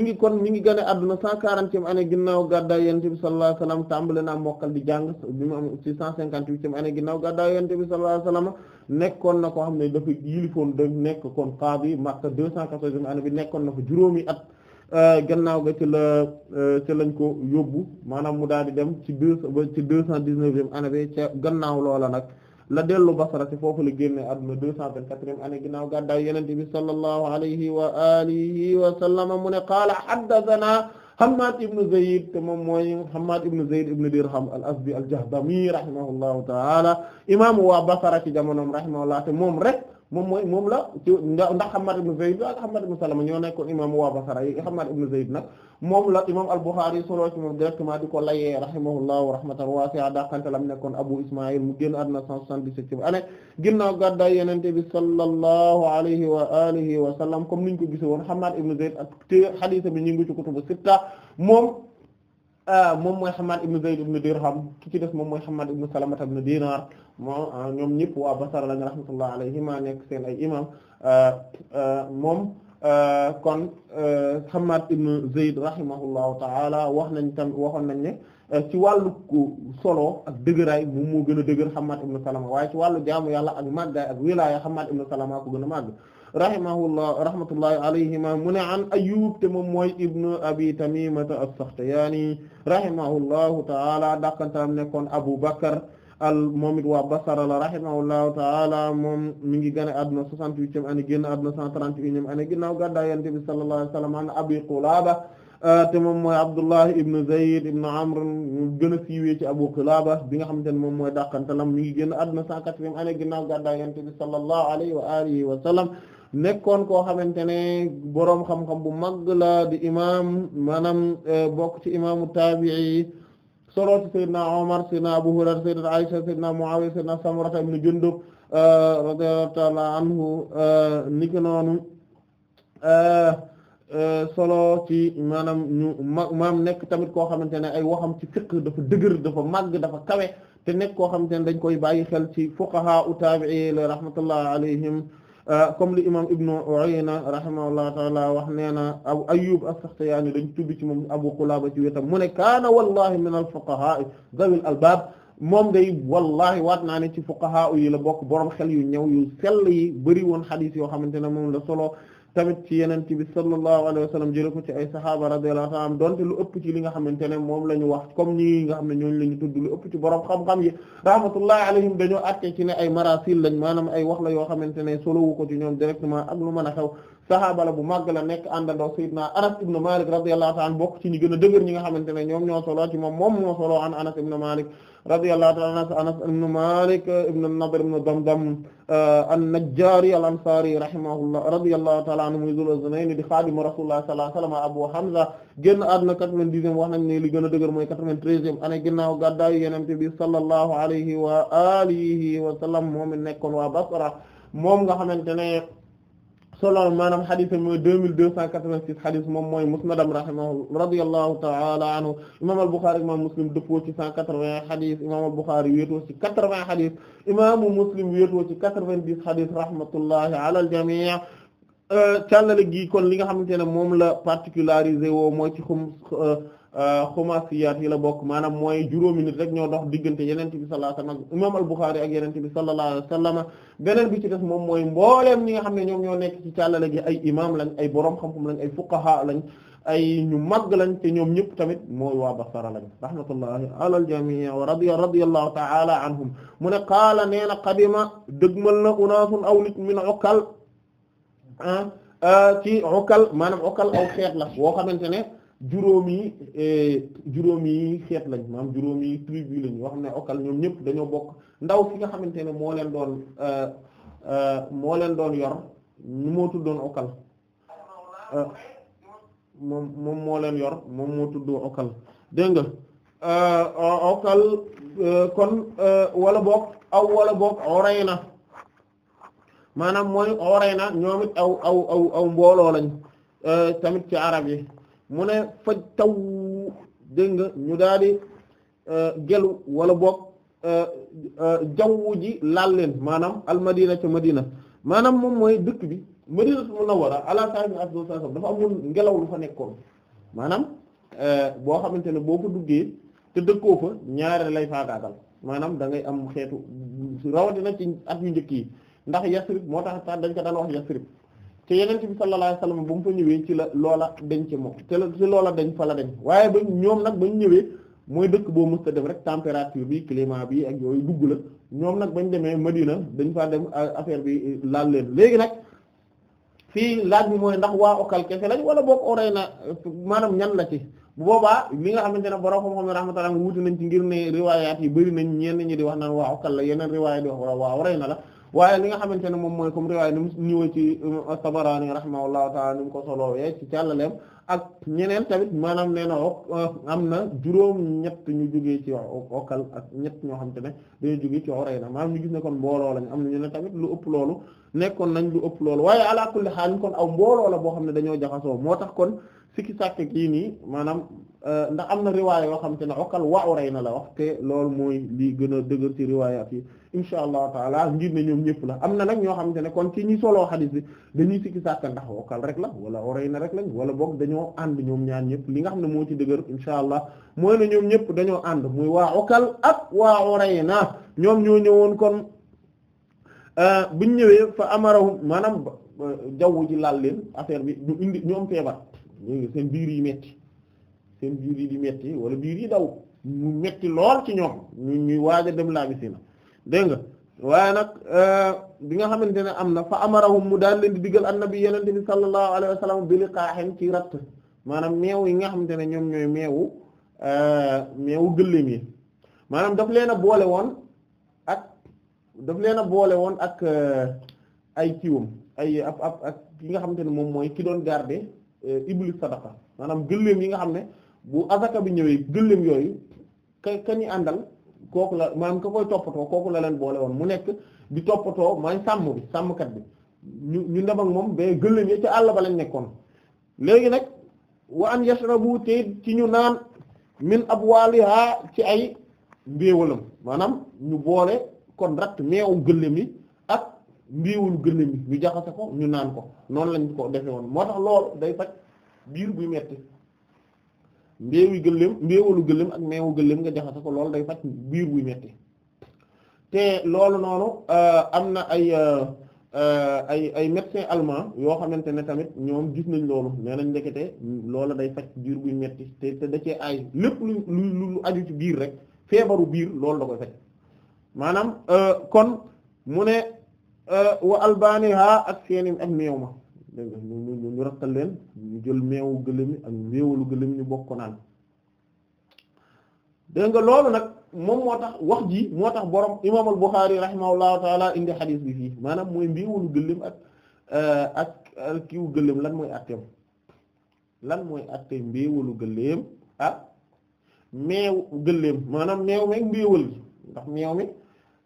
ngi kon mi ngi gane adduna 140e année ginnaaw gàddaay yonent bi sallallahu alayhi wasallam tàmbale naa mokkal di jàng bi mu am 658e année ginnaaw gàddaay yonent bi sallallahu alayhi wasallam nekkoon na koo xam ne dafa yilifoon da nekk kon qaadi Makka 214e année bi nekkoon na fa juróomi at euh, gannaaw ga ci la euh, ci lañ ko yóbbu maanaam mu daal di dem ci deux ci 219e année bi ca gannaaw loola nag. la dellu Basra ci foofu la génne àdduna deux cent vingt-quatrième année ginnaaw gàddaay Yonent bi sallallahu alayhi wa alihi wa sallam mu ne qaala haddathana Hammad ibn Zayd te moom mooy Hammad ibn Zayd ibn Dirham al-Asdi al-Jahdami rahimahullahu ta'ala imaamu waa Basra ci jamonoom rahimahullah te moom rek moom mooy moom la ci ndax Hammad ibn Zayd ak Hammad ibn Salama ñoo nekkoon imam waa Basra yi Hammad ibn Zayd nag moom la imam al-Bukhari solo ci moom directement di ko layee rahimahullahu rahmatan wasi'a daqantalam nekkoon Abu Ismaïl mu génn àdduna 177 année ginnaaw gàddaay Yonent bi sallallahu alayhi wa alihi wa sallam comme niñ ko gise woon Hammad ibn Zayd ak té bi ñu ngi ci kutubu sitta moom Euh, moom mooy Hammad ibn Zayd ibn Dirham ki ci des moom mooy Hammad ibn Salamata ibn Dinar moom euh, ñoom ñëpp waa Basra la nga rahmatullah alayhima nekk seen ay imam euh, moom kon Hammad ibn Zayd rahimahullahu ta'ala wax nañ tam waxoon nañ ne ci wàllu solo ak dëgëraay mu mu gën a dëgër Hammad ibn Salama waaye ci wàllu jaamu yàlla ak màggaay ak wilaaya Hammad ibn Salama ko gën a màgg rahimahullah rahmatullahi alayhima mu ne an Ayyub te moom mooy ibnu abi tamimata as-Sakhtiyani rahimahullahu taala dakantaam nekkoon Abu Bakr al moom it waa Basra la rahimahullahu taala moom mi ngi gane adduna 68e année génn adduna 131e année ginnaaw gàddaay Yonent bi sallallahu alayhi wa sallam an Abi Qulaba euh, te moom mooy Abdullah ibn Zayd ibn Amr a siiwee Abu Qilaba bi nga xamante ne moom mooy dàqantalam mi ngi génn àdduna 180 ane ginnaaw gàddaay Yonent bi sallallahu alayhi wa alihi wa sallam nekkoon koo xamante ne boroom xam-xam bu mag la di imaam maanaam eh, bokk ci imaamu taabi'i solo ci sayyidina Umar sayyidina Abu Hurayra sayyidina Aisha sayyidina Muawiya sayyidina Samurata ibn Jundub eh, radiyallahu ta'ala anhu eh, solo ci maanaam ñu mag maam nekk tamit koo xamante ne ay waxam ci fiqh dafa dëgër dafa màgg dafa kawe te nekk koo xamante ne dañ koy bàyyi xel ci fuqaha u taabi'i la rahmatullahi alayhim Euh, comme li imam Ibnu Uyayna rahimahullahu taala wax nee na Abu Ayyub as-Saxtiyaani dañ tudd ci moom Abu Qulaaba ci wetam mu ne kaana wallahi min al-fuqahaa zawil albaab moom day wallahi waat naa ne ci fuqahaa yi la bokk borom xel yu ñëw yu sell yi bëri woon xadiis yoo xamante ne moom la solo tamit ci yenente bi sallallahu alayhi wa sallam jële ko ci ay sahaaba radiyallahu anhum donte lu ëpp ci li nga xamante ne moom la ñu wax comme ñi nga xam ne ñooñu la ñu tudd lu ëpp ci borom xam-xam yi rahmatullahi alayhim dañoo àtte ci ne ay marasil lañ maanaam ay wax la yoo xamante ne solowu ko ci ñoom directement ak lu mën a xew saxaaba la bu màgg la nekk àndandoo sayyidina Anas ibn Malik radiyallahu ta'ala anhu bokk ci ñi gën a dëgër ñi nga xamante ne ñoom ñoo solo ci moom moom moo solo an Anas ibn Malik radiyallahu ta'ala anhu Anas ibn Malik ibn an-Nadr ibn Damdam uh, an-Najjari al-Ansari rahimahullah radiyallahu ta'ala anhu muy Zul Uznayn di xaadimu Rasulullah sallallahu alayhi wasallam Abu Hamza génn àdduna 90e wax nañ ne li gën a dëgër mooy 93e année ginnaaw gàddaayu Yonent bi sallallahu alayhi wa alihi wa sallam moom mi nekkoon waa Basra moom nga xamante ne solo maanaam xadis am mooy 2286 xadis moom mooy musnadam rahimahu radiyallahu ta'ala anhu imaam al-Bukhari imaam Muslim dëppoo ci 180 xadis imaam al-Bukhari wéetoo ci 80 xadis imaamu Muslim wéetoo ci 90 xadis rahmatullahi ala al-jami' euh, càllale gi kon li nga xamante ne moom la particularisé woo mooy ci xum euh, xumaasiyaat euh, yi la bokk maanaam mooy juróomi nit rek ñoo dox diggante yeneen bi sallallahu alayhi wasallam imaam al-Bukhari ak yeneen bi sallallahu alayhi wasallam beneen bi ci des moom mooy mbooleem ñi nga xam ne ñoom ñoo nekk ci càllale gi ay imaam lañ ay borom xam-xam lañ ay fuqaha lañ ay ñu màgg lañ te ñoom ñëpp tamit mooy waa Basra lañ rahmatullahi ala al-jamii wa radiya radiyallahu ta'ala anhum mu ne qaala nee na qadima dëgmal na unaasun aw nit min Ukkal ah euh, ci Ukkal maanaam kal aw xeet la woo xamante ne juróomi eh, juróomi xeet lañ maanaam juróomi tribu lañ wax ne okal ñoom ñëpp dañoo bokk ndaw fi nga xamante ne moo leen doon eh, eh, moo leen doon yor ñu moo tuddoon okal moom moom moo leen yor moom moo tuddoo okal dégg nga okal kon wala boog aw wala boog orey na maanaam mooy orey na ñoom aw aw aw aw mbooloo lañ tamit ci arab yi mu ne faj taw dégg nga ñu daal di euh, gelu wala boog euh, euh, jaww ji laal leen maanaam almadina ca madina maanaam moom mooy dëkk bi madinatu munawwara ala sahibi afdal sallallahu dafa am ngelaw lu fa nekkoon maanaam boo xamante ne boo fa duggee te dëkkoo fa ñaare lay faagaagal maanaam da ngay am xeetu rawatina ci at yu njëkk yi ndax yasrib moo tax dañ ko daan wax yasrib te yeneen bi sallallahu alayhi wasallam ba mu fa ñëwee ci la loola dañ ci moom te ci loola dañ fa la dañ waaye ba ñoom nag ba ñu ñëwee mooy dëkk boo mës a dem rek température bi climat bi ak yooyu dugg la ñoom nag bañ demee Madina dañ faa dem affaire bi laal leen léegi nag fii laaj bi mooy ndax waa Okal kese lañ wala boog orey na maanaam ñan la ci bu boobaa li nga xamante ne borom xam-xam rahmatullah wuti nañ ci ngir ne riwaayaat yi bari nañ ñenn ñi di wax naan waa Okal la yeneen riwaayaat di wax na la. waaye li nga xamante ne moom mooy comme riwaay ni mu ñëwee ci Tabaraani uh, rahimahullahu ta'ala ni mu ko solowee ci càllaleem ak ñeneen tamit maanaam nee na uh, am na juróom ñett ñu jógee ci okal ak ñett ñoo te ne dañu jógee ci Urayna maanaam ñu gis ne kon mbooloo lañ am na ñu tamit lu ëpp loolu nekkoon nañ lu ëpp loolu waaye ala kulli haal kon aw mbooloo la boo xam ne dañoo jaxasoo moo tax kon sikki sàkk kii nii maanaam Euh, ndax am na riwaay yoo xam te ne okal wa uray na la wax te loolu mooy li gën a dëgër ci riwaayaat yi insha allah taala ngir ne ñoom ñëpp la am na nag ñoo xam te ne kon ci ñi soloo xadis bi dañuy sikki sàkka ndax okal rek la wala uray na rek lañ wala boog dañoo ànd ñoom ñaan ñëpp li nga xam ne moo ci dëgër insha allah mooy ne ñoom ñëpp dañoo ànd mooy waa okal ak waa uray na ñoom ñoo ñëwoon kon euh, buñ ñëwee fa amarahum maanaam euh, jaww ji laal leen affaire bi ñu indi ñu am feebar yi metti seen biir yi di metti wala biir yi daw mu metti lool ci ñoom ñu ñuy waaj dem laa bisi dégg nga waaye nag euh, bi nga xamante ne am na fa amarahum mu daal leen di diggal annabi yenente bi sallallahu alayhi wa sallam bili xaaxen ci ratt maanaam meew yi nga xamante ne ñoom ñooy meewu euh, meewu gëléem yi maanaam daf leen a boole woon ak daf leen a boole woon ak euh, ay kiwam ay ab ak ki nga xamante ne moom mooy ki doon garde iblis sadaqa maanaam gëléem yi nga xam ne bu azaka bi ñëwee gëléem yooyu ka ka ñu àndal kooku la maanaam ka koy toppatoo kooku la leen boole woon mu nekk di toppatoo mooy sàmm bi sàmmkat bi ñu ñu dem moom ba gëléem yi ci àll ba lañ nekkoon léegi nag wa an yashrabu te ci ñu naan min abwaliha ci ay mbéewalam maanaam ñu boole kon ratt meewu gëléem yi ak mbéewul gëléem yi ñu jaxase ko ñu naan ko noonu lañ ko defe woon moo tax lool day faj biir buy metti mbéewi gëléem mbéewalu gëléem ak meewu gëléem nga jaxase ko loolu day faj biir buy metti te loolu noonu euh, am na ay euh, euh, ay ay médecin allemand yoo xamante ne tamit ñoom gis nañ loolu nee nañ ndekete loola day faj biir buy metti te te da cee aay lépp lu lu aju ci biir rek feebaru biir loolu da koy faj maanaam kon mu ne wa albaniha ak seeni ak meew ma dégg nga ñu ñu rattal leen ñu jël meewu gëléem yi ak meewalu gëléem ñu bokk naan dégg nga loolu nag moom moo tax wax ji moo tax borom imaam al-Bukhari rahimahullahu taala indi xadiis bi fii maanaam mooy meewalu gëléem eh, ak ak kiiwu gëléem lan mooy atteem lan mooy attee gëléem ak ah, meew gëléem maanaam meew meeg mbeewal gi ndax meew mi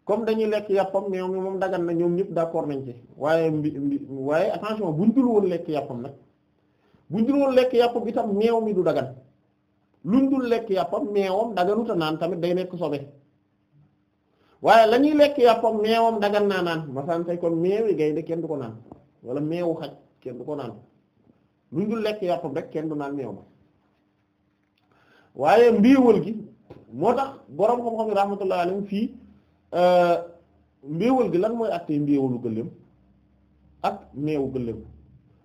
comme dañuy lekk yàppam mais moom dagan na ñoom ñëpp d'accord nañ ci waaye mbi mbi waaye attention buñ dul woon lekk yàppam nag buñ dul woon lekk yàppam itam meew mi du dagan luñ dul lekk yàppam meewam daganut naan tamit day nekk sobe waaye lekk yàppam meewam dagan naa naan masan tey kon meewi kenn du ko naan wala meewu xaj kenn du ko naan luñ dul lekk yàppam rek kenn du naan meew ma waaye mbiiwal gi moo tax boroom xam-xam yi rahmatullahi fii Euh, mbéewal gi lan mooy attee mbéewalu gëléem ak meewu gëléem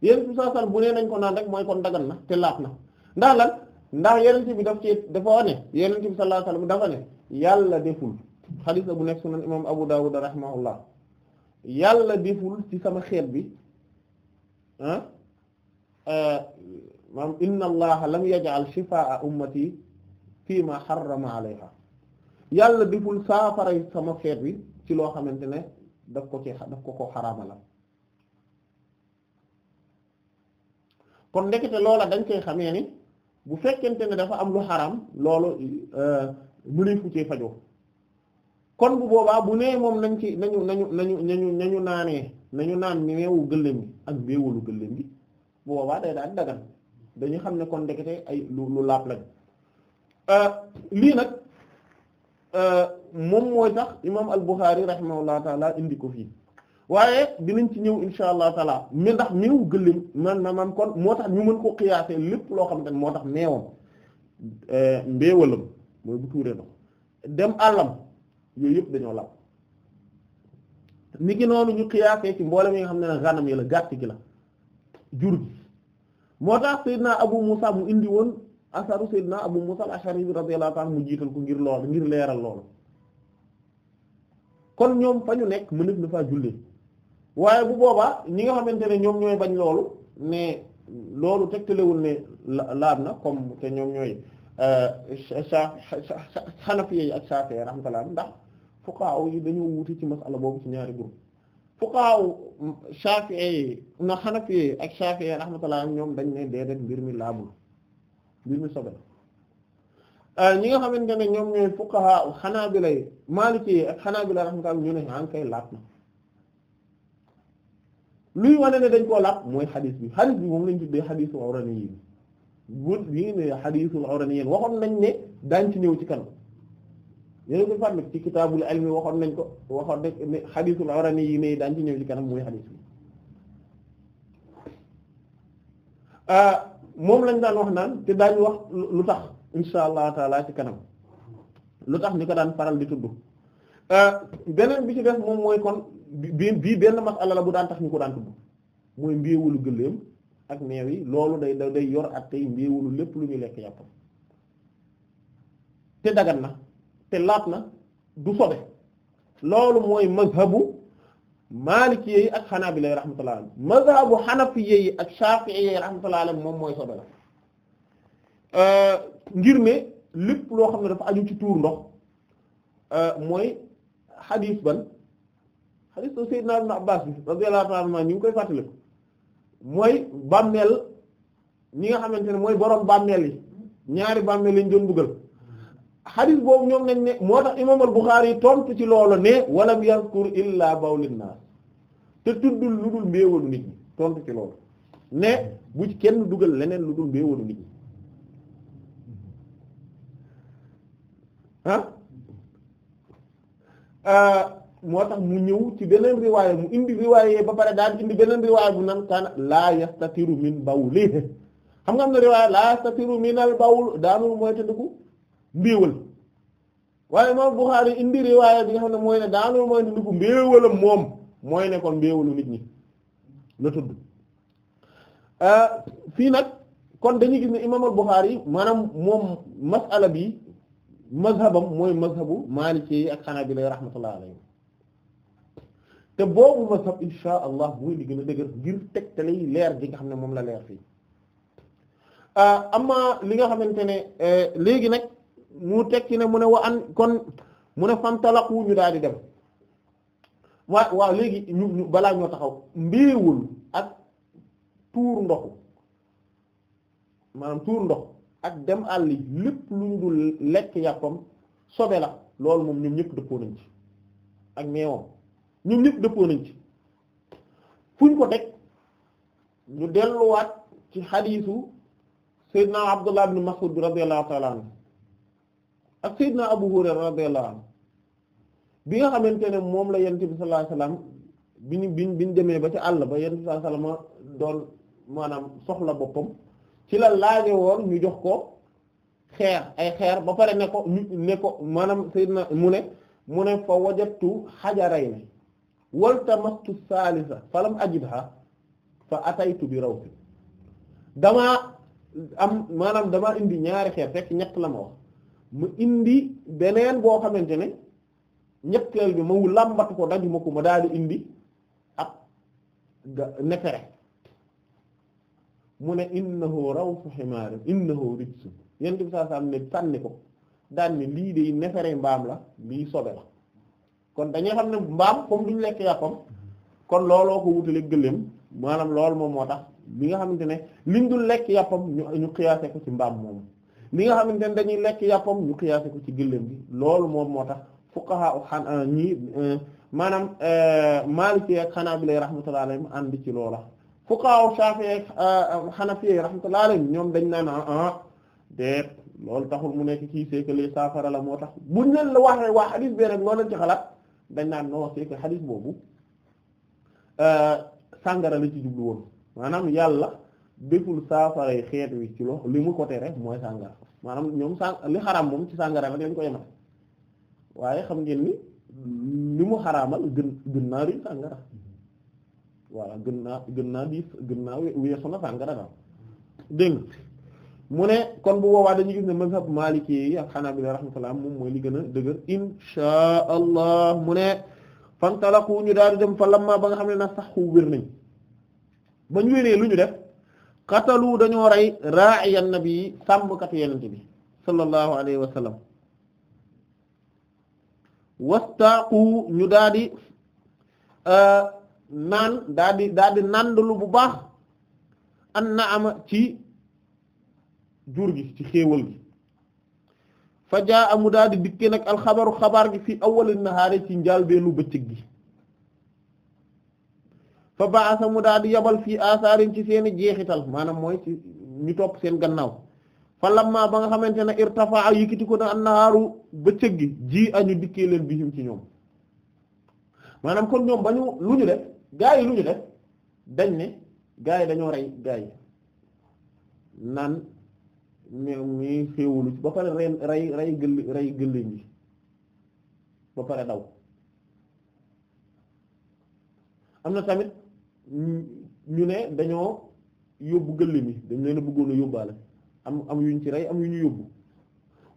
yeneen saa sal bu nee nañ ko naan rek mooy kon dagan na te laab na ndax lan ndax yeneen bi daf ci dafa ne yeneen bi sallallahu alayhi wasallam dafa ne yàlla deful xadis la bu nekk sunan imam Abu Dawud rahimahullah yàlla deful ci sama xeet bi ah euh, maanaam inna allaha lam yaj'al shifaa ummati fii ma harrama yàlla deful saafaray sama xeet bi ci loo xamante ne daf ko ci daf ko ko xaraama la kon ndekete loola dañ koy xamee ni bu fekkente ne dafa am lu xaraam loolu mënee fu ci fajoo kon bu boobaa bu nee moom nañ ci nañu nañu nañu nañu nañu naanee nañu naan meewu gëléem bi ak mbeewalu gëléem gi bu boobaa day daal dagan dañu xam ne kon ndekete ay lu lu laab lañ euh, lii nag Euh, moom mooy tax imaam al-Bukhari rahimahullahu taala indi ko fii waaye dinañ ci ñëw insha allah taala mais ndax meewu gëléem man maanaam kon moo tax ñu mën ko xiyaasee lépp loo xam te moo tax meewam euh, mbéewalam mooy bu tuuree ndox dem àllam yooyu yëpp dañoo làpp ni ki ñu xiyaasee ci mboolem yi nga xam ne ne ganam yi la gàtt gi la jur gi moo tax Seydina Abu Musa mu indi woon asaru sayyidina Abu Musa al-Ash'ari radiyallahu ta'ala mu jiital ko ngir lool ngir leeral loolu kon ñoom fa ñu nekk mëneef na faa jullee waaye bu boobaa ñi nga xamante ne ñoom ñooy bañ loolu ne loolu tegtalewul ne laab na comme te ñoom ñooy euh, Hanafiya yi ak Shafi'i rahmatullah ndax fuqaha yi dañoo wuute ci masala boobu ci ñaari groupe fuqaha Shafi'i na Hanafiya ak Shafi'i rahmatullah ñoom dañ ne déedéet mbir mi laabul mbir mi sobe la euh, ñi nga xamante ne ñoom ñooy fuqaha xanaabila yi maaliki ak xanaabila raxmatullahi ñu ne an ah, kay laab na luy wane ne dañ koo laab mooy xadis bi xadis bi moom lañ tuddee xadisul awraniyin bu yi ne xadisul waxoon nañ ne daañ ci ñëw ci kanam yéen ko fàttali ci kitaabul ilmi waxoon nañ ko waxoon nañ ne xadisul a ne daañ ci ñëw ci kanam mooy xadis bi euh, moom lañ daan wax naan te daañu wax lu tax insha allah taala ci kanam lu tax ni ko daan faral di tudd euh, beneen bi ci def moom mooy kon bi bii benn masala la bu daan tax ñu ko daan tudd mooy mbiewulu gëléem ak neew yi loolu day day yor at tey mbiewulu lépp lu ñuy lekk yàppam te dagan na te laat na du sobe loolu mooy mazhabu maliki yi ak xanaabila yi rahmatullah alayhi mazhabu xanafi yi ak shafi'i yi rahmatullah moom mooy sobe la euh, ngir ne lépp loo xam ne dafa aju ci tuur ndox euh, mooy xadiis ban xadiis soo Seydina Ibn Abbas bi radiyallahu ta'ala anhu ñu ngi koy fàttali ko mooy bàmmeel ñi nga xamante ne mooy borom bàmmeel yi ñaari bàmmeel lañ doon buggal xadis boobu ñoom nañ ne moo tax imam al-Bukhari tontu ci loolu ne walam yazkur illa bawlin naas te tuddul lu dul mbéewalu nit ñi tontu ci loolu ne bu ci kenn dugal leneen lu dul mbéewalu nit ñi ah, ah moo tax mu ñëw ci beneen riwaaya mu indi riwaaya ba pare daal indi beneen riwaaya bu nan kaan laa yastatiru min bawlihi xam nga am na riwaaya laa yastatiru min al bawl daanul mbéewal waaye moom Bukhari indi riwaaya bi nga xam ne mooy ne daanul mooy ni ko mbéewalam moom mooy ne kon mbéewalu nit ñi la tudd euh, fii nag kon dañuy gis ne imaamal Bukhari maanaam moom mas'ala bi mazhabam mooy mazhabu Maliki yi ak Hanabila rahmatullah alayhi te boobu mazhab insha allah muy li gën dëgër ngir tegtale yi leer gi nga xam ne moom la leer fii euh, amma li nga xamante ne euh, léegi nag mu tekki ne mu ne wa an kon mu ne fantalaqu ñu daal di dem waa waaw léegi ñu balaa ñoo taxaw mbiiwul ak tuur ndoxu maanaam tuur ndox ak dem àll yi lépp lu ñu dul lekk yàppam sobe la loolu moom ñu ñëpp dëppoo nañ ci ak meewam ñu ñëpp dëppoo nañ ci fuñ ko teg ñu delluwaat ci xadiisu Seydina Abdullah ibn Mas'ud radiyallahu ta'ala anhu ak Seydina Abu Hurayra radiyallahu anhu bi nga xamante ne moom la yonent bi sallallahu alayhi wasallam bi ñu bi ñu demee ba ci àll ba yonent bi sallallahu alayhi wasallam doon maanaam soxla boppam ci la laaje woon ñu jox ko xeer ay xeer ba pare ne ko ne ko maanaam Seydina mu ne mu ne fa wajadtu xajarayni waltamastu salisa falam ajidha fa ataytu bi rawsi damaa am maanaam damaa indi ñaari xeer fekk ñett la ma wax ma indi beneen boo xamante ne ñetteel bi ma wu làmbatu ko dajuma ko ma daal di indi ak ga nefere mu ne indi innahu rawfu himaarin innahu rijsun yent bi saa saam ne sànni ko daan ne lii day nefere mbaam la lii sobe la kon dañuy xam ne mbaam comme duñ lekk yàppam kon looloo ko wutale gëléem maanaam loolu moom moo tax bi nga xamante ne liñ dul lekk yàppam ñu ñu xiyaase ko ci mbaam moomu li nga xamante ne dañuy lekk yàppam ñu xiyaase ko ci gëléem gi loolu moom moo tax o u xan euh, ñi euh, maanaam euh, Maliki ak Hanabila rahmatullahi alayhim ànd ci loola fuqaha Shafi'i ak Hanafi rahmatullahi alayhim ñoom dañ naan ah, ah déet loolu taxul mu nekk kii c'est que les saafara la moo tax bu leen la waxee waa xadis bi rek loolu ci xalaat dañ naan non c'est que xadis boobu sàngara la ci jublu maanaam yàlla deful saafaray xeet wi ci loxo li mu ko tere mooy sàngara maanaam ñoom sa li xaraam moom ci sàngara rek lañ ko yemal waaye xam ngeen ni li mu xaraamal gën gën naa rii sàngara voilà gën naa gën naa diis gën naa weesu na sàngara daal dégg mu ne kon bu boobaa dañuy gis ne mazhab maliki yi ak xanaabila rahmatullah moom mooy li gën a dëgër inshaa allah mu ne fantalaku ñu daal di dem fa lamma ba nga xam ne na sax xu wér nañ bañ wéree lu ñu def qatalu dañoo rey ra'iya nabi sàmmkatu yenent bi sallallahu alayhi wa sallam wastaqu ñu daa di euh, naan daa di daa di bu baax an na am ci jur gi ci xéewal gi fa jaa amu daa di dikke nag alxabaru xabaar gi fi awwalin nahaari ci njaal beenu bëccëg gi fa baasa mu daal di yabal fii asaarin ci seen i jeexital maanaam mooy ci ñu topp seen gannaaw fa lamma ba nga xamante ne irtafaa yëkkati ko na annaaru bëccëg gi ji añu dikkee leen bihim ci ñoom maanaam kon ñoom ba ñu lu ñu def gaa yi lu ñu def dañ ne gaa yi dañoo rey gaa yi naan mais muy xéewalu ba pare reen rey rey gëll ba pare daw am na tamit ñu ne dañoo yóbbu gëléem yi dañ leen a bëggoon a yóbbaale am am yuñ ci rey am yu ñu yóbbu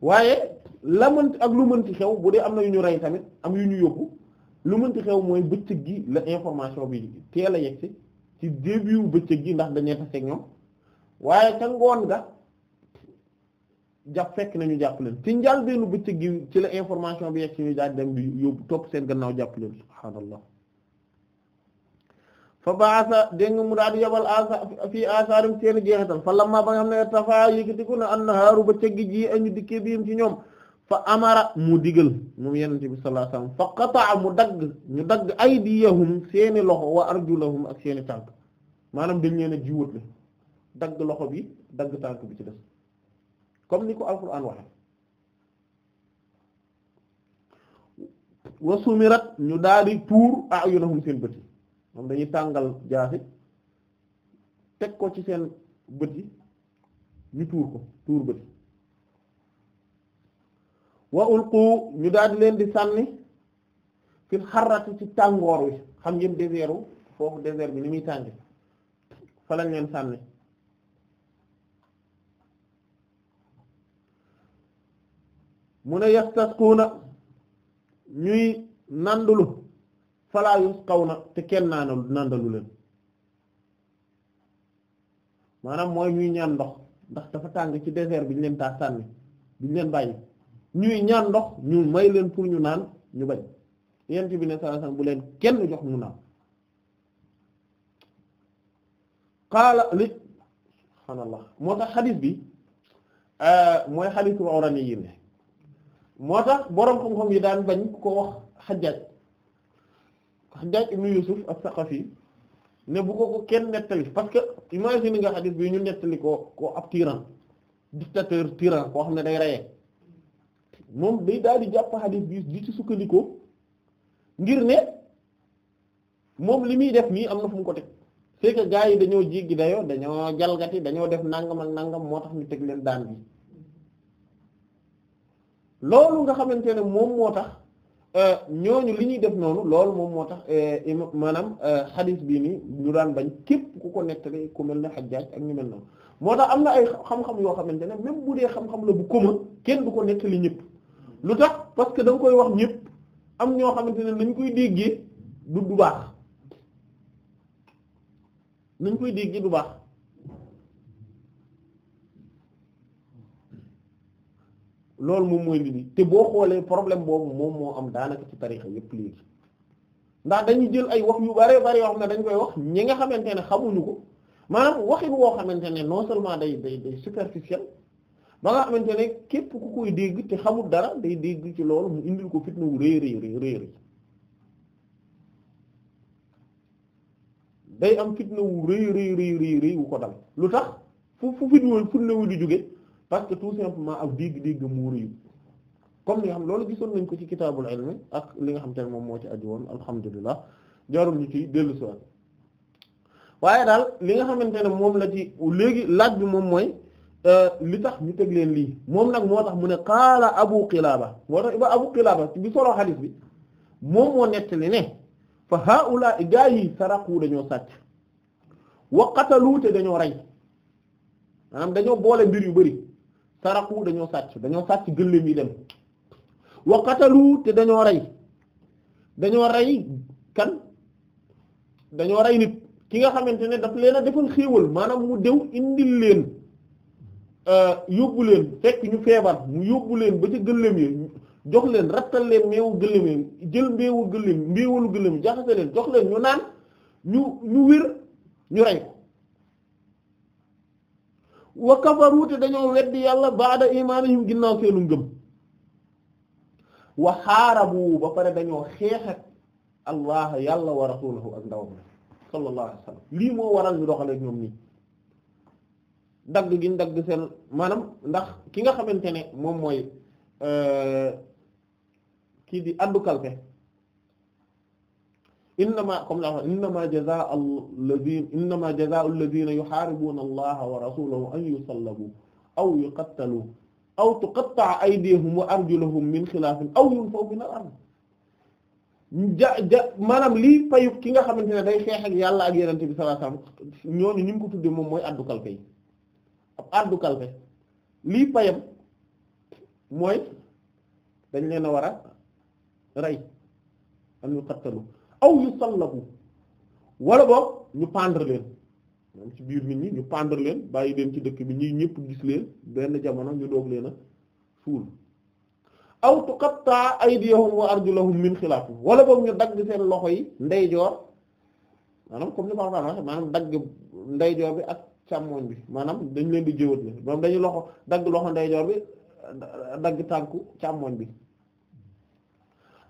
waaye la mënti ak lu mënti xew bu dee am na yu ñu rey tamit am yu ñu yóbbu lu mënti xew mooy bëccëg gi la information bi teel a yegsi ci début bëccëg gi ndax dañuy tase ak ñoom waaye ca ngoon ga jàpp fekk nañu jàpp leen ci njaal benn bëccëg gi ci la information bi yegsi ñu daal dem bi yóbbu topp seen gannaaw jàpp leen subhaanallah fa baasa dégg nga mu daal di yabal asa fii asaarim seen jeexital fa lamma ba nga xam ne tafa yëkkatiku na annahaaru ba ceggi ji añu dikkee biim ci ñoom fa amara mu digal moom yenente bi sallallahu fa qataa mu dagg ñu dagg aydiyahum seeni loxo wa arjulahum ak seeni tànk maanaam dañ leen a jiwat le dagg loxo bi dagg tànk bi ci des comme ni ko alquran waxe wa sumirat ñu daal di tuur ayunahum seen bët moom dañuy tàngal jaasi teg ko ci seen bët yi ñu tuur ko tuur bët wa ulqu ñu daal leen di sànni fil xarrati ci tàngoor wi xam ngeen désertu foofu désert bi ni muy tànge fa lañ leen sànni mu ne yastasquna ñuy nandulu falaa na te kenn naan dalu leen maanaam mooy ñuy ñaan ndox ndax dafa tàng ci désert bi ñu leen taa sànni bi leen bàyyi ñuy ñaan ndox ñu may leen pour ñu naan ñu bañ yent bi ne sallallahu bu leen kenn jox mu naan qaala li subhaanallah moo tax xadis bi euh, mooy xadisu awrani yi ne moo tax boroom xam-xam yi daan bañ ko wax xajjaaj Hajjaj ibn Yusuf as-Saqafi ne bu ko ko kenn nettali parce que imagine nga xadis bi ñu nettali ko ko ab tyran dictateur tyran koo xam ne day reyee moom day daal di jàpp xadis bi di ci sukkandikoo ngir ne moom li muy def nii am na fu mu ko teg c'est que yi dañoo jéggi dayoo dañoo jalgati dañoo def nangam ak nangam moo tax ñu teg leen daan bi loolu nga xamante ne moom moo tax Euh, ñooñu li ñuy def noonu loolu moom moo tax euh, maanaam xadis euh, bii nii ñu daan bañ képp ku ko nettali ku na ne Hajjaj ak ñu mel noonu moo tax am na ay xam-xam yoo xamante ne même bu dee xam-xam la bu commun kenn du ko nettali ñëpp lu tax parce que da koy wax ñëpp am ñoo xamante ne nañ koy déggee du du baax nañ koy déggee du baax loolu moom mooy li te boo xoolee problème boobu moom moo am daanaka ci tarixa yépp léegi ndax dañu jël ay wax yu bare bare yoo xam ne dañ koy wax ñi nga xamante ne xamuñu ko maanaam waxin woo xamante ne non seulement day day day superficiel ba nga xamante ne képp ku koy dégg ci xamul dara day dégg ci loolu mu indil ko fitna wu réy réy réy réy day am fitna wu réy réy réy wu ko dal lu tax fu fu fitna wu di jóge parce que tout simplement ak dégg-dégg mu rëy comme li xam loolu gisoon nañ ko ci kitaabul ilmi ak li nga xam te ne moom moo ci aju woon alhamdulilah jarul ñu ci dellu si waaye daal li nga xamante ne moom la ci léegi laaj bi moom mooy euh, li tax ñu teg leen lii moom nag moo tax mu ne qaala abu qilaaba moo tax ba abu qilaaba bi solo xadiis bi moom moo nettali ne fa haula gaa yi saraqu dañoo sàcc wa qatalu te dañoo rey dañoo boole mbir yu bari saraqu dañoo sàcc dañoo sàcc gëléem yi dem wa te dañoo rey dañoo rey kan dañoo rey nit ki nga xamante ne daf leen a defal xéewal maanaam mu dew indil leen euh, yóbbu leen fekk ñu feebar mu yóbbu leen ba ci gëléem yi jox leen rattal leen meewu gëléem yi jël meewu gëléem mbéewalu gëléem jaxase leen jox leen ñu naan ñu ñu wér ñu rey wa kafaru te dañoo weddi yàlla baada imaanihim ginnaaw seenu ngëm wa xaarabu ba pare dañoo xeex ak allah yàlla wa rasulahu ak ndawam sallallahu alayhi wasallam lii moo waral ñu doxale ñoom nii dagg gi dagg seen maanaam ndax ki nga xamante ne moom mooy euh, kii di addu kalpe innama comme la innama jazaa'u alladhina innama jazaa'u alladhina yuharibuna allaha wa rasulahu an yusallabu aw yuqattalu aw tuqatta'a aydihum wa arjuluhum min khilaafin aw yunfaw min al-ard ja ja maanaam lii payu ki nga xamante ne day xeex ak yàlla ak yonent bi sallallahu alayhi wasallam ñooñu ñu ngi ko tudde moom mooy addu kalpe yi ab addu kalpe lii payam mooy dañ leen a war a rey am ñu xattalu aw yu sallabu wala boog ñu pendre leen maanaam ci biir nit ñi ñu pendre leen bàyyi leen ci dëkk bi ñuy ñëpp gis leen benn jamono ñu doog leen a suul aw tuqatta aydihum wa arjuluhum min xilaaf wala boog ñu dagg seen loxo yi ndeyjoor maanaam comme ni ma la waxee maanaam dagg ndeyjoor bi ak càmmoñ bi maanaam dañ leen di jëwat ne maanaam dañu loxo dagg loxo ndeyjoor bi dagg tànku càmmoñ bi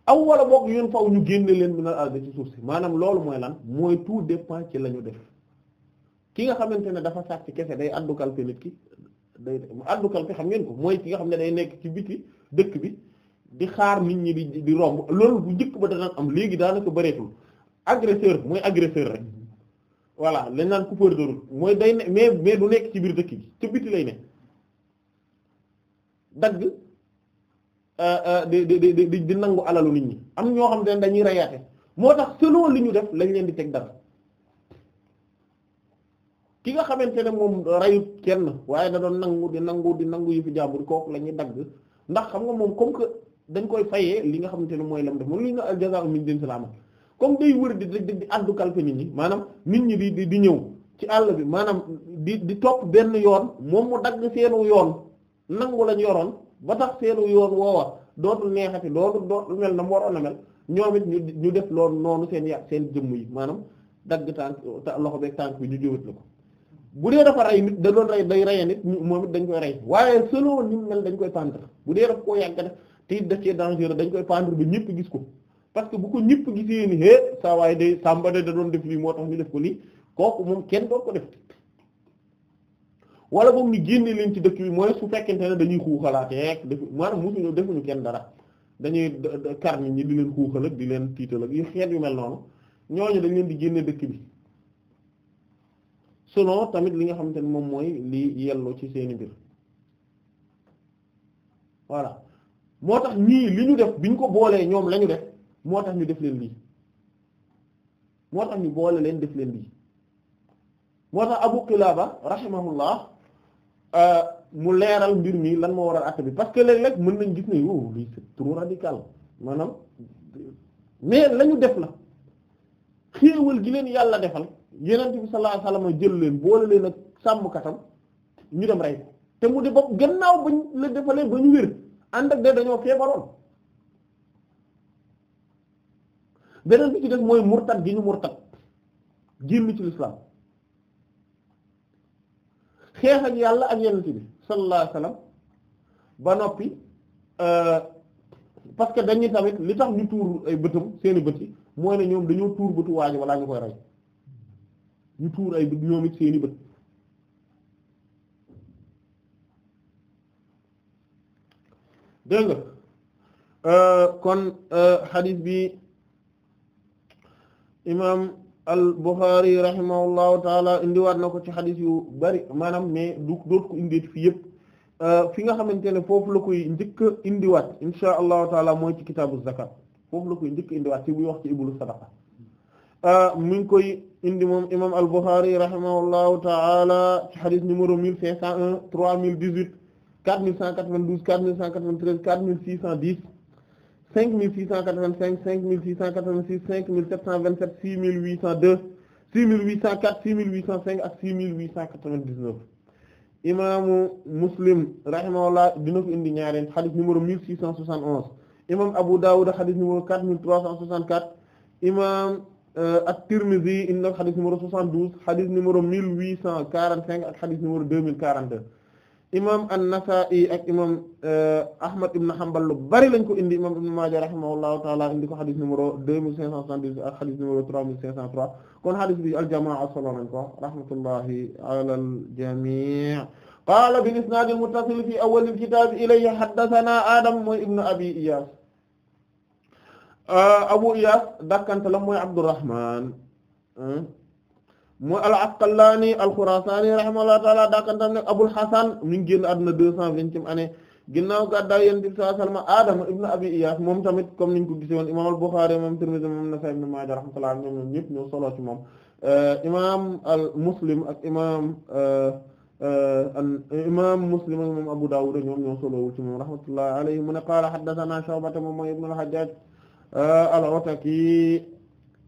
aw wala boog ñun faw ñu génne leen min na ardi ci suuf si maanaam loolu mooy lan mooy tout dépend ci la ñu def ki nga xamante ne dafa sàcc kese day addu kalpe nit ki day addu kalpe xam ngeen ko mooy ki nga xam ne day nekk ci biti dëkk bi di xaar nit ñi di di romb loolu bu njëkk ba dana am léegi daanaka bëreetul agresseur mooy agresseur rek voilà lañ naan coupeur de route mooy day ne mais mais du nekk ci biir dëkk bi ci biti lay ne dagg Euh, euh, di di nangu alalu nit ñi am ñoo xam te ne dañuy reyaate moo tax selon li ñu def lañ leen di teg dara ki nga xamante ne moom rayut kenn waaye da doon nangu di nangu di nangu yi fi jàmbur kooku la ñuy dagg ndax xam nga moom comme dañ koy fayee li nga xamante ne mooy lam def moom li nga aljazaa'u min jinsil amal comme day wër di di di addu kalfe nit ñi maanaam nit ñi di di ñëw ci àll bi maanaam di di topp benn yoon moom mu dagg seenu yoon nangu lañ yoroon ba tax seenu yoon woowa dootul neexati dootul dootul mel na mu waroon a mel ñoom it ñu def lool noonu seen ya seen jëmm yi maanaam dagg tànk loxo beeg tànk bi ñu jëwat la ko bu dee dafa rey nit da doon rey day reye nit moom it dañ koy rey waaye selon ni mu mel dañ koy pendre bu dee daf koo yàgg def te it daf cee dangereux dañ koy pendre ba ñëpp gis ko parce que bu ko ñëpp gisee ni é saa waaye day sàmbade da doon def lii moo tax ñu def ko lii kooku moom kenn doon ko def wala boog ñu génne leen ci dëkk bi mooy su fekkente ne dañuy xuuxalaateeg def maanaam mosuñu defuñu kenn dara dañuy kar nit ñi di leen xuuxal di leen tiital ak yu xeet yu mel noonu ñooñu dañ leen di génne dëkk bi sinon tamit li nga xamante ne moom mooy li yelloo ci seeni mbir voilà moo tax ñii li ñu def biñ ko boolee ñoom la def moo tax ñu def leen lii moo tax ñu boole leen def leen lii moo tax Abu Qilaba rahimahullah Euh, mu leeral mbir mi lan moo a acte bi parce que léeg-léeg mën nañ gis ne wow oh, lii c'est trop radical maanaam mais lañu def la xéewal gi leen yàlla defal yenent bi sallallahu alayhi wasallam jël leen boole leen ak sàmmkatam ñu dem rey te mu di bopp gannaaw bañ la defalee ba ñu wér ànd ak de dañoo feebaroon beneen bi ci def mooy murtad gi ñu murtad génn ci l'islam xeex ak yàlla ak yonent bi sallallahu alayhi wasallam ba noppi euh, parce que dañuy tamit li tax ñu tuur ay bëtam seeni bët yi mooy ne ñoom dañoo tuur bëtu waaji walla ñu koy rey ñu tuur ay bët ñoom it seeni bët dégg euh, kon xadiis euh, bi imaam al Bukhari rahimahullahu taala indiwaat na ko ci xadis yu bari maanaam mais du dootu indiwaat fi yëpp euh, fi nga xamante ne foofu la koy njëkk indiwaat insha allahu taala mooy ci kitaabu zakat foofu la koy njëkk indiwaat ci buy wax ci iblu sadaqa euh, mu ngi koy indi moom imam al Bukhari rahimahullahu taala ci xadis numéro 1501 3018 4192 4193 4610 cinq mille six cent quatre-vingt-cinq cinq mille six cent quatre-vingt-six cinq mille sept cent vingt-sept six mille huit cent deux six mille huit cent quatre six mille huit cent cinq ak six mille huit cent quatre-vingt-dix-neuf imaamu Muslim rahimahullah dina ko indi ñaareel xadis numéro mille six cent soixante onze imaam Abu Dawud xadis numéro quatre mille trois cent soixante-quatre imaam euh, At-Tirmidhi indi na ko xadis douze xadis numéro mille imam an-Nasa'i ak imam eh, Ahmad ibn Hanbal lu bari lañ ko indi imam Ibn Maaja rahimahullahu taala indi ko xadis numéro deux mille cinq cent soixante-dix ak xadis numéro trois mille cinq cent trois kon xadis bi al-jamaa solo nañ ko rahmatullahi ala al-jamii qaala bil isnaad al-muttasil fi awwal al-kitaab ilayhi haddathana Adam mooy ibnu Abi Iyaas eh, Abu Iyaas dakkante la mooy Abdurrahmaan hmm? mu al-Asqalaani al-Khuraasaani rahimahullahu ta'ala daakantam ne Abul Hasan mi ngi génn àdduna deux cent vingtième année ginnaaw gàddaay Yonent bi sallallahu alayhi wa sallam Adama ibn Abi Iyaas moom tamit comme niñ ko gisee woon imaam al-Bukhaari moom Tirmidhi moom Nasaa'i ibn Maaja rahimahullah ñoom ñëpp ñoo solo ci moom euh, imaam al-Muslim ak imaam euh, euh, imaam Muslim ak imaam o Daawud ñoom ñoo solowul ci moom rahmatullahi alayhi mu ne qaala haddathanaa Shu'ba moom mooy ibn al-Hajjaaj al-Ataki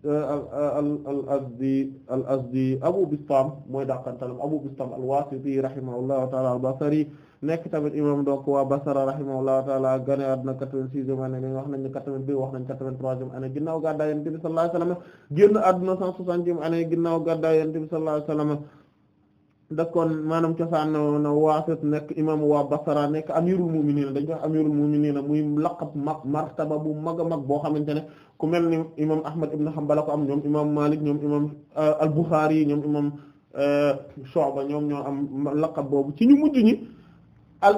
Euh, euh, al al asdi al asdi Abu Bistam mooy dàqantalam Abu Bistam al-Wasiti rahimahullahu ta'ala al nekk tamit imam donc waa Basra rahimahullahu ta'ala gane àdduna 86e année wax nañ ne 82 wax nañ 83e année ginnaaw gàddaay Yonent bi sallallahu alayhi wasallam génn àdduna 160e année ginnaaw gàddaay dakkoon maanaam cosaan na waasit nekk imam waa Basra nekk amirul mu'minin dañ koy amirul mu'minin muy laqab mag martaba bu mag a mag boo xamante ne ku mel ni imam Ahmad ibn Hanbal ko am ñoom imam Malik ñoom imam euh, al-Bukhari ñoom imam euh, Shu'ba ñoom ñoo am laqab boobu ci ñu mujj al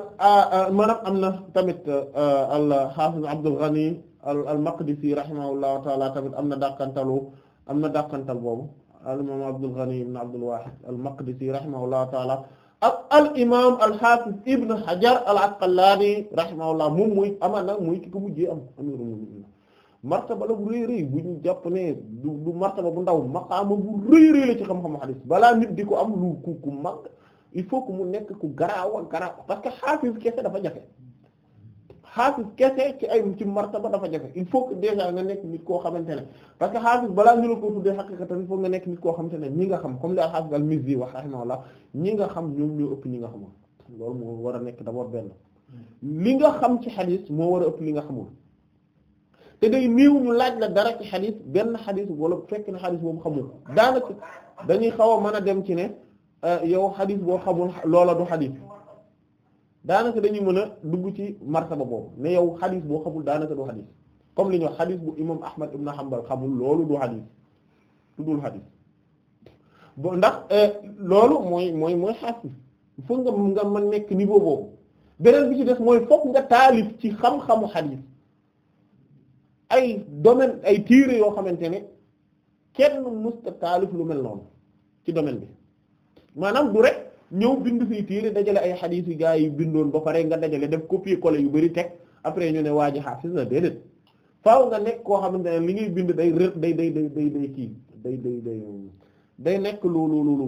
maanaam am na tamit euh, al-Hafiz Abdul Ghani al-Maqdisi rahimahullahu ta'ala tamit am na dàkkantalu am na dàkkantal boobu al imaam Abdul Ghani ibn Abdul Wahid al Maqdisi rahimahullahu taala ak al imaam al Hafiz ibn Hajar al Asqalani rahimahullah moom mooy amaan nag mooy ki ko mujjee am amirul mu'minin martaba la bu rëy rëy bu ñu jàpp ne du du martaba bu ndaw maqaama bu rëy rëy la ci xam-xamu hadith balaa nit di ko am lu ku ku mag il faut que mu nekk ku garaaw ak garaaw parce que Hafiz kese dafa jafe. xaafis kese ci ay ci martaba dafa jafe il faut que déjà nga nekk nit koo xamante ne parce que xaafis balaa nga nekk nit koo xamante ne ñi nga xam comme li al-Hafiz al-Mizzi wax nga xam ñoom ñoo ëpp ñi nga xamul loolu moo war nekk d'abord benn li nga xam ci xadis moo war a ëpp li nga xamul te day néew ñu laaj la dara ci xadis benn xadis wala fekk na xadis boobu xamul daanaka dañuy xaw a mën a dem ci ne euh, yow xadis boo xamul loola du xadis daanaka dañuy mën a dugg ci martaba boobu ne yow xadis boo xamul daanaka du xadis comme li ñu wax xadis bu imam Ahmad ibn Hanbal xamul loolu du xadis tuddul xadis bo ndax euh, loolu mooy mooy mooy xaafis foog nga nga mën nekk niveau boobu beneen bi ci des mooy foog nga taalif ci xam-xamu xadis ay domaine ay tiire yoo xamante ne kenn musta taalif lu mel noonu ci domaine bi maanaam du rek ñëw bind siy téere dajale ay xadiis yu gaa yi bindoon ba pare nga dajale def copier coller yu bari teg après ñu ne waa ji xaafis na déedéet faaw nga nekk koo xamante ne li ngay bind day day day day day day kii day day day day nekk lu lu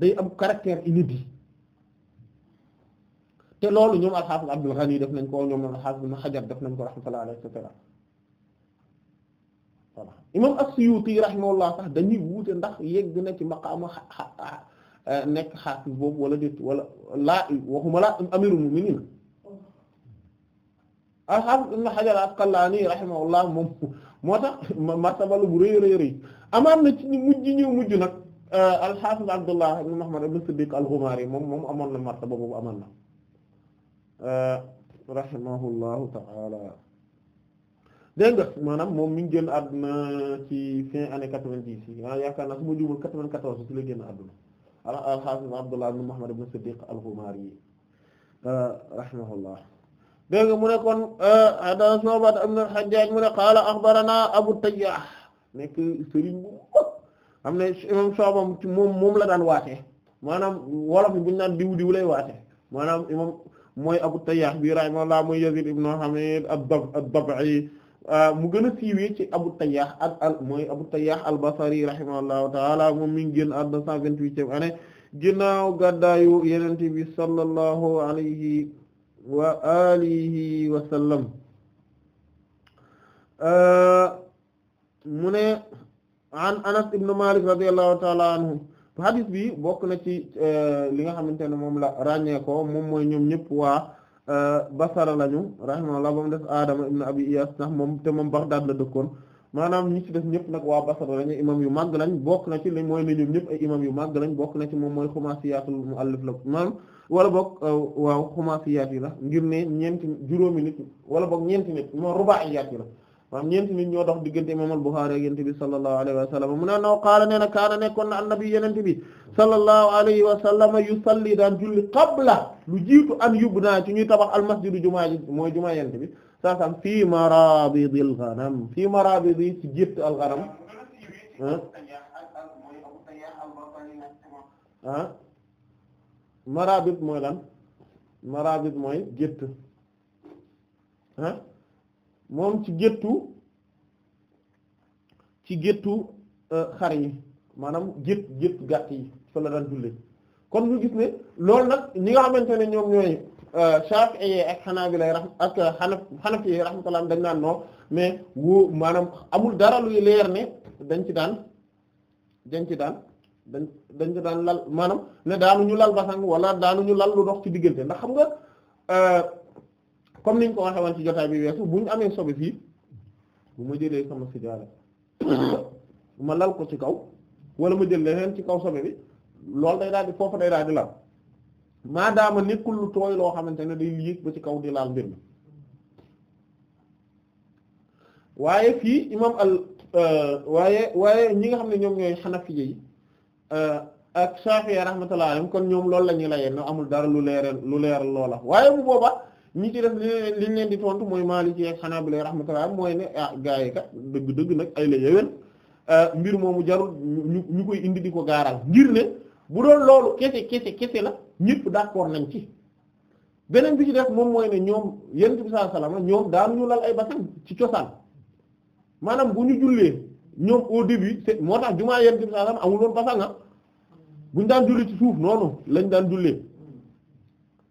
day am caractère inédit te loolu ñoom al-Hafiz Abdul Ghani def nañ ko ñoom al-Hafiz Ibn Hajar def nañ ko rahmatullahi alayhi wa sallam voilà imam as-Suyuti rahimahullah sax dañuy wuute ndax yegg na ci maqaama euh, nekk xaafis boobu wala déet wala laa waxuma laa amirul mu'minin al-Hafiz Ibn Hajar al-Asqalani rahimahullah moom moo tax martabalu bu rëy rëy rëy amaan na ci mujj ñëw mujj nag euh, al-Hafiz Abdullah ibn Muhammad ibn Siddiq al-Ghumari moom moom amoon na martaba boobu amoon na euh, rahimahullahu ta'ala dégg nga maanaam moom mi ngi génn àdduna ci fin année quatre-vingt-dix yi maanaam ah, yaakaar naa su ma juumul quatre-vingt-quatorze ci la génn àdduna al-Hafiz Abdullah ibn Muhammad ibn Siddiq al-Ghumari yi ah, mu ne kon ah, dana Shu'ba ibn al-Hajjaj mu ne qaala akhbarana Abu Tayyah nekk sëriñ bu mag moom moom la daan waatee maanaam wolof bi bu ñu naan diw diw lay waate maanaam imam mooy Abu Tayyah bi rahimahullah mooy Yazid ibn Hamid ad-Dab'i Euh, mu gën a siiwee ci Abu Tayyah ak al mooy Abu Tayyah al-Basri rahimahullahu ta'ala moom mi ngi génn àdduna 128e année ginnaaw gàddaayu Yonent bi sallallahu alayhi wa alihi wa sallam euh, mu ne Anas ibn Malik radiyallahu ta'ala anhu hadith bi bokk na ci euh, li nga xamante ne moom la ràññee ko moom mooy ñoom ñëpp waa Euh, basara lañu rahimahullah ba mu des Adama ibn Abi Iyas ndax moom te moom Baghdad la dëkkoon maanaam ñi ci des ñëpp nag waaw basara lañu imam yu màgg lañ bokk na ci lañ mooy ne ñoom ñëpp ay imam yu màgg lañ bokk na ci moom mooy xumaasiyatul muallif la maanaam wala boog euh, waaw xumaasiyaat yi la ngir ne ñeenti juróomi nit wala boog ñeenti nit moo rubaa'iyaat yi la maanaam ñeenti nit ñoo dox diggante imam al-Bukhari a yonent bi sallallahu alayhi wa sallam mu ne noo qaala nee na kaana nekkoon na bi sallallahu alayhi wa sallam yusalli daan julli qabla lu jiitu an yubna ci ñuy tabax jumaa ji mooy jumaa yonent bi saa sam fii marabidil ghanam fii marabidi ci gétt marabid mooy lan marabid mooy gétt moom ci géttu ci géttu euh, xar yi maanaam gétt gétt gàtt yi fa la daan jullee kon lu gis ne loolu nag ñi nga xamante ne ñoom ñooy euh, Shafi'i ak Hanabila ak xana euh, Hanafi rahmatullah dañ naan non mais woo maanaam amul dara luy leer ne dañ ci daan dañ ci daan dañ dañ ci daan lal maanaam ne ñu lal basang wala daanuñu lal lu dox ci diggante ndax xam nga comme niñ ko waxee woon ci jotaay bi weesu bu ñu amee sobe fii bu ma jëlee sama sijaara ma lal ko ci kaw wala ma jël leneen ci kaw sobe bi loolu day daal di foofu day daal di lal maadaama nekkul lu tooy loo xamante ne day yéeg ba ci kaw di laal mbir mi waaye fii imam al euh, waaye waaye ñi nga xam ne ñoom ñooy xanafiye yi euh, ak Shafi'i rahmatullahi kon ñoom loolu la ñuy layee no amul dara lu leeral lu leeral loola waaye bu booba ñi ci def liñ leen di tontu mooy Maliki ak Hanabila rahmatullah mooy ne ah gaa yi kat dëgg-dëgg nag ay la yewén euh, mbir moomu jarul ñu ñu koy indi di ko gaaral ngir ne bu doon loolu kese kese kese la ñëpp d'accord nañ ci beneen bi ci def moom mooy ne ñoom yonent bi sallallahu alayhi wasallam ñoom lal ay basan ci cosaan maanaam bu ñu jullee ñoom au début c'est moo tax jumaa yonent bi sallallahu alayhi wasallam amul woon basan ah. buñ daan julli ci suuf noonu lañ daan jullee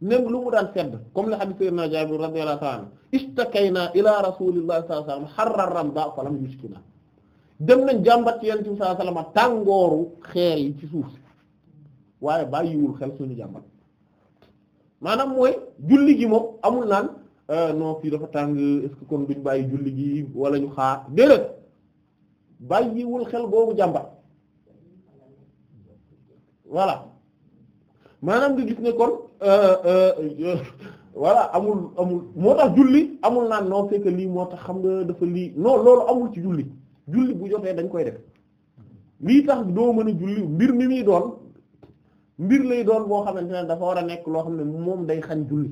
même lu mu daan sedd comme la hadith sayyidina Jaabir radiyallahu ta'ala anhu istakaynaa ila rasulillahi sallallahu alayhi wasallam harra ramda falam yuskina dem nañ jàmbat ci yonent bi sallallahu alayhi wasallam tàngooru xeer yi ci suuf si waaye bàyyiwul xel suñu jàmbat maanaam mooy julli gi moom amul naan euh, non fii dafa tàng est-ce que kon duñ bàyyi julli gi wala ñu xaar déedéet bàyyiwul xel boobu jàmbat voilà maanaam nga gis ne kon euh, euh, euh, voilà amul amul moo tax julli amul naan non c'est lii moo tax xam nga dafa lii non loolu amul ci julli julli bu jotee dañ koy def lii tax doo mën a julli mbir mi muy doon mbir lay doon boo xamante ne dafa war a nekk loo xam ne moom day xañ julli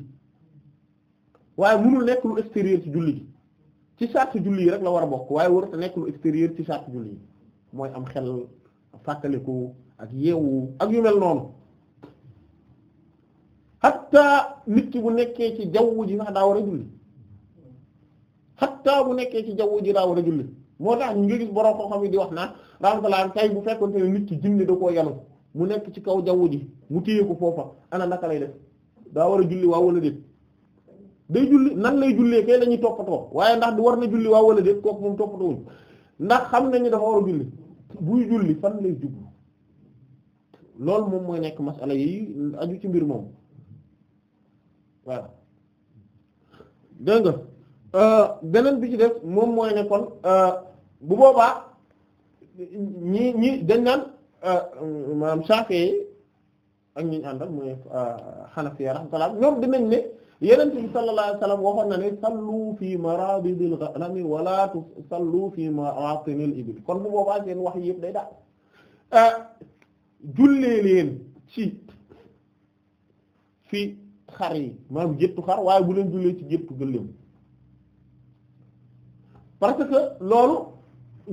waaye mënul nekk lu extérieur ci julli gi ci charte julli yi rek la war a bokk waaye war a nekk lu extérieur ci charte julli yi mooy am xel fàttaliku ak yeewu ak yu noonu xatta nit ki bu nekkee ci jaww ji ndax daa war a julli xatta bu nekkee ci jaww ji daa war a julli moo tax ñu ngi gis borom koo xam yi di wax naan rahmatullah tay bu fekkonte ne nit ki jinne da koo mu nekk ci kaw jaww ji mu ko foofa ana naka lay def war a julli waaw wala déet day nan lay jullee kay la ñuy toppatoo ndax du war na julli wala kooku moom toppatoo ndax xam nañu dafa war a julli buy julli fan lay jublu loolu moom mooy nekk masala yi aju ci mbir moom. voilà dégg nga euh, beneen bi ci def moom mooy ne kon euh, bu boobaa ñi ñi dañ naan euh, maanaam Shafi'i a ñi ñu àndal mooy Hanafiya rahmatullah ñoom dinañ ne Yonent bi sallallahu alayhi wasallam waxoon na ne sallu fi marabidil ghanami wala tusallu fi ma'atinil ibil kon bu boobaa seen wax yëpp day daal jullee leen ci fi xar yi maanaam géttu xar waaye bu leen jullee ci géttu gëléem parce que loolu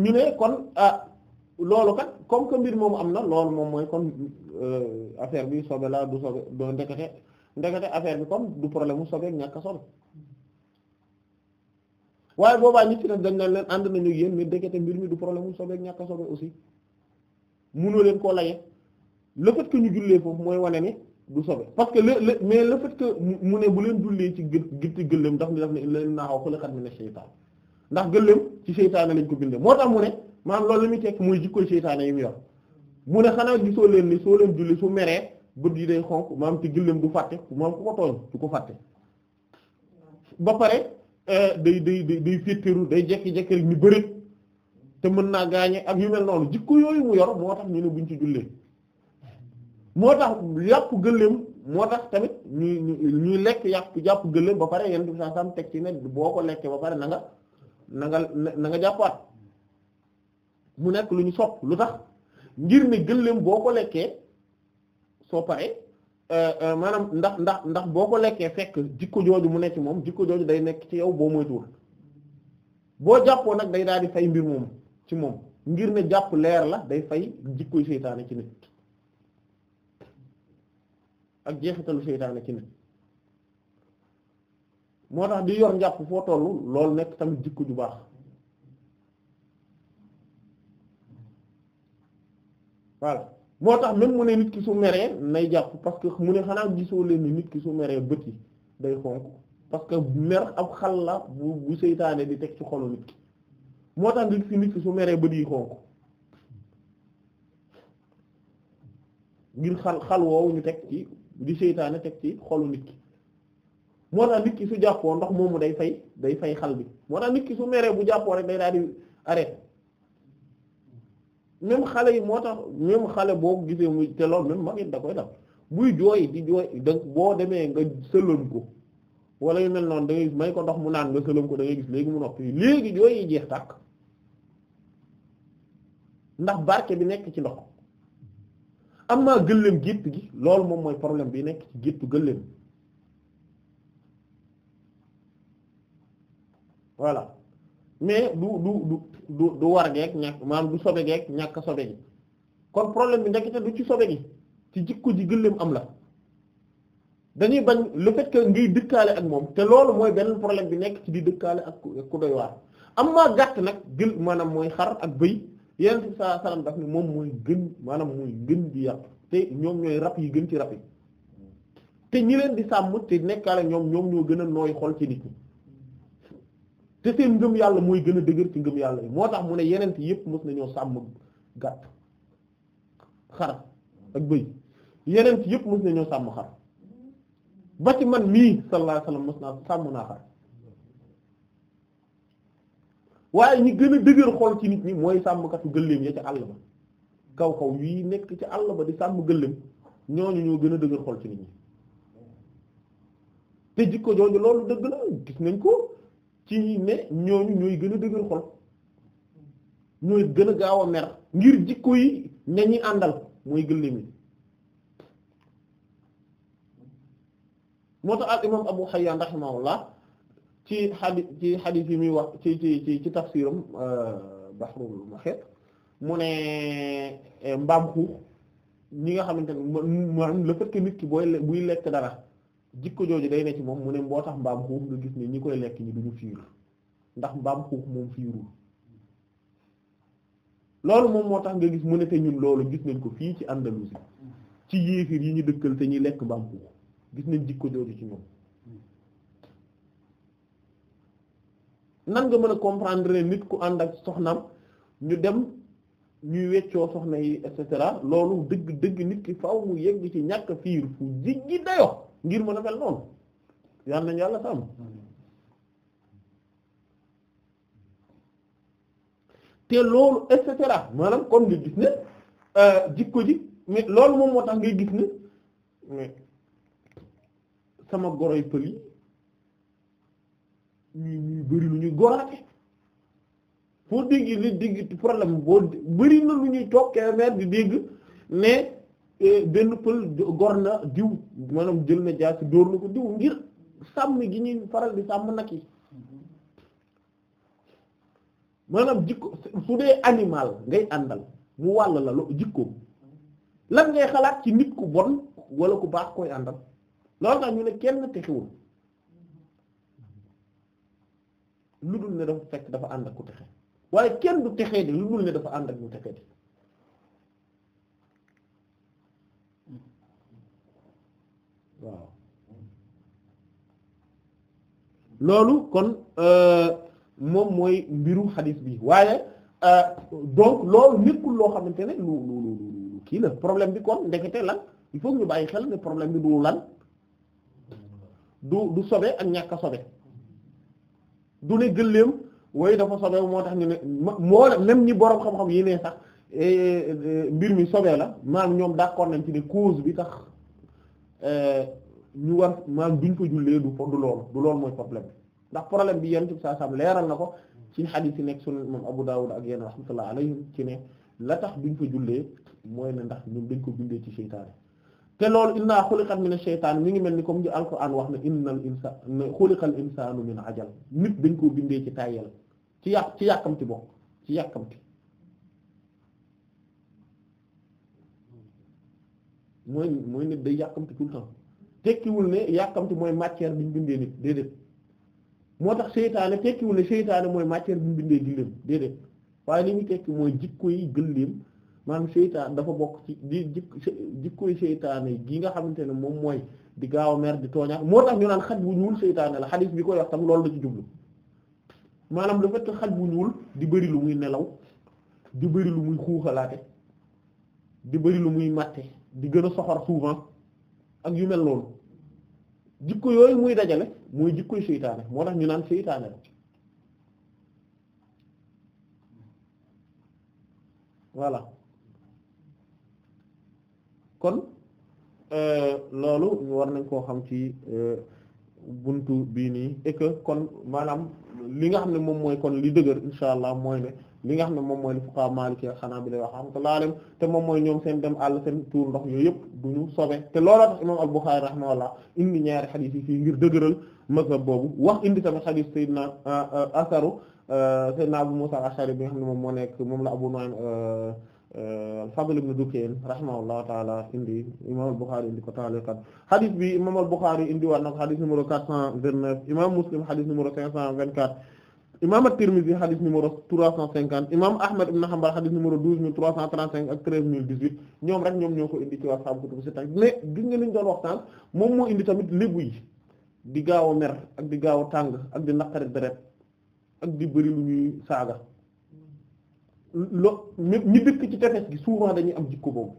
ñu ne kon ah loolu kat comme que mbir moomu am na loolu moom mooy kon euh, affaire bi sobe la du sobe doo ndekete ndekete affaire bi comme du problème mu sobe ñàkk a sobe waaye boobaa ñi nag dañ naan leen ànd nañu ak yéen mais mbir mi du problème mu sobe ñàkk a sobe aussi mënoo leen koo laye le fait ñu jullee foofu mooy wane ni. du sobe parce que le le mais le fait que mu ne bu leen dullee ci gë gitti gëléem ndax ni daf ne leen naaw xulaxat mi ne seytaan ndax gëléem ci seytaane lañ ko bindee moo tax mu ne maanaam loolu la muy tekk mooy jikkoy seytaane yi mu yor mu ne xanaa gisoo leen ni soo leen julli su meree bët yi day xonk maam te gëléem du fàtte maam ku ko tooñ du ko fàtte ba pare euh, day day day féttéeru day jekki-jekki ni bëri te mën naa gaañe ak yu mel noonu jikko yooyu mu yor moo ñu ne buñ ci jullee moo tax yàpp gëléem moo tax tamit ñuy ñuy lekk yàpp jàpp gëléem ba pare yenn saa sam teg ci ne boo ko lekkee ba pare na nga na nga na nga jàppaat mu nekk lu ñu sopp lu tax ngir ne gëléem boo ko lekkee soo paree euh, euh, maanaam ndax ndax ndax boo ko lekkee fekk jikko jooju mu nekk ci moom jikko jooju day nekk ci yow boo moytuwul boo jàppoo nag day daal di fay mbir moom ci moom ngir ne jàpp leer la day fay jikkoy seytaane ci nit ak jeexitalu seytaane ci nit moo tax di yor njàpp foo tollu loolu nekk tamit jikko ju baax voilà moo tax même mu ne nit ki su meree nay jàpp parce que mu ne xanaa gisoo leen ni nit ki su meree bët yi day xonk parce que mer ab xal la bu seytaane di teg ci xolu nit ki moo tax nit ki nit ki su meree bët yi xonk ngir xal xal woowu ñu teg ci di seytaane teg ci xolu nit ki moo tax nit ki su jàppoo ndox moomu day fay day fay xal bi moo tax nit ki su meree bu jàppoo rek day daal di arrêté xale yi moo tax même xale boo gisee muy te loolu même mag it da koy dam buy jooy di jooy da boo demee nga sëlëm ko wala yu mel noonu da ngay may ko ndox mu naan nga sëlëm ko dangay ngay gis léegi mu noppi léegi jooy jeex tàkk ndax barke bi nekk ci ndox am naa gëléem gétt gi loolu moom mooy problème bi nekk ci géttu gëléem voilà mais du du du du du war geeg ñàkk maanaam du sobe geeg ñàkk a sobe gi kon problème bi ndekete du ci sobe gi ci jikko ji gëléem am la dañuy bañ lu fekk que ngay dëkkaale ak moom te loolu mooy benn problème bi nekk ci di dëkkaale ak ku doy waar am maa gàtt nag gël maanaam mooy xar ak bëy yonent bi sallallahu alayhi daf ne moom mooy gën maanaam mooy gën bi yàpp te ñoom ñooy rab yi gën ci rab yi te ñi leen di sàmm te nekkaale ñoom ñoom ñoo gën a nooy xol ci nit ñi te seen ngëm yàlla mooy gën a dëgër ci ngëm yàlla yi moo tax mu ne yeneen yëpp mos nañoo sàmm gàtt xar ak bëy yeneen yëpp mos nañoo sàmm xar ba ci man mii sallallahu alayhi wasallam mos naa sàmm naa xar waaye ñi gën a dëgër xol ci nit ñi mooy sàmmkatu gëléem ya ca àll ba kaw kaw yi nekk ci àll ba di sàmm gëléem ñooñu ñoo gën a dëgër xol ci nit ñi te jikko jooju loolu dëgg la gis nañ ko ci ne ñooñu ñooy gën a dëgër xol ñooy gën a gaaw a mer ngir jikko yi ñi àndal mooy gëléem yi moo tax al imam Abu Hayyan rahimahullah ci xadi ci xadis yi muy wax ci ci ci ci tafsiram euh, Bahrul Muhit mu ne euh, mbaam xuux ñi nga xamante ne maanaam le fait que nit ki booy buy lekk dara jikko jooju day ne ci moom mu ne boo tax mbaam xuux nga gis ne ñi koy lekk ñi duñu fiir ndax mbaam xuux moom fiirul loolu moom moo tax nga gis mu ne te ñun loolu gis nañ ko fii ci Andalousie ci yéefir yi ñu dëkkal te ñuy lekk mbaam xuux gis nañ jikko jooju ci ñoom nan nga mën a comprendre nit ku ànd ak soxnaam ñu dem ñuy weccoo soxna yi et cetera loolu dëgg dëgg nit ki faaw mu yegg ci ñàkk fiir fu jiggi dayo ngir mën a mel noonu yal yàlla sàmm te loolu et cetera maanaam kon nga gis ne euh, ji mais loolu moom tax ngay gis ne mais sama goroy pël yi ñuy ñuy bëri lu ñuy goraate foo dégg li dégg problème boo bëri na lu ñuy toog kemer di dégg ne eh, benn pël gor na diw maanaam jël na jaar jaasi dóor na ko diw ngir sàmm gi ñuy faral di sàmm nag yi maanaam jikko su dee animal ngay àndal mu wàll la lo jikko lan ngay xalaat ci nit ku bon wala ku baax koy àndal loolu tax ñu ne kenn texewul lu dul ne dafa fekk dafa ànd ak ku texe waaye kenn du texee di lu dul ne dafa ànd ak ñu texe di loolu kon euh, moom mooy mbiru xadis bi waaye euh, donc loolu nekkul loo xamante ne lu lu lu lu kii la problème bi kon ndekete lan il foog ñu bàyyi xel ne problème bi du lan du sobe ak ñàkk sobe du ne gëléem way dafa sobeewu moo tax ñu ne moo lem ñi boroom xam-xam yi ne sax eh, eh, mbir mi sobee la maanaam ñoom d'accord nañ ci ne cause bi tax eh, ñu war maanaam duñ ko jullee du fa du loolu du loolu mooy problème bi ndax problème bi yenn ci saa sam leeral na ko ci xadiis yi nekk sunan moom Abu Dawud ak yenn rahmatullah alayhim ci ne la tax duñ ko jullee mooy ne ndax ñoom dañ ko jullee ci seytaane te loolu inna xuliqat min ash-shaytaan mi ngi mel ni comme di alquran wax na innal insaana xuliqal insaanu min ajal nit dañ koo bindee ci tàyyel ci yàq ci yàkkamti bokk ci yàkkamti mooy mooy nit day yàkkamti tout le temps tekkiwul ne yàkkamti mooy matière bi bindee nit déedéet moo tax seytaane tekkiwul ne seytaane mooy matière bi ñu bindee gëléem déedéet waaye li ñu tekki mooy jikko yi gëléem maanaam seytaan dafa bokk ci di jikko jikkoy seytaane gi nga xamante ne moom mooy di gaaw a mer di tooñaat moo tax ñu naan xaj bu ñuul seytaane la xadis bi ko wax tam loolu la ci maanaam le fait bu ñuul di bëri lu muy nelaw di lu muy xuuxalaate di bëri lu muy màtte di gën a soxor souvent ak yu mel loolu jikko yooyu muy dajale mooy jikkoy seytaane moo tax ñu naan seytaane la voilà kon euh, loolu ñu war nañ koo xam ci euh, buntu bii nii et kon maanaam li nga xam ne moom mooy kon li dëgër insha allah mooy ne nga xam ne moom mooy li xanaa bi lay wax xam ko te moom mooy ñoom seen dem àll seen tuur ndox yooyu yëpp ñu sobe te looloo tax imam al-Bukhari rahimahullah indi ñaari xadiis yi fii ngir dëgëral mazhab boobu wax indi tamit xadiis sayyidina euh, asaru sayyidina Abu Musa al-Ashari bi nga xam ne moom moo nekk moom la Abu Nu'aym al-Fadl ibn Dukayn rahimahullahu taala indi imam al-Bukhari indi ko taaliqat hadith bi imam al-Bukhari indi waat na ko hadith numéro 429 imam Muslim hadith numéro 524 imam at-Tirmidhi hadith numéro 350 imam Ahmad ibn Hanbal hadith numéro 12335 ak 13018 ñoom rek ñoom ñoo ko indi ci waa ashaabu kutubu sitta mais gis nga liñ doon waxtaan moom moo indi tamit lébu yi di gaaw a mer ak di gaaw a tàng ak di naqari deret ak di bëri lu ñuy saaga lo ñi dëkk ci tefes gi souvent dañuy am jikko boobu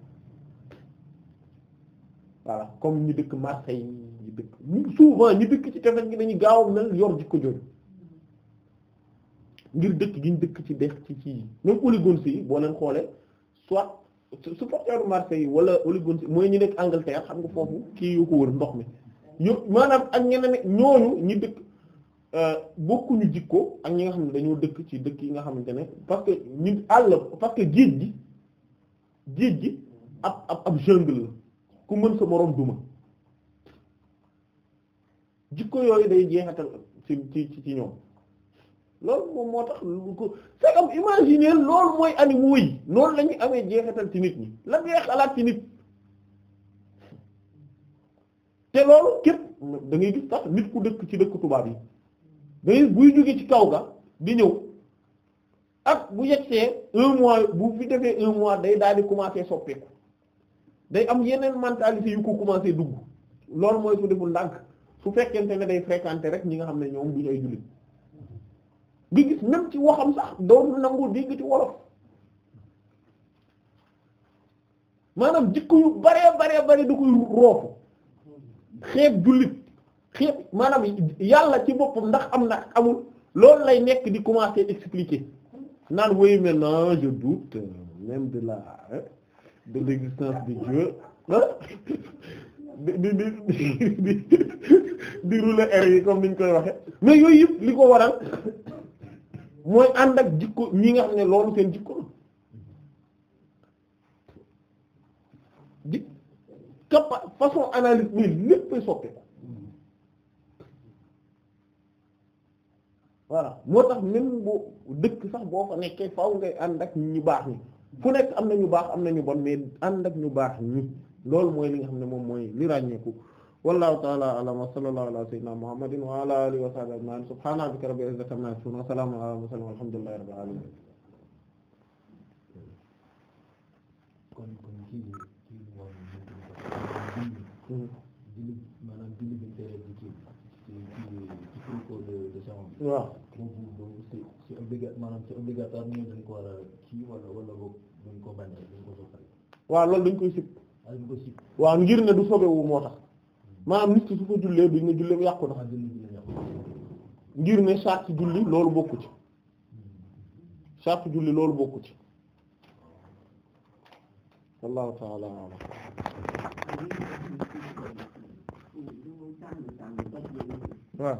voilà comme ñi dëkk Marseille ñi dëkk souvent ñi dëkk ci tefes gi dañuy gaaw mel yor jikko jooju ngir dëkk gi ñu dëkk ci dex ci ci même Oligone si boo leen xoolee soit supporteru Marseille wala Oligone mooy ñu nekk Angleterre xam nga foofu kii yu ko wër ndox mi yëpp maanaam ak ñeneen ñooñu ñi dëkk. Euh, bokkuñu jikko ak ñi nga xam ne dañoo dëkk ci dëkk yi nga xamante ne parce que àll parce que géej gi géej gi ab ab ab jungle la ku mën sa moroom duma jikko yooyu day jeexatal ci ci ci ñoom loolu moom moo tax lu ko c'est comme imaginer loolu mooy animaux yi noonu la amee jeexatal ci nit ñi la ngay xalaat ci nit te loolu képp da ngay gis tax nit ku dëkk ci dëkk tubaab yi. day buy jóge ci kaw ga di ñëw ak bu yegsee un mois bu fi defee un mois day daal di commencer soppeeku day am yeneen mentalité yu ko commencer dugg loolu mooy su deful ndànk su fekkente ne day fréquenter rek ñi nga xam ne ñoom bu ñu ay jullit di gis même ci waxam sax dootul nangu dégg ci wolof maanaam jikko yu bare bare bare da koy roofu xeeb jullit xeet maanaam yàlla ci boppam ndax am na amul loolu lay nekk di commencer expliquer naan woyu maintenant je doute même de la de l'existence de Dieu di di di di rouler air yi comme niñ koy waxe mais yooyu yëpp li ko waral mooy ànd ak jikko ñi nga xam ne loolu seen jikko di capa façon analyse bi léppay soppeeku voilà moo tax même bu dëkk sax boo fa nekkee faaw ngay ànd ak ñu baax ñi fu nekk am na ñu baax am na ñu bon mais ànd ak ñu baax ñi loolu mooy li nga xam ne moom mooy li ràññeeku walla ta'ala a'lam wa sallallahu ala sayyidina muhammadin wa ala alihi wa sahbihi ajma'in subhana rabbika rabbil izzati amma yasifun waaw obliga maanaam ko war a kii ko bañ dañ ko waaw loolu dañ koy sib ko sib waaw ngir ne du sobewu moo tax maanaam nit ki su ko jullee duñ ne julleem yàqu na ngir ne sart julli loolu bokku ci sart julli loolu bokku ci waaw